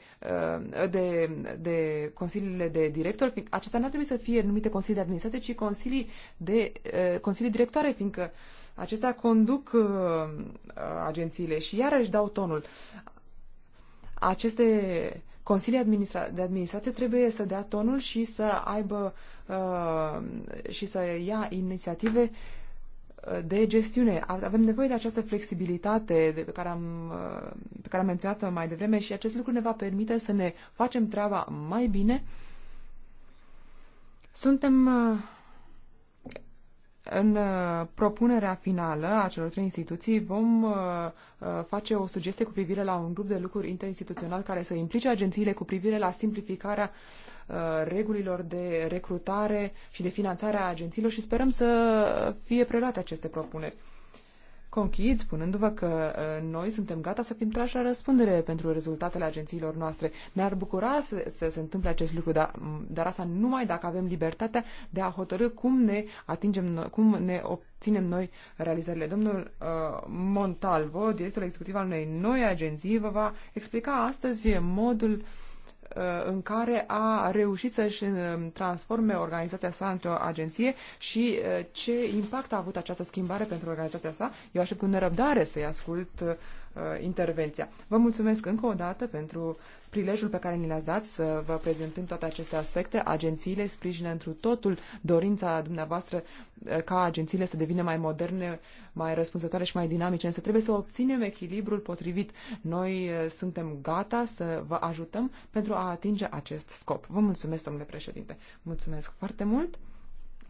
Speaker 2: uh, de, de consiliile de director, acestea nu ar trebui să fie numite consilii de administrație, ci consilii de uh, consilii directoare, fiindcă acestea conduc uh, agențiile și iarăși dau tonul. Aceste consilii administra- de administrație trebuie să dea tonul și să aibă uh, și să ia inițiative uh, de gestiune. Avem nevoie de această flexibilitate de pe, care am, uh, pe care am menționat-o mai devreme și acest lucru ne va permite să ne facem treaba mai bine. Suntem uh, în uh, propunerea finală a celor trei instituții vom uh, uh, face o sugestie cu privire la un grup de lucruri interinstituțional care să implice agențiile cu privire la simplificarea regulilor de recrutare și de finanțare a agențiilor și sperăm să fie preluate aceste propuneri. Conchid spunându-vă că uh, noi suntem gata să fim trași la răspundere pentru rezultatele agențiilor noastre. Ne-ar bucura să, să se întâmple acest lucru, dar, mm, dar asta numai dacă avem libertatea de a hotărâ cum ne atingem, cum ne obținem noi realizările. Domnul uh, Montalvo, directorul executiv al unei noi agenții, vă va explica astăzi modul uh, Uh, în care a reușit să-și uh, transforme organizația sa într-o agenție și uh, ce impact a avut această schimbare pentru organizația sa. Eu aștept cu nerăbdare să-i ascult intervenția. Vă mulțumesc încă o dată pentru prilejul pe care ni l-ați dat să vă prezentăm toate aceste aspecte. Agențiile sprijină întru totul dorința dumneavoastră eh, ca agențiile să devină mai moderne, mai răspunzătoare și mai dinamice, însă trebuie să obținem echilibrul potrivit. Noi eh, suntem gata să vă ajutăm pentru a atinge acest scop. Vă mulțumesc, domnule președinte. Mulțumesc foarte mult.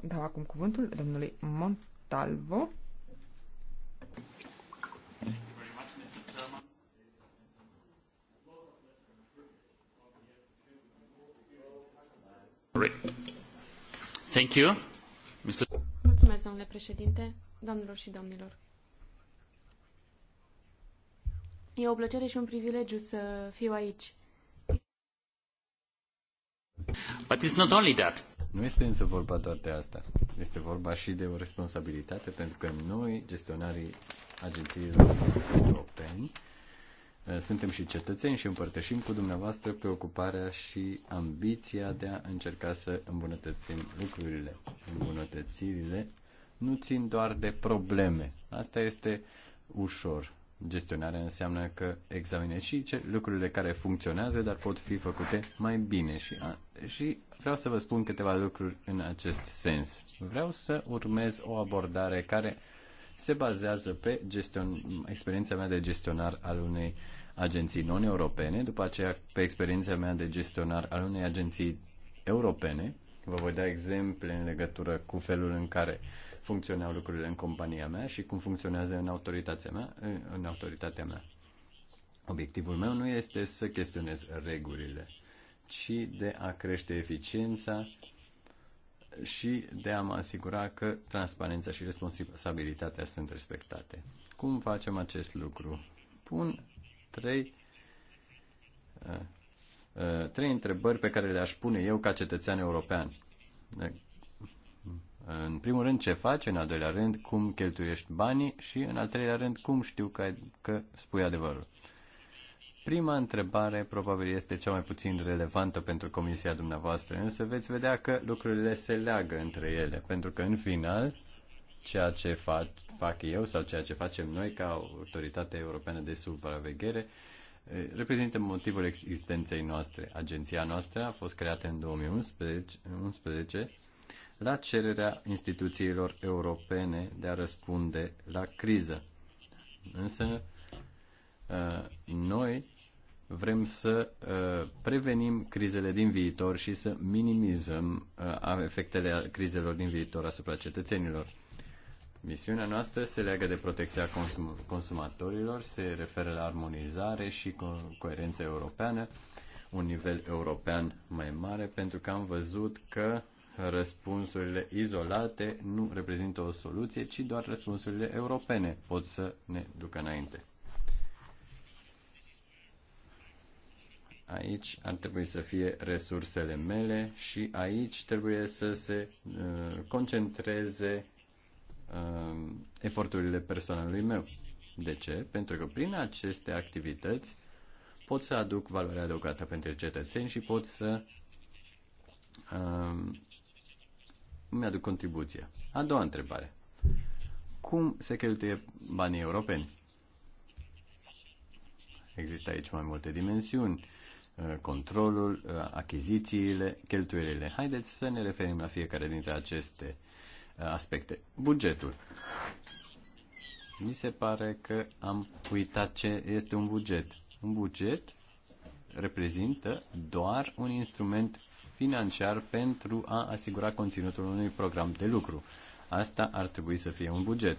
Speaker 2: Dau acum cuvântul domnului Montalvo.
Speaker 3: Mulțumesc, președinte, și domnilor. E o plăcere și un privilegiu să fiu aici.
Speaker 1: But it's not only that. Nu este însă vorba doar de asta. Este vorba și de o responsabilitate pentru că noi, gestionarii agențiilor europene, Eh, suntem și cetățeni și împărtășim cu dumneavoastră preocuparea și ambiția de a încerca să îmbunătățim lucrurile. Îmbunătățirile nu țin doar de probleme. Asta este ușor. Gestionarea înseamnă că examinezi și ce lucrurile care funcționează, dar pot fi făcute mai bine. Și, a, și vreau să vă spun câteva lucruri în acest sens. Vreau să urmez o abordare care se bazează pe gestion, experiența mea de gestionar al unei agenții non-europene, după aceea pe experiența mea de gestionar al unei agenții europene. Vă voi da exemple în legătură cu felul în care funcționau lucrurile în compania mea și cum funcționează în autoritatea mea. În autoritatea mea. Obiectivul meu nu este să chestionez regulile, ci de a crește eficiența și de a mă asigura că transparența și responsabilitatea sunt respectate. Cum facem acest lucru? Pun trei, uh, uh, trei întrebări pe care le-aș pune eu ca cetățean european. În primul rând, ce faci, în al doilea rând, cum cheltuiești banii și, în al treilea rând, cum știu că, că spui adevărul. Prima întrebare probabil este cea mai puțin relevantă pentru comisia dumneavoastră, însă veți vedea că lucrurile se leagă între ele, pentru că în final ceea ce fac, fac eu sau ceea ce facem noi ca Autoritatea Europeană de Supraveghere eh, reprezintă motivul existenței noastre. Agenția noastră a fost creată în 2011 11, la cererea instituțiilor europene de a răspunde la criză. Însă eh, noi vrem să uh, prevenim crizele din viitor și să minimizăm uh, efectele crizelor din viitor asupra cetățenilor. Misiunea noastră se leagă de protecția consum- consumatorilor, se referă la armonizare și co- coerență europeană, un nivel european mai mare, pentru că am văzut că răspunsurile izolate nu reprezintă o soluție, ci doar răspunsurile europene pot să ne ducă înainte. Aici ar trebui să fie resursele mele și aici trebuie să se uh, concentreze uh, eforturile personalului meu. De ce? Pentru că prin aceste activități pot să aduc valoare adăugată pentru cetățeni și pot să uh, aduc contribuția. A doua întrebare. Cum se cheltuie banii europeni? Există aici mai multe dimensiuni. Uh, Uh, controlul, uh, achizițiile, cheltuielile. Haideți să ne referim la fiecare dintre aceste uh, aspecte. Bugetul. Mi se pare că am uitat ce este un buget. Un buget reprezintă doar un instrument financiar pentru a asigura conținutul unui program de lucru. Asta ar trebui să fie un buget.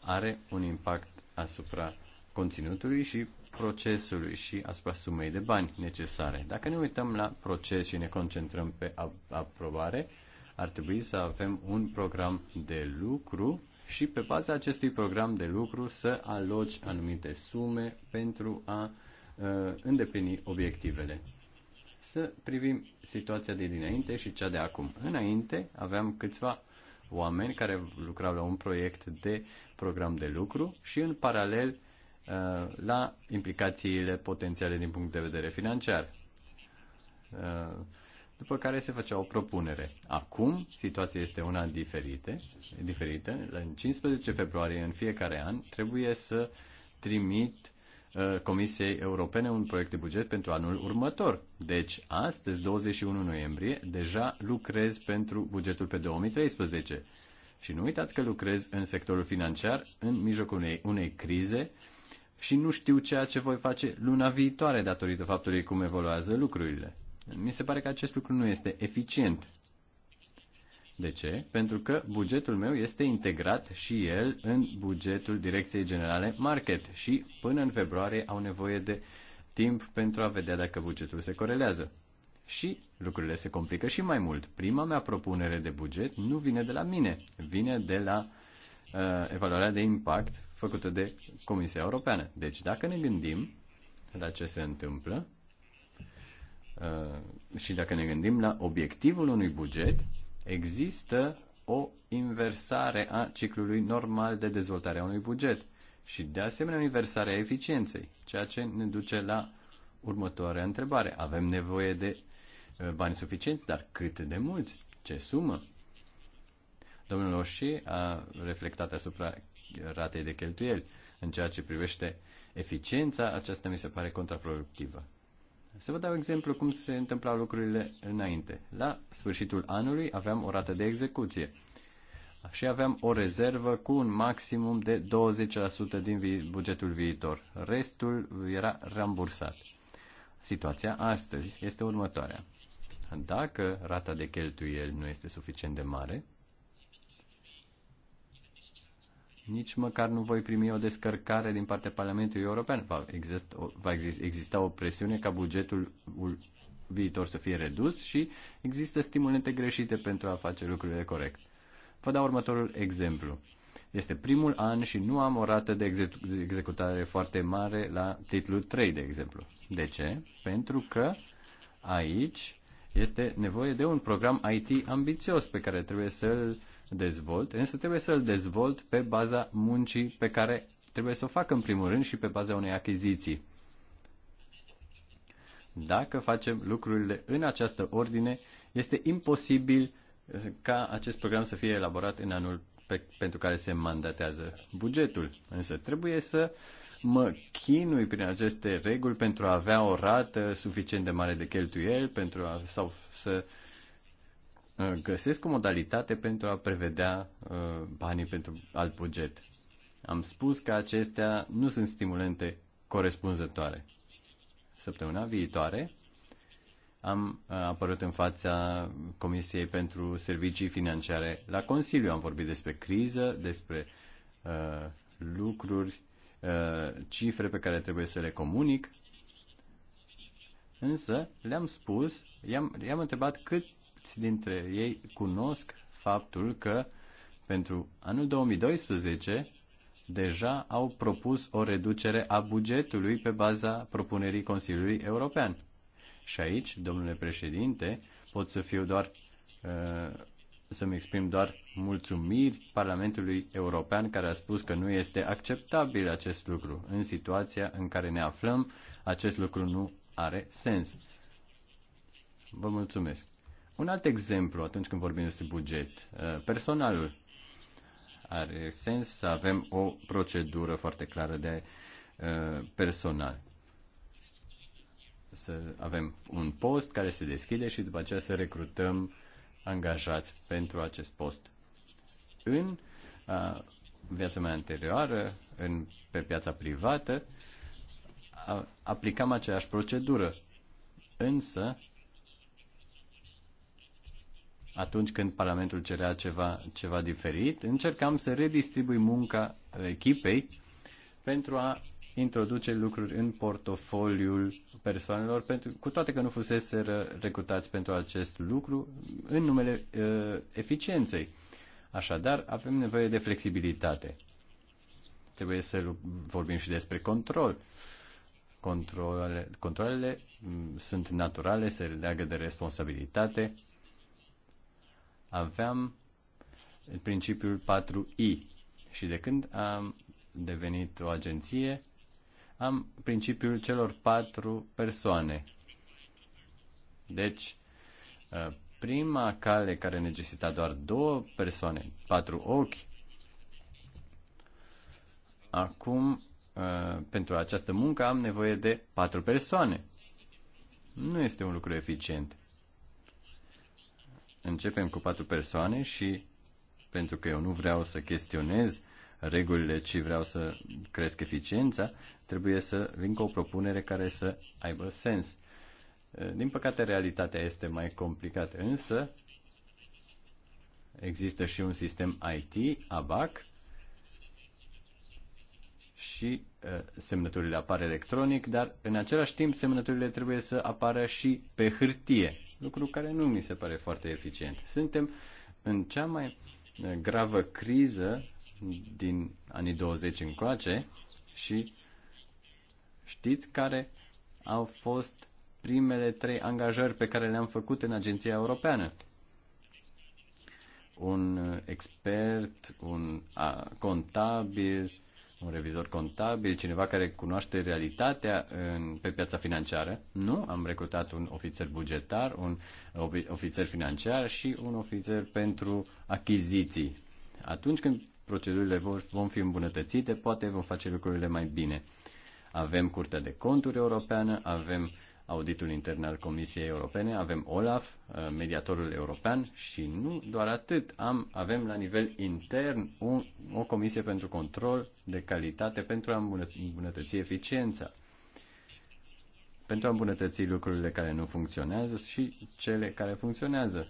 Speaker 1: Are un impact asupra conținutului și procesului și asupra sumei de bani necesare. Dacă ne uităm la proces și ne concentrăm pe aprobare, ar trebui să avem un program de lucru și pe baza acestui program de lucru să aloci anumite sume pentru a uh, îndeplini obiectivele. Să privim situația de dinainte și cea de acum. Înainte aveam câțiva oameni care lucrau la un proiect de program de lucru și în paralel Uh, la implicațiile potențiale din punct de vedere financiar. Uh, după care se făcea o propunere. Acum situația este una diferită. diferită. În 15 februarie în fiecare an trebuie să trimit uh, Comisiei Europene un proiect de buget pentru anul următor. Deci, astăzi, 21 noiembrie, deja lucrez pentru bugetul pe 2013. Și nu uitați că lucrez în sectorul financiar în mijlocul unei, unei crize și nu știu ceea ce voi face luna viitoare datorită faptului cum evoluează lucrurile. Mi se pare că acest lucru nu este eficient. De ce? Pentru că bugetul meu este integrat și el în bugetul Direcției Generale Market și până în februarie au nevoie de timp pentru a vedea dacă bugetul se corelează. Și lucrurile se complică și mai mult. Prima mea propunere de buget nu vine de la mine, vine de la uh, evaluarea de impact făcută de Comisia Europeană. Deci, dacă ne gândim la ce se întâmplă uh, și dacă ne gândim la obiectivul unui buget, există o inversare a ciclului normal de dezvoltare a unui buget și, de asemenea, o inversare a eficienței, ceea ce ne duce la următoarea întrebare. Avem nevoie de uh, bani suficienți, dar cât de mult? Ce sumă? Domnul Roșie a reflectat asupra ratei de cheltuieli. În ceea ce privește eficiența, aceasta mi se pare contraproductivă. Să vă dau exemplu cum se întâmplau lucrurile înainte. La sfârșitul anului aveam o rată de execuție și aveam o rezervă cu un maximum de 20% din vi- bugetul viitor. Restul era rambursat. Situația astăzi este următoarea. Dacă rata de cheltuieli nu este suficient de mare, nici măcar nu voi primi o descărcare din partea Parlamentului European. Va, exist, va exist, exista o presiune ca bugetul viitor să fie redus și există stimulente greșite pentru a face lucrurile corect. Vă dau următorul exemplu. Este primul an și nu am o rată de executare foarte mare la titlul 3, de exemplu. De ce? Pentru că aici este nevoie de un program IT ambițios pe care trebuie să-l uh, dezvolt, însă trebuie să-l dezvolt pe baza muncii pe care trebuie să o fac în primul rând și pe baza unei achiziții. Dacă facem lucrurile în această ordine, este imposibil ca acest program să fie elaborat în anul pe, pentru care se mandatează bugetul. Însă trebuie să mă chinui prin aceste reguli pentru a avea o rată suficient de mare de cheltuieli, pentru a, sau să uh, Uh, găsesc o modalitate pentru a prevedea uh, banii pentru alt buget. Am spus că acestea nu sunt stimulente corespunzătoare. Săptămâna viitoare am uh, apărut în fața Comisiei pentru Servicii Financiare la Consiliu. Am vorbit despre criză, despre uh, lucruri, uh, cifre pe care trebuie să le comunic. Însă le-am spus, i-am, i-am întrebat cât mulți dintre ei cunosc faptul că pentru anul 2012 deja au propus o reducere a bugetului pe baza propunerii Consiliului European. Și aici, domnule președinte, pot să fiu doar uh, să-mi exprim doar mulțumiri Parlamentului European care a spus că nu este acceptabil acest lucru. În situația în care ne aflăm, acest lucru nu are sens. Vă mulțumesc. Un alt exemplu, atunci când vorbim despre buget, uh, personalul. Are sens să avem o procedură foarte clară de uh, personal. Să avem un post care se deschide și după aceea să recrutăm angajați pentru acest post. În uh, viața mea anterioară, în, pe piața privată, aplicam aceeași procedură. Însă, atunci când Parlamentul cerea ceva, ceva diferit, încercam să redistribui munca echipei pentru a introduce lucruri în portofoliul persoanelor, pentru, cu toate că nu fusese recrutați pentru acest lucru, în numele uh, eficienței. Așadar, avem nevoie de flexibilitate. Trebuie să vorbim și despre control. Controlele, controlele mm, sunt naturale, se leagă de responsabilitate, aveam principiul 4I și de când am devenit o agenție, am principiul celor patru persoane. Deci, uh, prima cale care necesita doar două persoane, patru ochi, acum uh, pentru această muncă am nevoie de patru persoane. Nu este un lucru eficient începem cu patru persoane și, pentru că eu nu vreau să chestionez regulile, ci vreau să cresc eficiența, trebuie să vin cu o propunere care să aibă sens. Din păcate, realitatea este mai complicată, însă există și un sistem IT, ABAC, și uh, semnăturile apar electronic, dar în același timp semnăturile trebuie să apară și pe hârtie lucru care nu mi se pare foarte eficient. Suntem în cea mai gravă criză din anii 20 încoace și știți care au fost primele trei angajări pe care le-am făcut în Agenția Europeană. Un expert, un contabil un revizor contabil, cineva care cunoaște realitatea în, pe piața financiară. Nu, am recrutat un ofițer bugetar, un ofițer financiar și un ofițer pentru achiziții. Atunci când procedurile vor, vom fi îmbunătățite, poate vom face lucrurile mai bine. Avem Curtea de Conturi Europeană, avem uh, auditul intern al Comisiei Europene, avem OLAF, uh, mediatorul european și nu doar atât, am, avem la nivel intern un, o comisie pentru control de calitate pentru a îmbunătăți eficiența, pentru a îmbunătăți lucrurile care nu funcționează și cele care funcționează.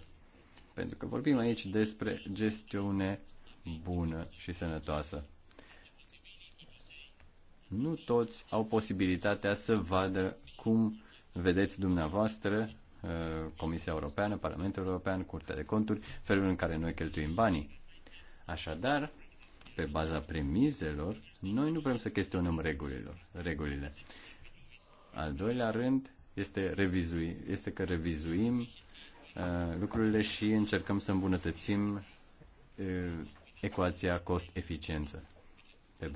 Speaker 1: Pentru că vorbim aici despre gestiune bună și sănătoasă nu toți au posibilitatea să vadă cum vedeți dumneavoastră, uh, Comisia Europeană, Parlamentul European, Curtea de Conturi, felul în care noi cheltuim banii. Așadar, pe baza premizelor, noi nu vrem să chestionăm regulilor, regulile. Al doilea rând este, revizui, este că revizuim uh, lucrurile și încercăm să îmbunătățim uh, ecuația cost-eficiență. Pe,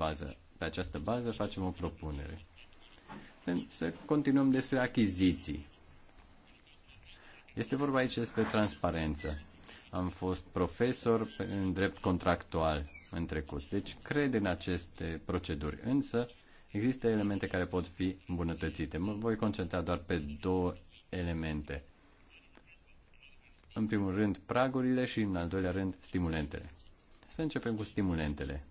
Speaker 1: pe această bază facem o propunere să continuăm despre achiziții. Este vorba aici despre transparență. Am fost profesor în drept contractual în trecut, deci cred în aceste proceduri, însă există elemente care pot fi îmbunătățite. Mă voi concentra doar pe două elemente. În primul rând, pragurile și, în al doilea rând, stimulentele. Să începem cu stimulentele.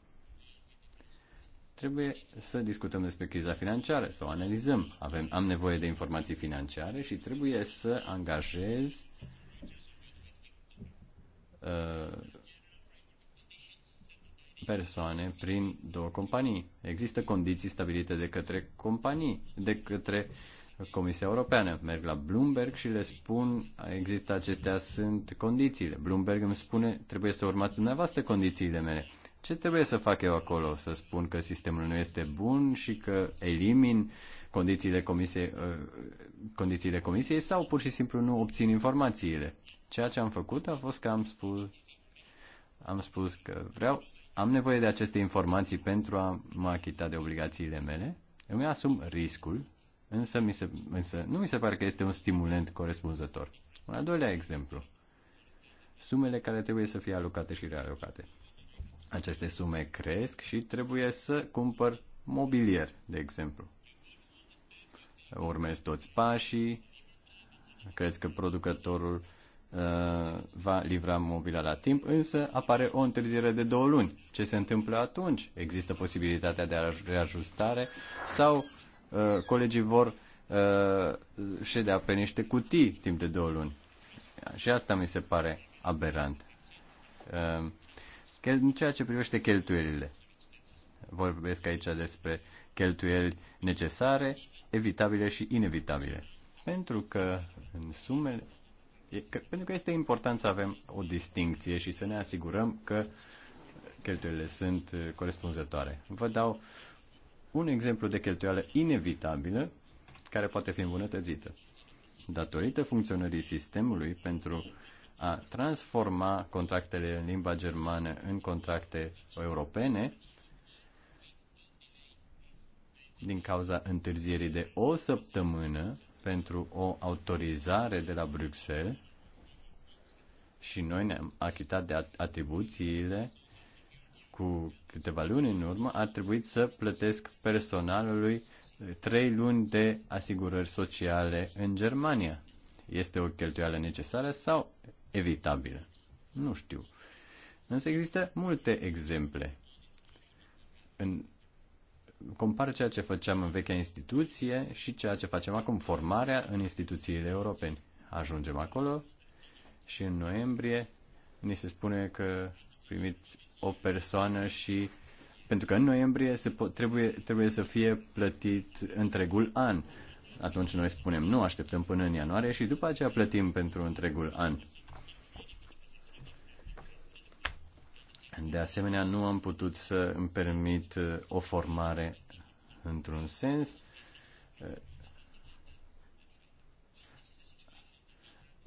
Speaker 1: Trebuie să discutăm despre criza financiară, să o analizăm. Avem, am nevoie de informații financiare și trebuie să angajez uh, persoane prin două companii. Există condiții stabilite de către companii, de către Comisia Europeană. Merg la Bloomberg și le spun, există acestea sunt condițiile. Bloomberg îmi spune, trebuie să urmați dumneavoastră condițiile mele. Ce trebuie să fac eu acolo? Să spun că sistemul nu este bun și că elimin condițiile comisiei, uh, condițiile comisiei sau pur și simplu nu obțin informațiile? Ceea ce am făcut a fost că am spus, am spus că vreau, am nevoie de aceste informații pentru a mă achita de obligațiile mele, îmi asum riscul, însă, mi se, însă nu mi se pare că este un stimulent corespunzător. Un al doilea exemplu. Sumele care trebuie să fie alocate și realocate. Aceste sume cresc și trebuie să cumpăr mobilier, de exemplu. Urmez toți pașii, crezi că producătorul uh, va livra mobila la timp, însă apare o întârziere de două luni. Ce se întâmplă atunci? Există posibilitatea de reajustare sau uh, colegii vor uh, ședea pe niște cutii timp de două luni? Și asta mi se pare aberant. Uh, în ceea ce privește cheltuielile, vorbesc aici despre cheltuieli necesare, evitabile și inevitabile. Pentru că în sumele, că, pentru că este important să avem o distinție și să ne asigurăm că cheltuielile sunt uh, corespunzătoare. Vă dau un exemplu de cheltuială inevitabilă care poate fi îmbunătățită. Datorită funcționării sistemului pentru a transforma contractele în limba germană în contracte europene din cauza întârzierii de o săptămână pentru o autorizare de la Bruxelles și noi ne-am achitat de atribuțiile cu câteva luni în urmă, ar trebui să plătesc personalului trei luni de asigurări sociale în Germania. Este o cheltuială necesară sau evitabilă. Nu știu. Însă există multe exemple. În, compar ceea ce făceam în vechea instituție și ceea ce facem acum, formarea în instituțiile europene. Ajungem acolo și în noiembrie ni se spune că primiți o persoană și pentru că în noiembrie se po- trebuie, trebuie să fie plătit întregul an. Atunci noi spunem nu, așteptăm până în ianuarie și după aceea plătim pentru întregul an. De asemenea, nu am putut să îmi permit uh, o formare într-un sens. Uh,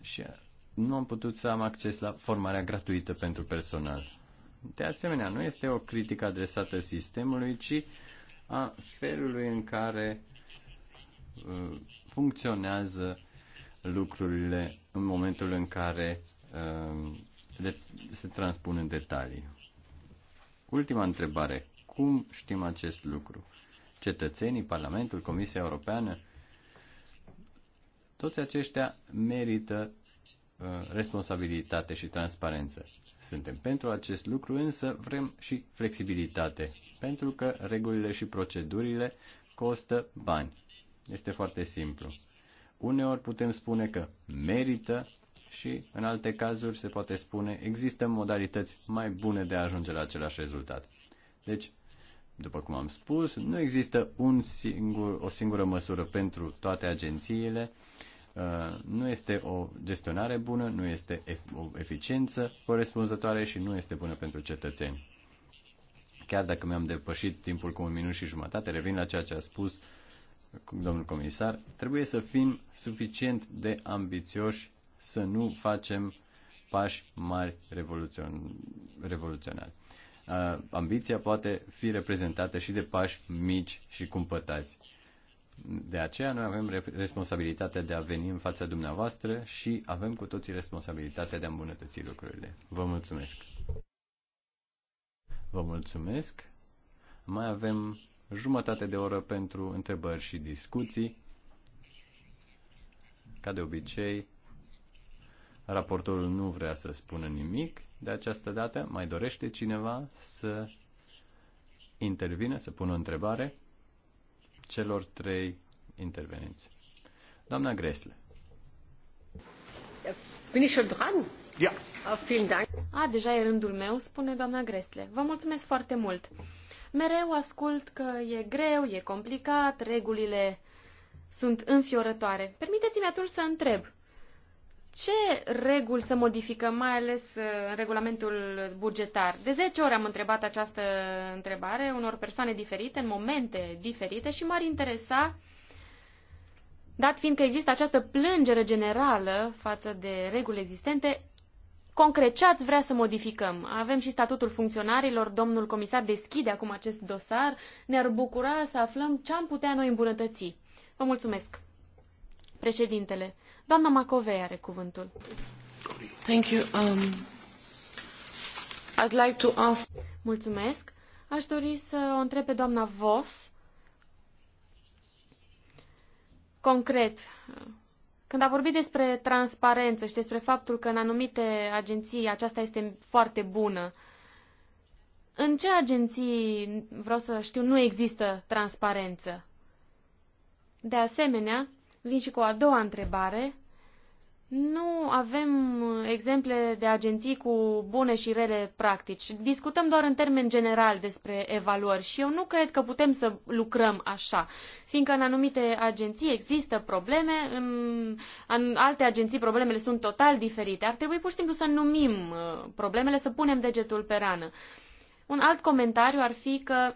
Speaker 1: și uh, nu am putut să am acces la formarea gratuită pentru personal. De asemenea, nu este o critică adresată sistemului, ci a felului în care funcționează lucrurile în momentul în care se transpun în detalii. Ultima întrebare. Cum știm acest lucru? Cetățenii, Parlamentul, Comisia Europeană, toți aceștia merită uh, responsabilitate și transparență. Suntem pentru acest lucru, însă vrem și flexibilitate, pentru că regulile și procedurile costă bani. Este foarte simplu. Uneori putem spune că merită și în alte cazuri se poate spune există modalități mai bune de a ajunge la același rezultat. Deci, după cum am spus, nu există un singur, o singură măsură pentru toate agențiile, uh, nu este o gestionare bună, nu este o eficiență corespunzătoare și nu este bună pentru cetățeni. Chiar dacă mi-am depășit timpul cu un minut și jumătate, revin la ceea ce a spus domnul comisar, trebuie să fim suficient de ambițioși să nu facem pași mari revoluțion- revoluționari. Uh, ambiția poate fi reprezentată și de pași mici și cumpătați. De aceea noi avem responsabilitatea de a veni în fața dumneavoastră și avem cu toții responsabilitatea de a îmbunătăți lucrurile. Vă mulțumesc! Vă mulțumesc! Mai avem jumătate de oră pentru întrebări și discuții. Ca de obicei, Raportorul nu vrea să spună nimic de această dată. Mai dorește cineva să intervine, să pună o întrebare celor trei interveniți. Doamna Gresle.
Speaker 3: Bin ich schon dran? Ja. Ah, vielen Dank. A, deja e rândul meu, spune doamna Gresle. Vă mulțumesc foarte mult. Mereu ascult că e greu, e complicat, regulile sunt înfiorătoare. Permiteți-mi atunci să întreb ce reguli să modificăm, mai ales în uh, regulamentul bugetar? De 10 ori am întrebat această întrebare unor persoane diferite, în momente diferite și m-ar interesa, dat că există această plângere generală față de reguli existente, concret ce ați vrea să modificăm? Avem și statutul funcționarilor, domnul comisar deschide acum acest dosar, ne-ar bucura să aflăm ce am putea noi îmbunătăți. Vă mulțumesc. Președintele, Doamna Macovei are cuvântul. Thank you. Um, I'd like to ask... Mulțumesc. Aș dori să o întreb pe doamna Vos, concret, când a vorbit despre transparență și despre faptul că în anumite agenții aceasta este foarte bună, în ce agenții, vreau să știu, nu există transparență? De asemenea, Vin și cu a doua întrebare. Nu avem exemple de agenții cu bune și rele practici. Discutăm doar în termen general despre evaluări și eu nu cred că putem să lucrăm așa, fiindcă în anumite agenții există probleme, în, în alte agenții problemele sunt total diferite. Ar trebui pur și simplu să numim uh, problemele, să punem degetul pe rană. Un alt comentariu ar fi că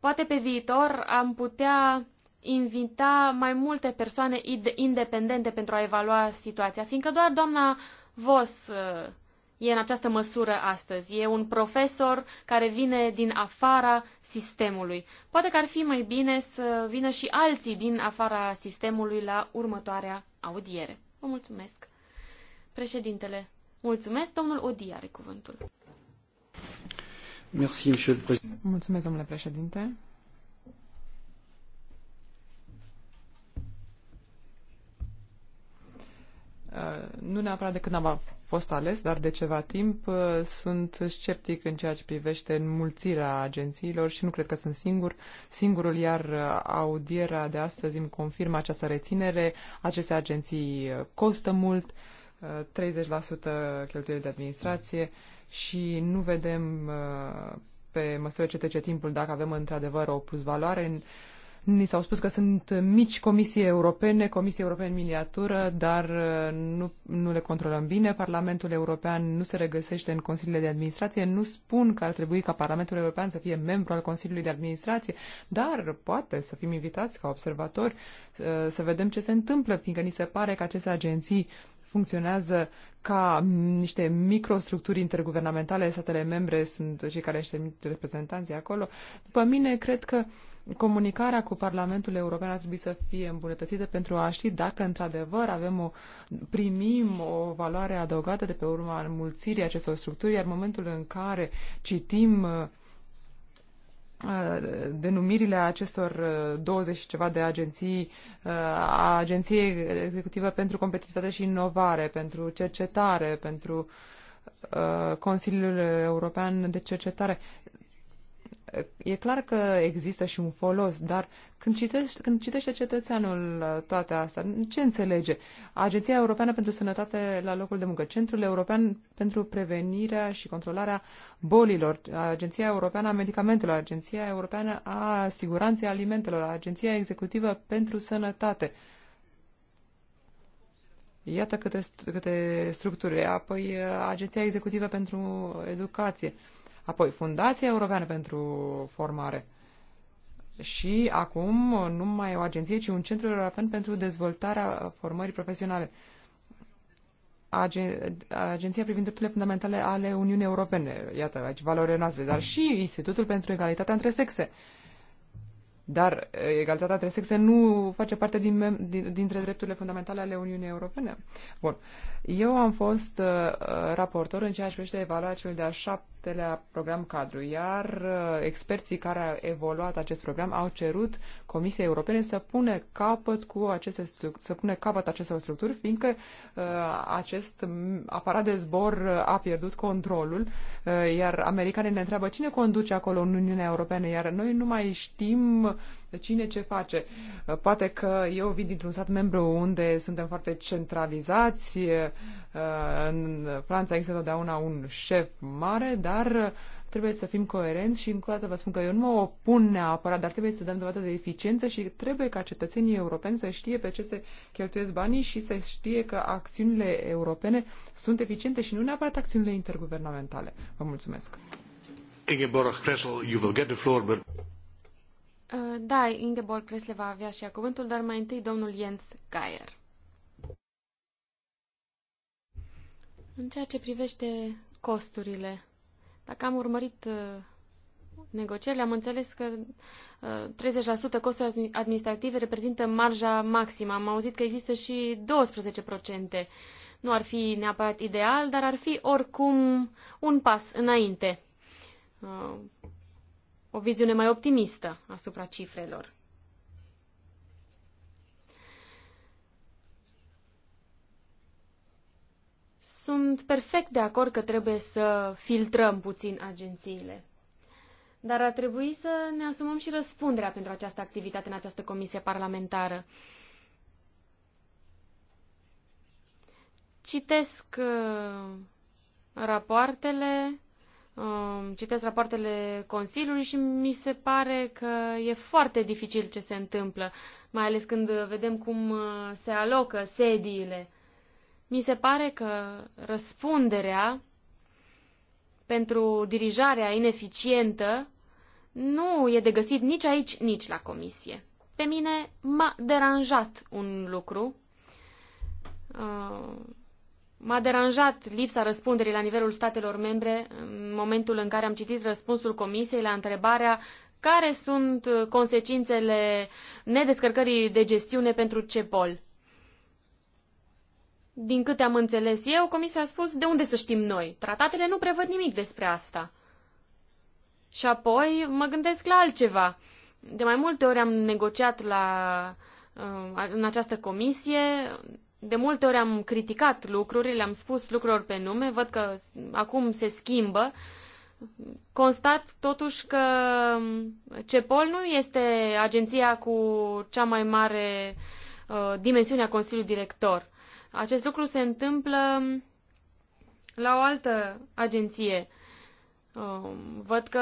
Speaker 3: poate pe viitor am putea invita mai multe persoane independente pentru a evalua situația, fiindcă doar doamna Vos uh, e în această măsură astăzi. E un profesor care vine din afara sistemului. Poate că ar fi mai bine să vină și alții din afara sistemului la următoarea audiere. Vă mulțumesc. Președintele, mulțumesc. Domnul Odi are cuvântul.
Speaker 2: Mulțumesc, domnule președinte. Uh, nu neapărat de când am fost ales, dar de ceva timp uh, sunt sceptic în ceea ce privește înmulțirea agențiilor și nu cred că sunt singur. Singurul, iar uh, audierea de astăzi îmi confirmă această reținere. Aceste agenții costă mult, 30% cheltuieli de administrație și nu vedem pe măsură ce trece timpul dacă avem într-adevăr o plusvaloare în Ni s-au spus că sunt mici comisii europene, comisii europene în miniatură, dar uh, nu, nu le controlăm bine. Parlamentul European nu se regăsește în consiliile de administrație. Nu spun că ar trebui ca Parlamentul European să fie membru al Consiliului de Administrație, dar poate să fim invitați ca observatori uh, să vedem ce se întâmplă, fiindcă ni se pare că aceste agenții funcționează ca niște microstructuri interguvernamentale, statele membre sunt cei care își reprezentanții acolo. După mine, cred că uh, comunicarea cu Parlamentul European ar trebui să fie îmbunătățită pentru a ști dacă într-adevăr avem o, primim o valoare adăugată de pe urma înmulțirii acestor structuri, iar momentul în care citim uh, uh, denumirile acestor 20 uh, și ceva de agenții, a Agenției Executivă pentru Competitivitate și Inovare, pentru Cercetare, pentru Consiliul European de Cercetare e clar că există și un folos, dar când, citești, când citește cetățeanul uh, toate astea, ce înțelege? Agenția Europeană pentru Sănătate la locul de muncă, Centrul European pentru Prevenirea și Controlarea Bolilor, Agenția Europeană a Medicamentelor, Agenția Europeană a Siguranței Alimentelor, Agenția Executivă pentru Sănătate. Iată câte, câte structuri. Apoi uh, Agenția Executivă pentru Educație. Uh, apoi Fundația Europeană pentru Formare și acum nu mai o agenție, ci un centru european pentru dezvoltarea formării profesionale. Agen Agenția privind drepturile fundamentale ale Uniunii Europene, iată aici valorile noastre, dar și Institutul pentru Egalitatea între Sexe. Dar egalitatea între sexe nu face parte din, din, dintre drepturile fundamentale ale Uniunii Europene. Bun. Eu am fost uh, raportor în ceea ce privește evaluarea celor de-a șapte șaptelea program cadru, iar uh, experții care au evoluat acest program au cerut Comisiei Europene să pune capăt cu aceste să pune capăt acestor structuri, fiindcă uh, acest aparat de zbor uh, a pierdut controlul, uh, iar americanii ne întreabă cine conduce acolo în Uniunea Europeană, iar noi nu mai știm uh, cine ce face. Uh, poate că eu vin dintr-un stat membru unde suntem foarte centralizați, uh, în Franța există totdeauna un șef mare, dar uh, trebuie să fim coerenți și încă o dată vă spun că eu nu mă opun neapărat, dar trebuie să dăm dovadă de eficiență și trebuie ca cetățenii europeni să știe pe ce se cheltuiesc banii și să știe că acțiunile europene sunt eficiente și nu neapărat acțiunile interguvernamentale. Vă mulțumesc!
Speaker 1: Ingeborg Kressel, you will get the floor, but...
Speaker 3: Uh, da, Ingeborg Cresle va avea și ea cuvântul, dar mai întâi domnul Jens Geier. În ceea ce privește costurile, dacă am urmărit uh, negocierile, am înțeles că 30% uh, costuri administrative reprezintă marja maximă. Am auzit că există și 12%. Nu ar fi neapărat ideal, dar ar fi oricum un pas înainte o viziune mai optimistă asupra cifrelor. Sunt perfect de acord că trebuie să filtrăm puțin agențiile. Dar ar trebui să ne asumăm și răspunderea pentru această activitate în această comisie parlamentară. Citesc uh, rapoartele Um, citesc rapoartele Consiliului și mi se pare că e foarte dificil ce se întâmplă, mai ales când vedem cum uh, se alocă sediile. Mi se pare că răspunderea pentru dirijarea ineficientă nu e de găsit nici aici, nici la comisie. Pe mine m-a deranjat un lucru. Uh, M-a deranjat lipsa răspunderii la nivelul statelor membre în momentul în care am citit răspunsul Comisiei la întrebarea care sunt uh, consecințele nedescărcării de gestiune pentru CEPOL. Din câte am înțeles eu, Comisia a spus de unde să știm noi. Tratatele nu prevăd nimic despre asta. Și apoi mă gândesc la altceva. De mai multe ori am negociat la, uh, în această comisie de multe ori am criticat lucrurile, am spus lucrurilor pe nume, văd că acum se schimbă. Constat totuși că CEPOL nu este agenția cu cea mai mare uh, dimensiune a Consiliului Director. Acest lucru se întâmplă la o altă agenție Um, văd că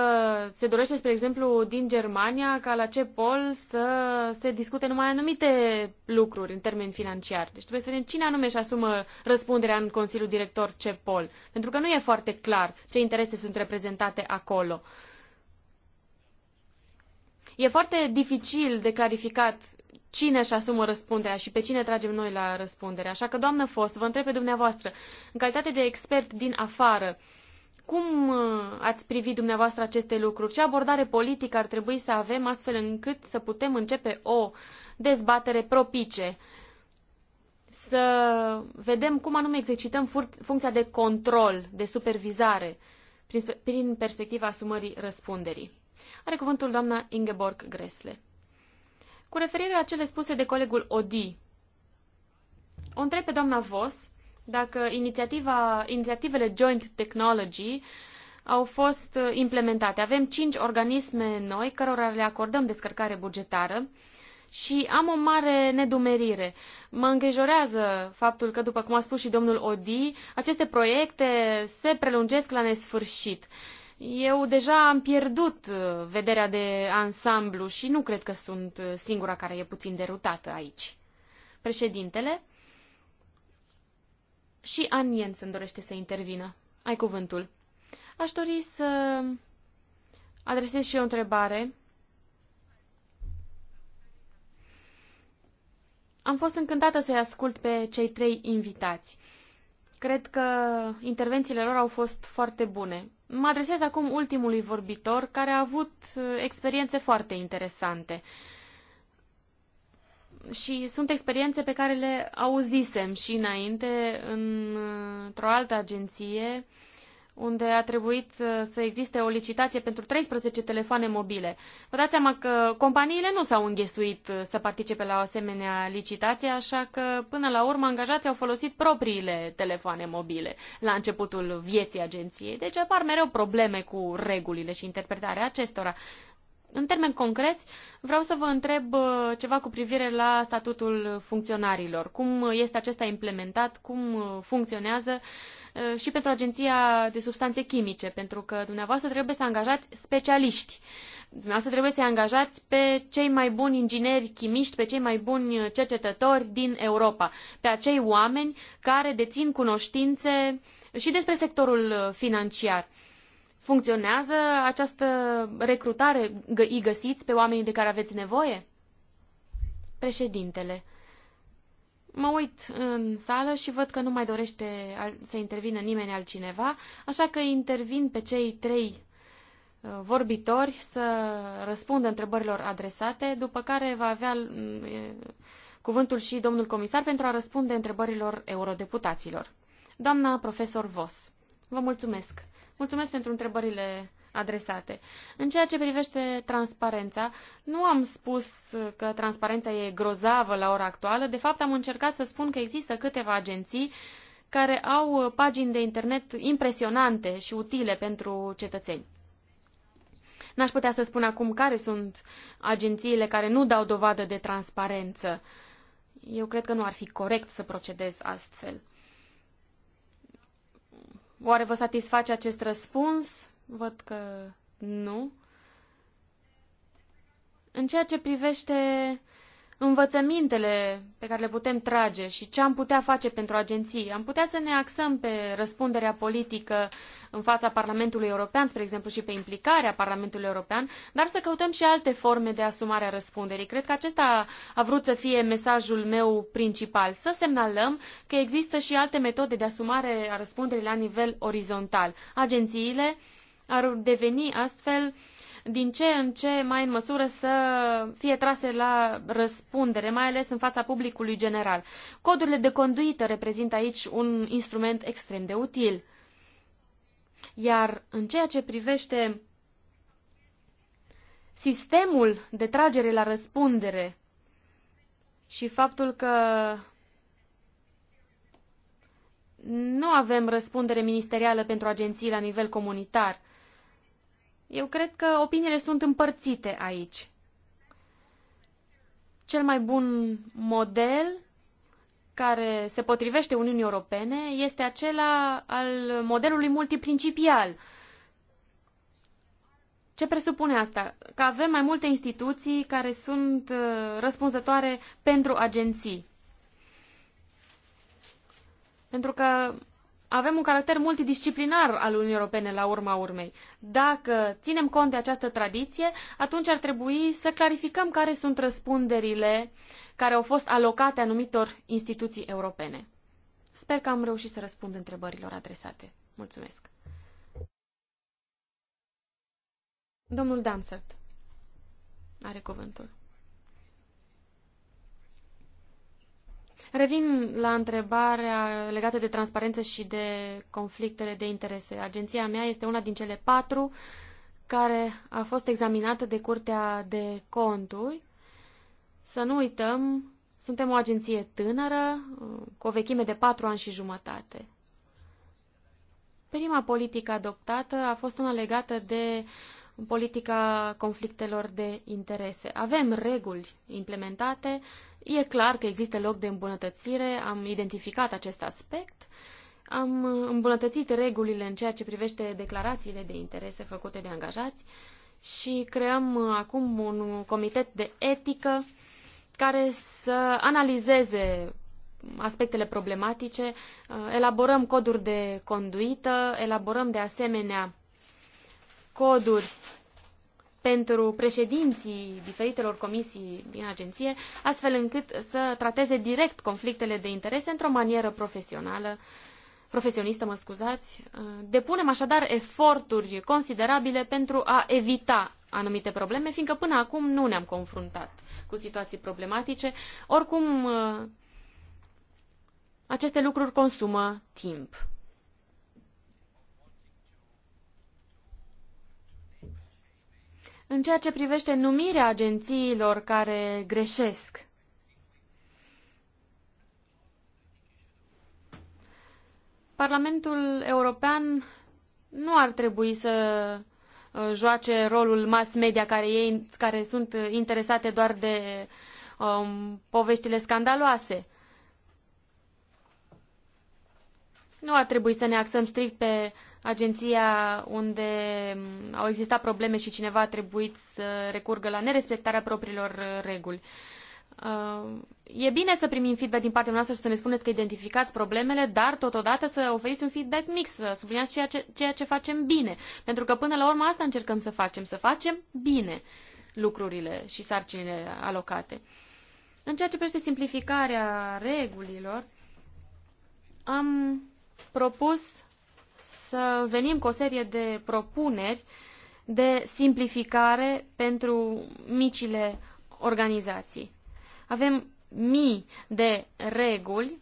Speaker 3: se dorește, spre exemplu, din Germania ca la ce pol să se discute numai anumite lucruri în termen financiar. Deci trebuie să vedem cine anume își asumă răspunderea în Consiliul Director pol. pentru că nu e foarte clar ce interese sunt reprezentate acolo. E foarte dificil de clarificat cine își asumă răspunderea și pe cine tragem noi la răspundere. Așa că, doamnă Fos, vă întreb pe dumneavoastră, în calitate de expert din afară, uh, cum uh, ați privit dumneavoastră aceste lucruri? Ce abordare politică ar trebui să avem astfel încât să putem începe o dezbatere propice? Să vedem cum anume exercităm funcția de control, de supervizare, prin perspectiva asumării răspunderii. Are cuvântul doamna Ingeborg Gresle. Cu referire la cele spuse de colegul Odi, o întreb pe doamna Vos dacă inițiativa, inițiativele Joint Technology au fost uh, implementate. Avem cinci organisme noi cărora le acordăm descărcare bugetară și am o mare nedumerire. Mă îngrijorează faptul că, după cum a spus și domnul Odi, aceste proiecte se prelungesc la nesfârșit. Eu deja am pierdut uh, vederea de ansamblu și nu cred că sunt uh, singura care e puțin derutată aici. Președintele, și Ann Jensen dorește să intervină. Ai cuvântul. Aș dori să adresez și eu o întrebare. Am fost încântată să-i ascult pe cei trei invitați. Cred că intervențiile lor au fost foarte bune. Mă adresez acum ultimului vorbitor, care a avut uh, experiențe foarte interesante. Uh, și sunt experiențe pe care le auzisem și înainte într-o altă agenție unde a trebuit uh, să existe o licitație pentru 13 telefoane mobile. Vă dați seama că companiile nu s-au înghesuit uh, să participe la o asemenea licitație, așa că până la urmă angajații au folosit propriile telefoane mobile la începutul vieții agenției. Deci apar mereu probleme cu regulile și interpretarea acestora. În termeni concreți, vreau să vă întreb uh, ceva cu privire la statutul funcționarilor. Cum este acesta implementat, cum uh, funcționează uh, și pentru Agenția de Substanțe Chimice, pentru că dumneavoastră trebuie să angajați specialiști. Dumneavoastră trebuie să-i angajați pe cei mai buni ingineri chimiști, pe cei mai buni cercetători din Europa, pe acei oameni care dețin cunoștințe și despre sectorul financiar. Uh, Funcționează această recrutare? Îi găsiți pe oamenii de care aveți nevoie? Președintele. Mă uit în sală și văd că nu mai dorește să intervină nimeni altcineva, așa că intervin pe cei trei uh, vorbitori să răspundă întrebărilor adresate, după care va avea mm, cuvântul și domnul comisar pentru a răspunde întrebărilor eurodeputaților. Doamna profesor Vos, vă mulțumesc. Mulțumesc pentru întrebările adresate. În ceea ce privește transparența, nu am spus că transparența e grozavă la ora actuală. De fapt, am încercat să spun că există câteva agenții care au pagini de internet impresionante și utile pentru cetățeni. N-aș putea să spun acum care sunt agențiile care nu dau dovadă de transparență. Eu cred că nu ar fi corect să procedez astfel. Oare vă satisface acest răspuns? Văd că nu. În ceea ce privește învățămintele pe care le putem trage și ce am putea face pentru agenții, am putea să ne axăm pe răspunderea politică în fața Parlamentului European, spre exemplu, și pe implicarea Parlamentului European, dar să căutăm și alte forme de asumare a răspunderii. Cred că acesta a vrut să fie mesajul meu principal, să semnalăm că există și alte metode de asumare a răspunderii la nivel orizontal. Agențiile ar deveni astfel din ce în ce mai în măsură să fie trase la răspundere, mai ales în fața publicului general. Codurile de conduită reprezintă aici un instrument extrem de util. Iar în ceea ce privește sistemul de tragere la răspundere și faptul că nu avem răspundere ministerială pentru agenții la nivel comunitar, eu cred că opiniile sunt împărțite aici. Cel mai bun model care se potrivește Uniunii Europene este acela al modelului multiprincipial. Ce presupune asta? Că avem mai multe instituții care sunt uh, răspunzătoare pentru agenții. Pentru că avem un caracter multidisciplinar al Uniunii Europene la urma urmei. Dacă ținem cont de această tradiție, atunci ar trebui să clarificăm care sunt răspunderile care au fost alocate anumitor instituții europene. Sper că am reușit să răspund întrebărilor adresate. Mulțumesc. Domnul Dansert are cuvântul. Revin la întrebarea legată de transparență și de conflictele de interese. Agenția mea este una din cele patru care a fost examinată de Curtea de Conturi. Să nu uităm, suntem o agenție tânără, cu o vechime de patru ani și jumătate. Prima politică adoptată a fost una legată de politica conflictelor de interese. Avem reguli implementate, E clar că există loc de îmbunătățire, am identificat acest aspect, am îmbunătățit regulile în ceea ce privește declarațiile de interese făcute de angajați și creăm acum un comitet de etică care să analizeze aspectele problematice, elaborăm coduri de conduită, elaborăm de asemenea coduri pentru președinții diferitelor comisii din agenție, astfel încât să trateze direct conflictele de interese într-o manieră profesională, profesionistă, mă scuzați. Depunem așadar eforturi considerabile pentru a evita anumite probleme, fiindcă până acum nu ne-am confruntat cu situații problematice. Oricum, aceste lucruri consumă timp. în ceea ce privește numirea agențiilor care greșesc. Parlamentul European nu ar trebui să uh, joace rolul mass media care, ei, care sunt interesate doar de um, poveștile scandaloase. Nu ar trebui să ne axăm strict pe agenția unde au existat probleme și cineva a trebuit să recurgă la nerespectarea propriilor reguli. Uh, e bine să primim feedback din partea noastră și să ne spuneți că identificați problemele, dar totodată să oferiți un feedback mix, să subliniați ceea ce, ceea ce facem bine. Pentru că până la urmă asta încercăm să facem, să facem bine lucrurile și sarcinile alocate. În ceea ce privește simplificarea regulilor, am propus să venim cu o serie de propuneri de simplificare pentru micile organizații. Avem mii de reguli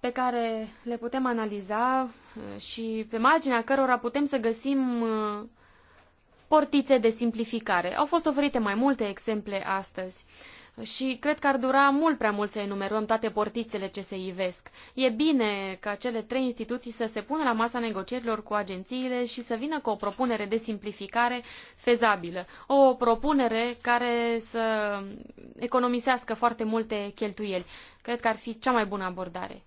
Speaker 3: pe care le putem analiza uh, și pe marginea cărora putem să găsim uh, portițe de simplificare. Au fost oferite mai multe exemple astăzi și cred că ar dura mult prea mult să enumerăm toate portițele ce se ivesc. E bine ca cele trei instituții să se pună la masa negocierilor cu agențiile și să vină cu o propunere de simplificare fezabilă. O propunere care să economisească foarte multe cheltuieli. Cred că ar fi cea mai bună abordare.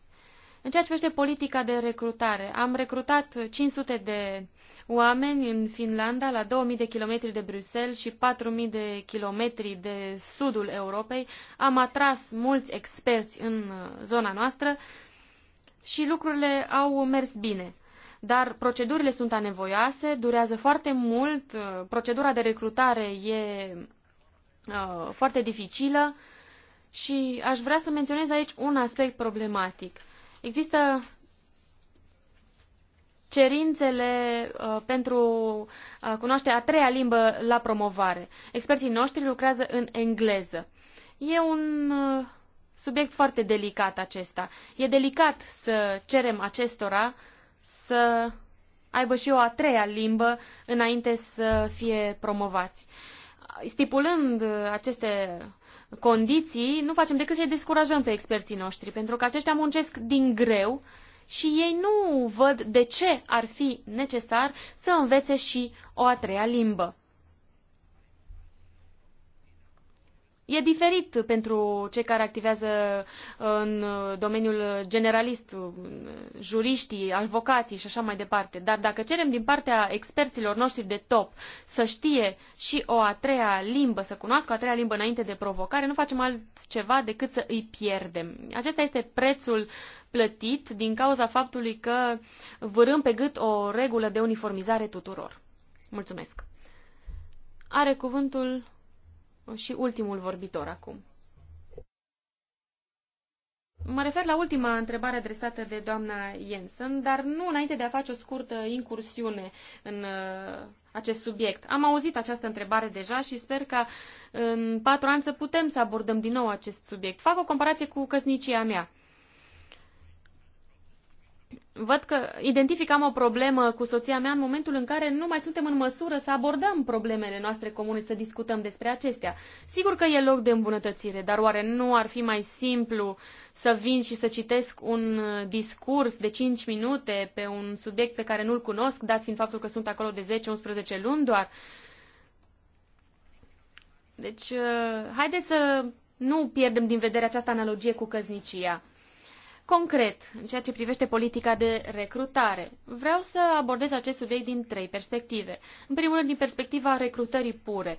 Speaker 3: În ceea ce privește politica de recrutare, am recrutat 500 de oameni în Finlanda, la 2000 de kilometri de Bruxelles și 4000 de kilometri de sudul Europei. Am atras mulți experți în uh, zona noastră și lucrurile au mers bine. Dar procedurile sunt anevoioase, durează foarte mult, uh, procedura de recrutare e uh, foarte dificilă și aș vrea să menționez aici un aspect problematic – Există cerințele uh, pentru a uh, cunoaște a treia limbă la promovare. Experții noștri lucrează în engleză. E un uh, subiect foarte delicat acesta. E delicat să cerem acestora să aibă și o a treia limbă înainte să fie promovați. Stipulând uh, aceste condiții, nu facem decât să-i descurajăm pe experții noștri, pentru că aceștia muncesc din greu și ei nu văd de ce ar fi necesar să învețe și o a treia limbă. E diferit pentru cei care activează uh, în uh, domeniul generalist, uh, juriștii, avocații și așa mai departe. Dar dacă cerem din partea experților noștri de top să știe și o a treia limbă, să cunoască o a treia limbă înainte de provocare, nu facem altceva decât să îi pierdem. Acesta este prețul plătit din cauza faptului că vârâm pe gât o regulă de uniformizare tuturor. Mulțumesc. Are cuvântul și ultimul vorbitor acum. Mă refer la ultima întrebare adresată de doamna Jensen, dar nu înainte de a face o scurtă incursiune în uh, acest subiect. Am auzit această întrebare deja și sper că în patru ani să putem să abordăm din nou acest subiect. Fac o comparație cu căsnicia mea văd că identificam o problemă cu soția mea în momentul în care nu mai suntem în măsură să abordăm problemele noastre comune și să discutăm despre acestea. Sigur că e loc de îmbunătățire, dar oare nu ar fi mai simplu să vin și să citesc un discurs de 5 minute pe un subiect pe care nu-l cunosc, dat fiind faptul că sunt acolo de 10-11 luni doar? Deci, uh, haideți să nu pierdem din vedere această analogie cu căznicia. Concret, în ceea ce privește politica de recrutare, vreau să abordez acest subiect din trei perspective. În primul rând, din perspectiva recrutării pure.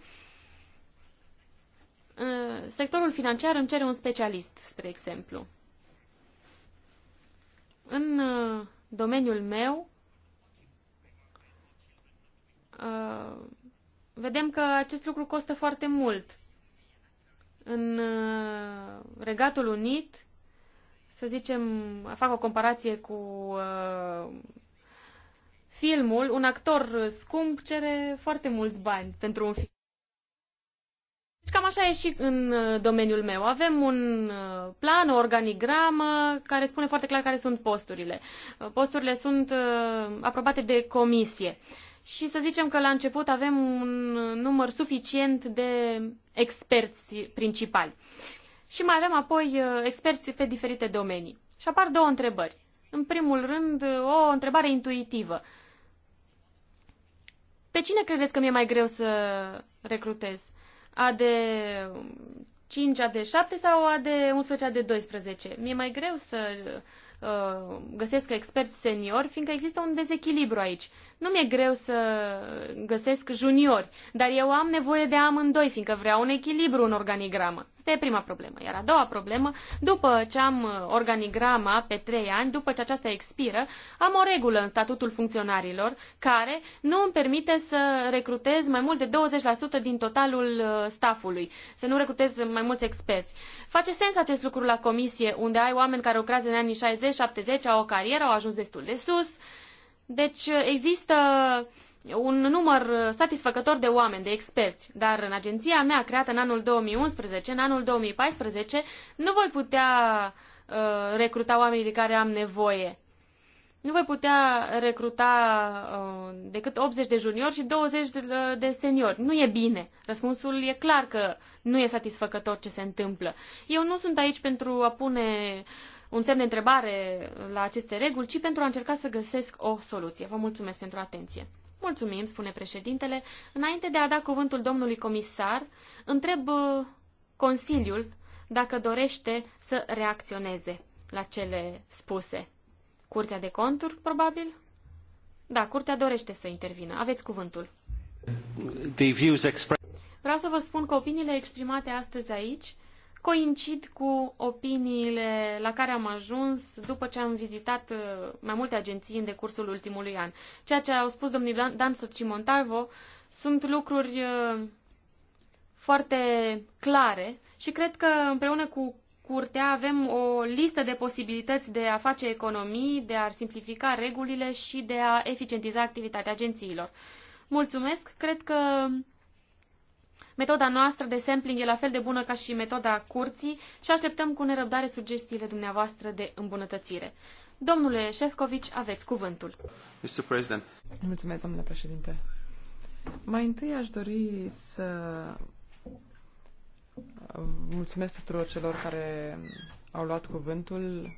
Speaker 3: Sectorul financiar îmi cere un specialist, spre exemplu. În uh, domeniul meu, uh, vedem că acest lucru costă foarte mult. În uh, Regatul Unit, să zicem, fac o comparație cu uh, filmul, un actor scump cere foarte mulți bani pentru un film. Deci cam așa e și în uh, domeniul meu. Avem un uh, plan, o organigramă care spune foarte clar care sunt posturile. Uh, posturile sunt aprobate de comisie. Și să zicem că la început avem un număr suficient de experți principali. Și mai avem apoi uh, experți pe diferite domenii. Și apar două întrebări. În primul rând, uh, o întrebare intuitivă. Pe cine credeți că mi-e mai greu să recrutez? A de 5, A de 7 sau A de 11, A de 12? Mi-e mai greu să uh, găsesc experți seniori, fiindcă există un dezechilibru aici. Nu mi-e greu să găsesc juniori, dar eu am nevoie de amândoi, fiindcă vreau un echilibru în organigramă. Asta e prima problemă. Iar a doua problemă, după ce am organigrama pe trei ani, după ce aceasta expiră, am o regulă în statutul funcționarilor care nu îmi permite să recrutez mai mult de 20% din totalul uh, staffului, să nu recrutez mai mulți experți. Face sens acest lucru la comisie, unde ai oameni care lucrează în anii 60-70, au o carieră, au ajuns destul de sus, deci uh, există un număr satisfăcător de oameni, de experți, dar în agenția mea, creată în anul 2011, în anul 2014, nu voi putea uh, recruta oamenii de care am nevoie. Nu voi putea recruta uh, decât 80 de juniori și 20 de, uh, de seniori. Nu e bine. Răspunsul e clar că nu e satisfăcător ce se întâmplă. Eu nu sunt aici pentru a pune un semn de întrebare la aceste reguli, ci pentru a încerca să găsesc o soluție. Vă mulțumesc pentru atenție. Mulțumim, spune președintele. Înainte de a da cuvântul domnului comisar, întreb uh, Consiliul dacă dorește să reacționeze la cele spuse. Curtea de conturi, probabil? Da, curtea dorește să intervină. Aveți cuvântul. Vreau să vă spun că opiniile exprimate astăzi aici coincid cu opiniile la care am ajuns după ce am vizitat uh, mai multe agenții în decursul ultimului an. Ceea ce au spus domnul Dan, Dan Socimontalvo sunt lucruri uh, foarte clare și cred că împreună cu curtea avem o listă de posibilități de a face economii, de a simplifica regulile și de a eficientiza activitatea agențiilor. Mulțumesc, cred că Metoda noastră de sampling e la fel de bună ca și metoda curții și așteptăm cu nerăbdare sugestiile dumneavoastră de îmbunătățire. Domnule Șefcovici, aveți cuvântul.
Speaker 1: Mr. President.
Speaker 2: Mulțumesc, domnule președinte. Mai întâi aș dori să mulțumesc tuturor celor care au luat cuvântul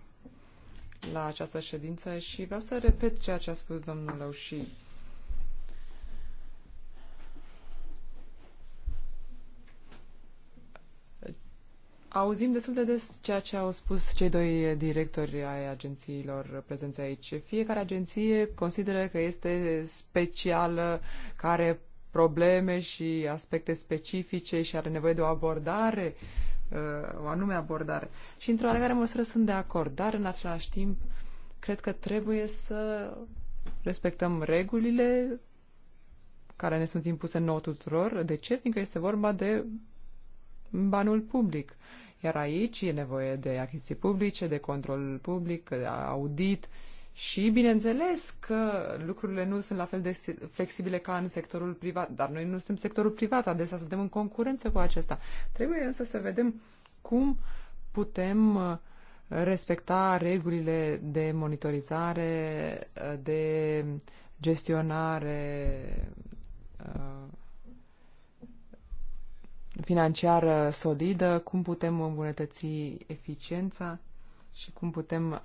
Speaker 2: la această ședință și vreau să repet ceea ce a spus domnul Laușii Auzim destul de des ceea ce au spus cei doi directori ai agențiilor prezenți aici. Fiecare agenție consideră că este specială, că are probleme și aspecte specifice și are nevoie de o abordare, uh, o anume abordare. Și într-o oarecare măsură sunt de acord, dar în același timp cred că trebuie să respectăm regulile care ne sunt impuse nouă tuturor. De ce? Fiindcă este vorba de banul public. Iar aici e nevoie de achiziții publice, de control public, de audit și, bineînțeles, că lucrurile nu sunt la fel de flexibile ca în sectorul privat, dar noi nu suntem sectorul privat, adesea suntem în concurență cu acesta. Trebuie însă să vedem cum putem uh, respecta regulile de monitorizare, uh, de gestionare uh, financiară solidă, cum putem îmbunătăți eficiența și cum putem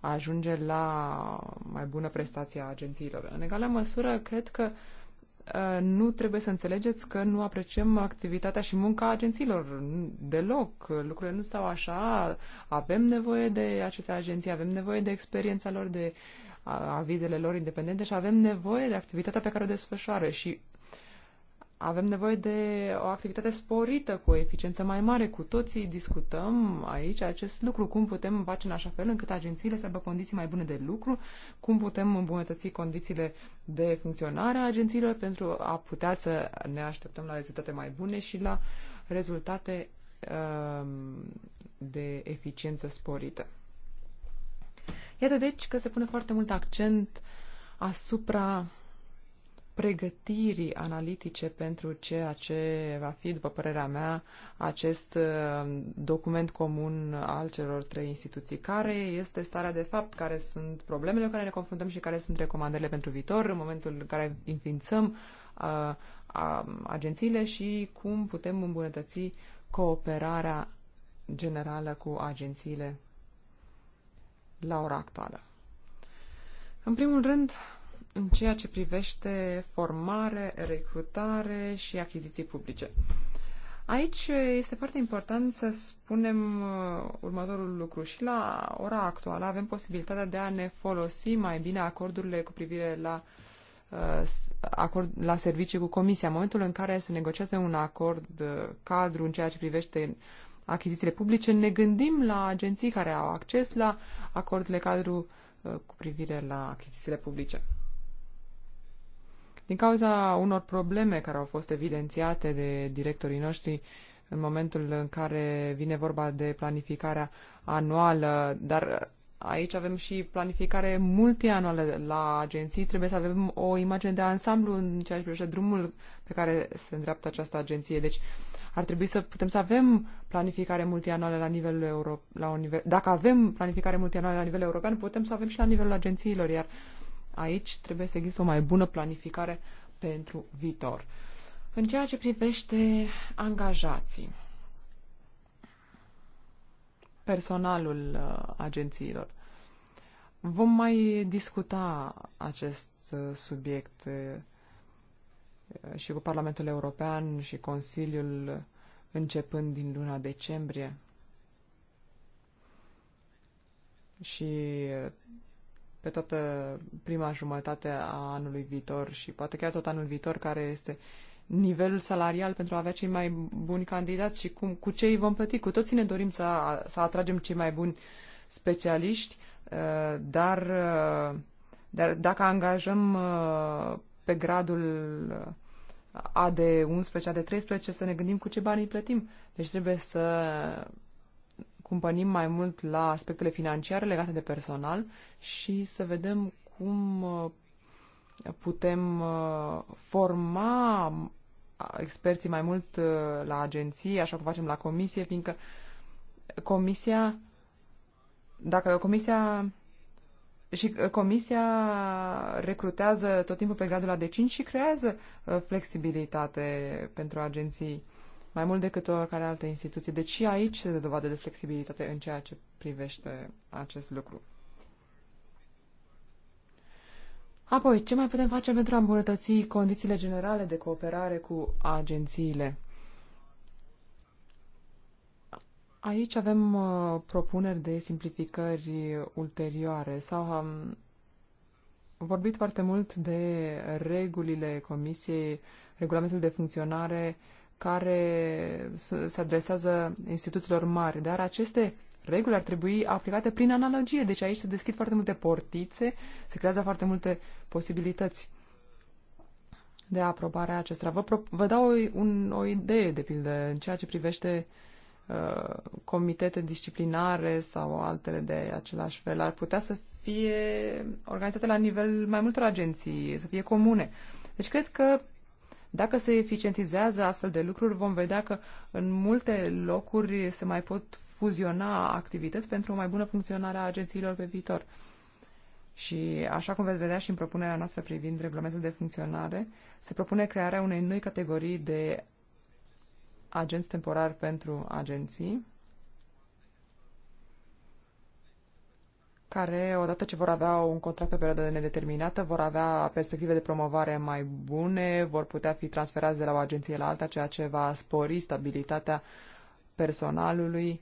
Speaker 2: ajunge la mai bună prestație a agențiilor. În egală măsură, cred că ă, nu trebuie să înțelegeți că nu apreciem activitatea și munca agențiilor deloc. Lucrurile nu stau așa. Avem nevoie de aceste agenții, avem nevoie de experiența lor, de avizele lor independente și avem nevoie de activitatea pe care o desfășoară. Și avem nevoie de o activitate sporită, cu o eficiență mai mare. Cu toții discutăm aici acest lucru, cum putem face în așa fel încât agențiile să aibă condiții mai bune de lucru, cum putem îmbunătăți condițiile de funcționare a agențiilor pentru a putea să ne așteptăm la rezultate mai bune și la rezultate um, de eficiență sporită. Iată deci că se pune foarte mult accent asupra pregătirii analitice pentru ceea ce va fi, după părerea mea, acest uh, document comun al celor trei instituții. Care este starea de fapt, care sunt problemele cu care ne confruntăm și care sunt recomandările pentru viitor în momentul în care înființăm uh, agențiile și cum putem îmbunătăți cooperarea generală cu agențiile la ora actuală. În primul rând, în ceea ce privește formare, recrutare și achiziții publice. Aici este foarte important să spunem uh, următorul lucru. Și la ora actuală avem posibilitatea de a ne folosi mai bine acordurile cu privire la uh, acord la servicii cu Comisia. În momentul în care se negociază un acord uh, cadru în ceea ce privește achizițiile publice, ne gândim la agenții care au acces la acordurile cadru cu privire la achizițiile publice. Din cauza unor probleme care au fost evidențiate de directorii noștri în momentul în care vine vorba de planificarea anuală, dar aici avem și planificare multianuală la agenții, trebuie să avem o imagine de ansamblu în ceea ce privește drumul pe care se îndreaptă această agenție. Deci ar trebui să putem să avem planificare multianuală la nivel european. Nivel... Dacă avem planificare multianuală la nivel european, putem să avem și la nivelul agențiilor, iar uh, aici trebuie să există o mai bună planificare pentru viitor. În ceea ce privește angajații, personalul uh, agențiilor, vom mai discuta acest uh, subiect uh, și cu Parlamentul European și Consiliul începând din luna decembrie. Și pe toată prima jumătate a anului viitor și poate chiar tot anul viitor care este nivelul salarial pentru a avea cei mai buni candidați și cum, cu ce îi vom plăti. Cu toții ne dorim să, să atragem cei mai buni specialiști, uh, dar, uh, dar dacă angajăm uh, pe gradul A de 11, A de 13, să ne gândim cu ce bani îi plătim. Deci trebuie să cumpănim mai mult la aspectele financiare legate de personal și să vedem cum uh, putem uh, forma uh, experții mai mult la agenții, așa cum facem la comisie, fiindcă comisia, dacă comisia și comisia recrutează tot timpul pe gradul la de 5 și creează flexibilitate pentru agenții mai mult decât oricare altă instituție. Deci și aici se dă dovadă de flexibilitate în ceea ce privește acest lucru. Apoi, ce mai putem face pentru a îmbunătăți condițiile generale de cooperare cu agențiile? Aici avem uh, propuneri de simplificări ulterioare sau am um, vorbit foarte mult de regulile Comisiei, regulamentul de funcționare uh, care se adresează instituțiilor mari, dar aceste reguli ar trebui aplicate prin analogie. Deci aici se deschid foarte multe portițe, se creează foarte multe posibilități de aprobare a acestora. Vă, pro- vă dau o, un, o idee, de pildă, în ceea ce privește uh, comitete disciplinare sau altele de același fel. Ar putea să fie organizate la nivel mai multor agenții, să fie comune. Deci cred că dacă se eficientizează astfel de lucruri, vom vedea că în multe locuri se mai pot fuziona activități pentru o mai bună funcționare a agențiilor pe viitor. Și așa cum veți vedea și în propunerea noastră privind regulamentul de funcționare, se propune crearea unei noi categorii de agenți temporari pentru agenții, care, odată ce vor avea un contract pe perioadă nedeterminată, vor avea perspective de promovare mai bune, vor putea fi transferați de la o agenție la alta, ceea ce va spori stabilitatea personalului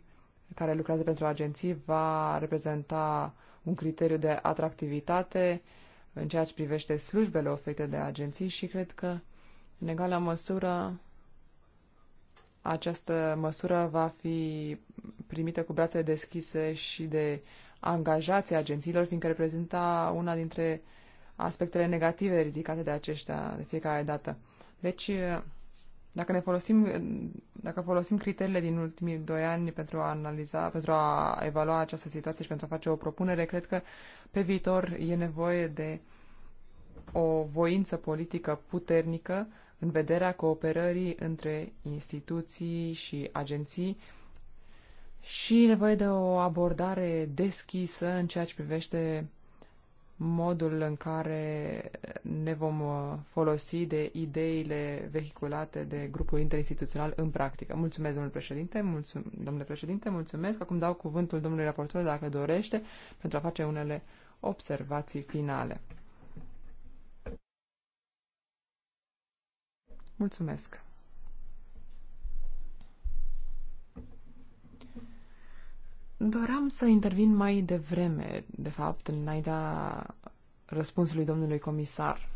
Speaker 2: care lucrează pentru agenții, va reprezenta un criteriu de atractivitate în ceea ce privește slujbele oferite de agenții și cred că, în egală măsură, această măsură va fi primită cu brațele deschise și de uh, angajații agențiilor, fiindcă reprezenta una dintre aspectele negative ridicate de aceștia de fiecare dată. Deci, dacă ne folosim, dacă folosim criteriile din ultimii doi ani pentru a analiza, pentru a evalua această situație și pentru a face o propunere, cred că pe viitor e nevoie de o voință politică puternică în vederea cooperării între instituții și agenții și nevoie de o abordare deschisă în ceea ce privește modul în care ne vom uh, folosi de ideile vehiculate de grupul interinstituțional în practică. Mulțumesc, domnule președinte, mulțum, domnule președinte, mulțumesc. Acum dau cuvântul domnului raportor, dacă dorește, pentru a face unele observații finale. Mulțumesc. Doream să intervin mai devreme, de fapt, înaintea răspunsului domnului comisar.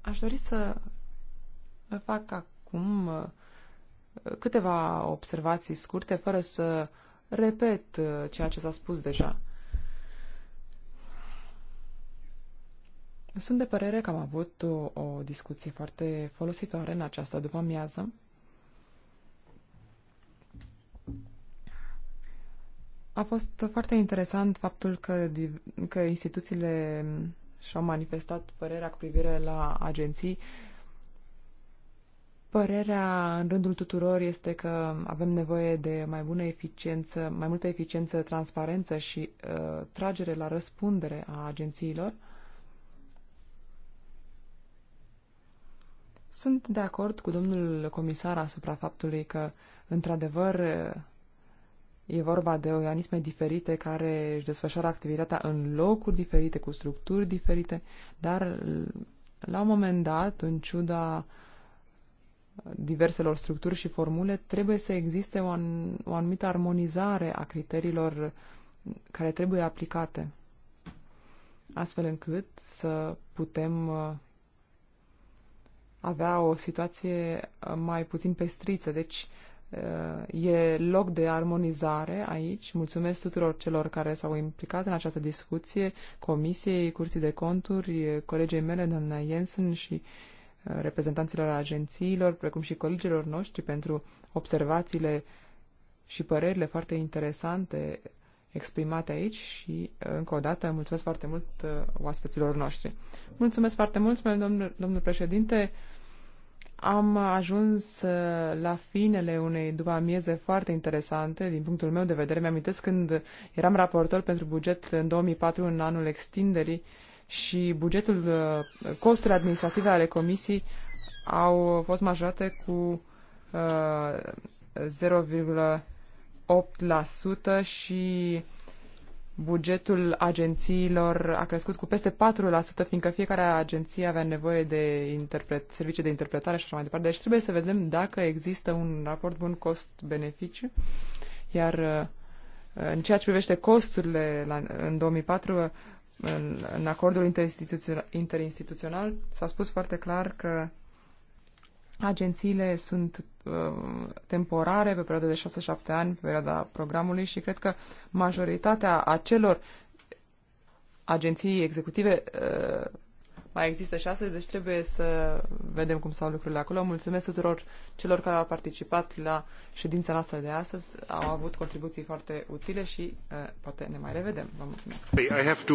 Speaker 2: Aș dori să fac acum uh, câteva observații scurte, fără să repet uh, ceea ce s-a spus deja. Sunt de părere că am avut o, o discuție foarte folositoare în această după-amiază A fost foarte interesant faptul că, că instituțiile și-au manifestat părerea cu privire la agenții. Părerea în rândul tuturor este că avem nevoie de mai bună eficiență, mai multă eficiență, transparență și uh, tragere la răspundere a agențiilor. Sunt de acord cu domnul comisar asupra faptului că, într-adevăr, E vorba de organisme diferite care își desfășoară activitatea în locuri diferite, cu structuri diferite, dar la un moment dat, în ciuda diverselor structuri și formule, trebuie să existe o, an, o anumită armonizare a criteriilor care trebuie aplicate, astfel încât să putem uh, avea o situație uh, mai puțin pestriță. Deci, E loc de armonizare aici. Mulțumesc tuturor celor care s-au implicat în această discuție, comisiei, curții de conturi, colegii mele, doamna Jensen și uh, reprezentanților agențiilor, precum și colegilor noștri pentru observațiile și părerile foarte interesante exprimate aici și, uh, încă o dată, mulțumesc foarte mult uh, oaspeților noștri. Mulțumesc foarte mult, domnul, domnul președinte. Am ajuns uh, la finele unei după amieze foarte interesante din punctul meu de vedere. Mi-amintesc când eram raportor pentru buget în 2004, în anul extinderii, și bugetul, uh, costurile administrative ale comisiei au fost majorate cu uh, 0,8% și bugetul agențiilor a crescut cu peste 4%, fiindcă fiecare agenție avea nevoie de interpret, servicii de interpretare și așa mai departe. Deci trebuie să vedem dacă există un raport bun cost-beneficiu. Iar uh, în ceea ce privește costurile la, în 2004, în, în acordul interinstituțional, s-a spus foarte clar că Agențiile sunt uh, temporare, pe perioada de 6-7 ani, pe perioada programului și cred că majoritatea acelor agenții executive uh, mai există șase, deci trebuie să vedem cum stau lucrurile acolo. Mulțumesc tuturor celor care au participat la ședința noastră de astăzi. Au avut contribuții foarte utile și uh, poate ne mai revedem. Vă mulțumesc. I have to...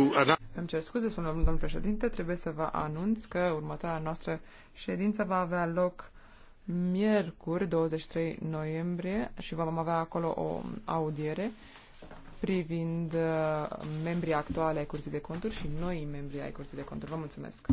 Speaker 2: Îmi cer scuze, spune domnul președinte, trebuie să vă anunț că următoarea noastră ședință va avea loc miercuri, 23 noiembrie, și vom avea acolo o audiere privind uh, membrii actuale ai Curții de Conturi și noi membrii ai Curții de Conturi. Vă mulțumesc!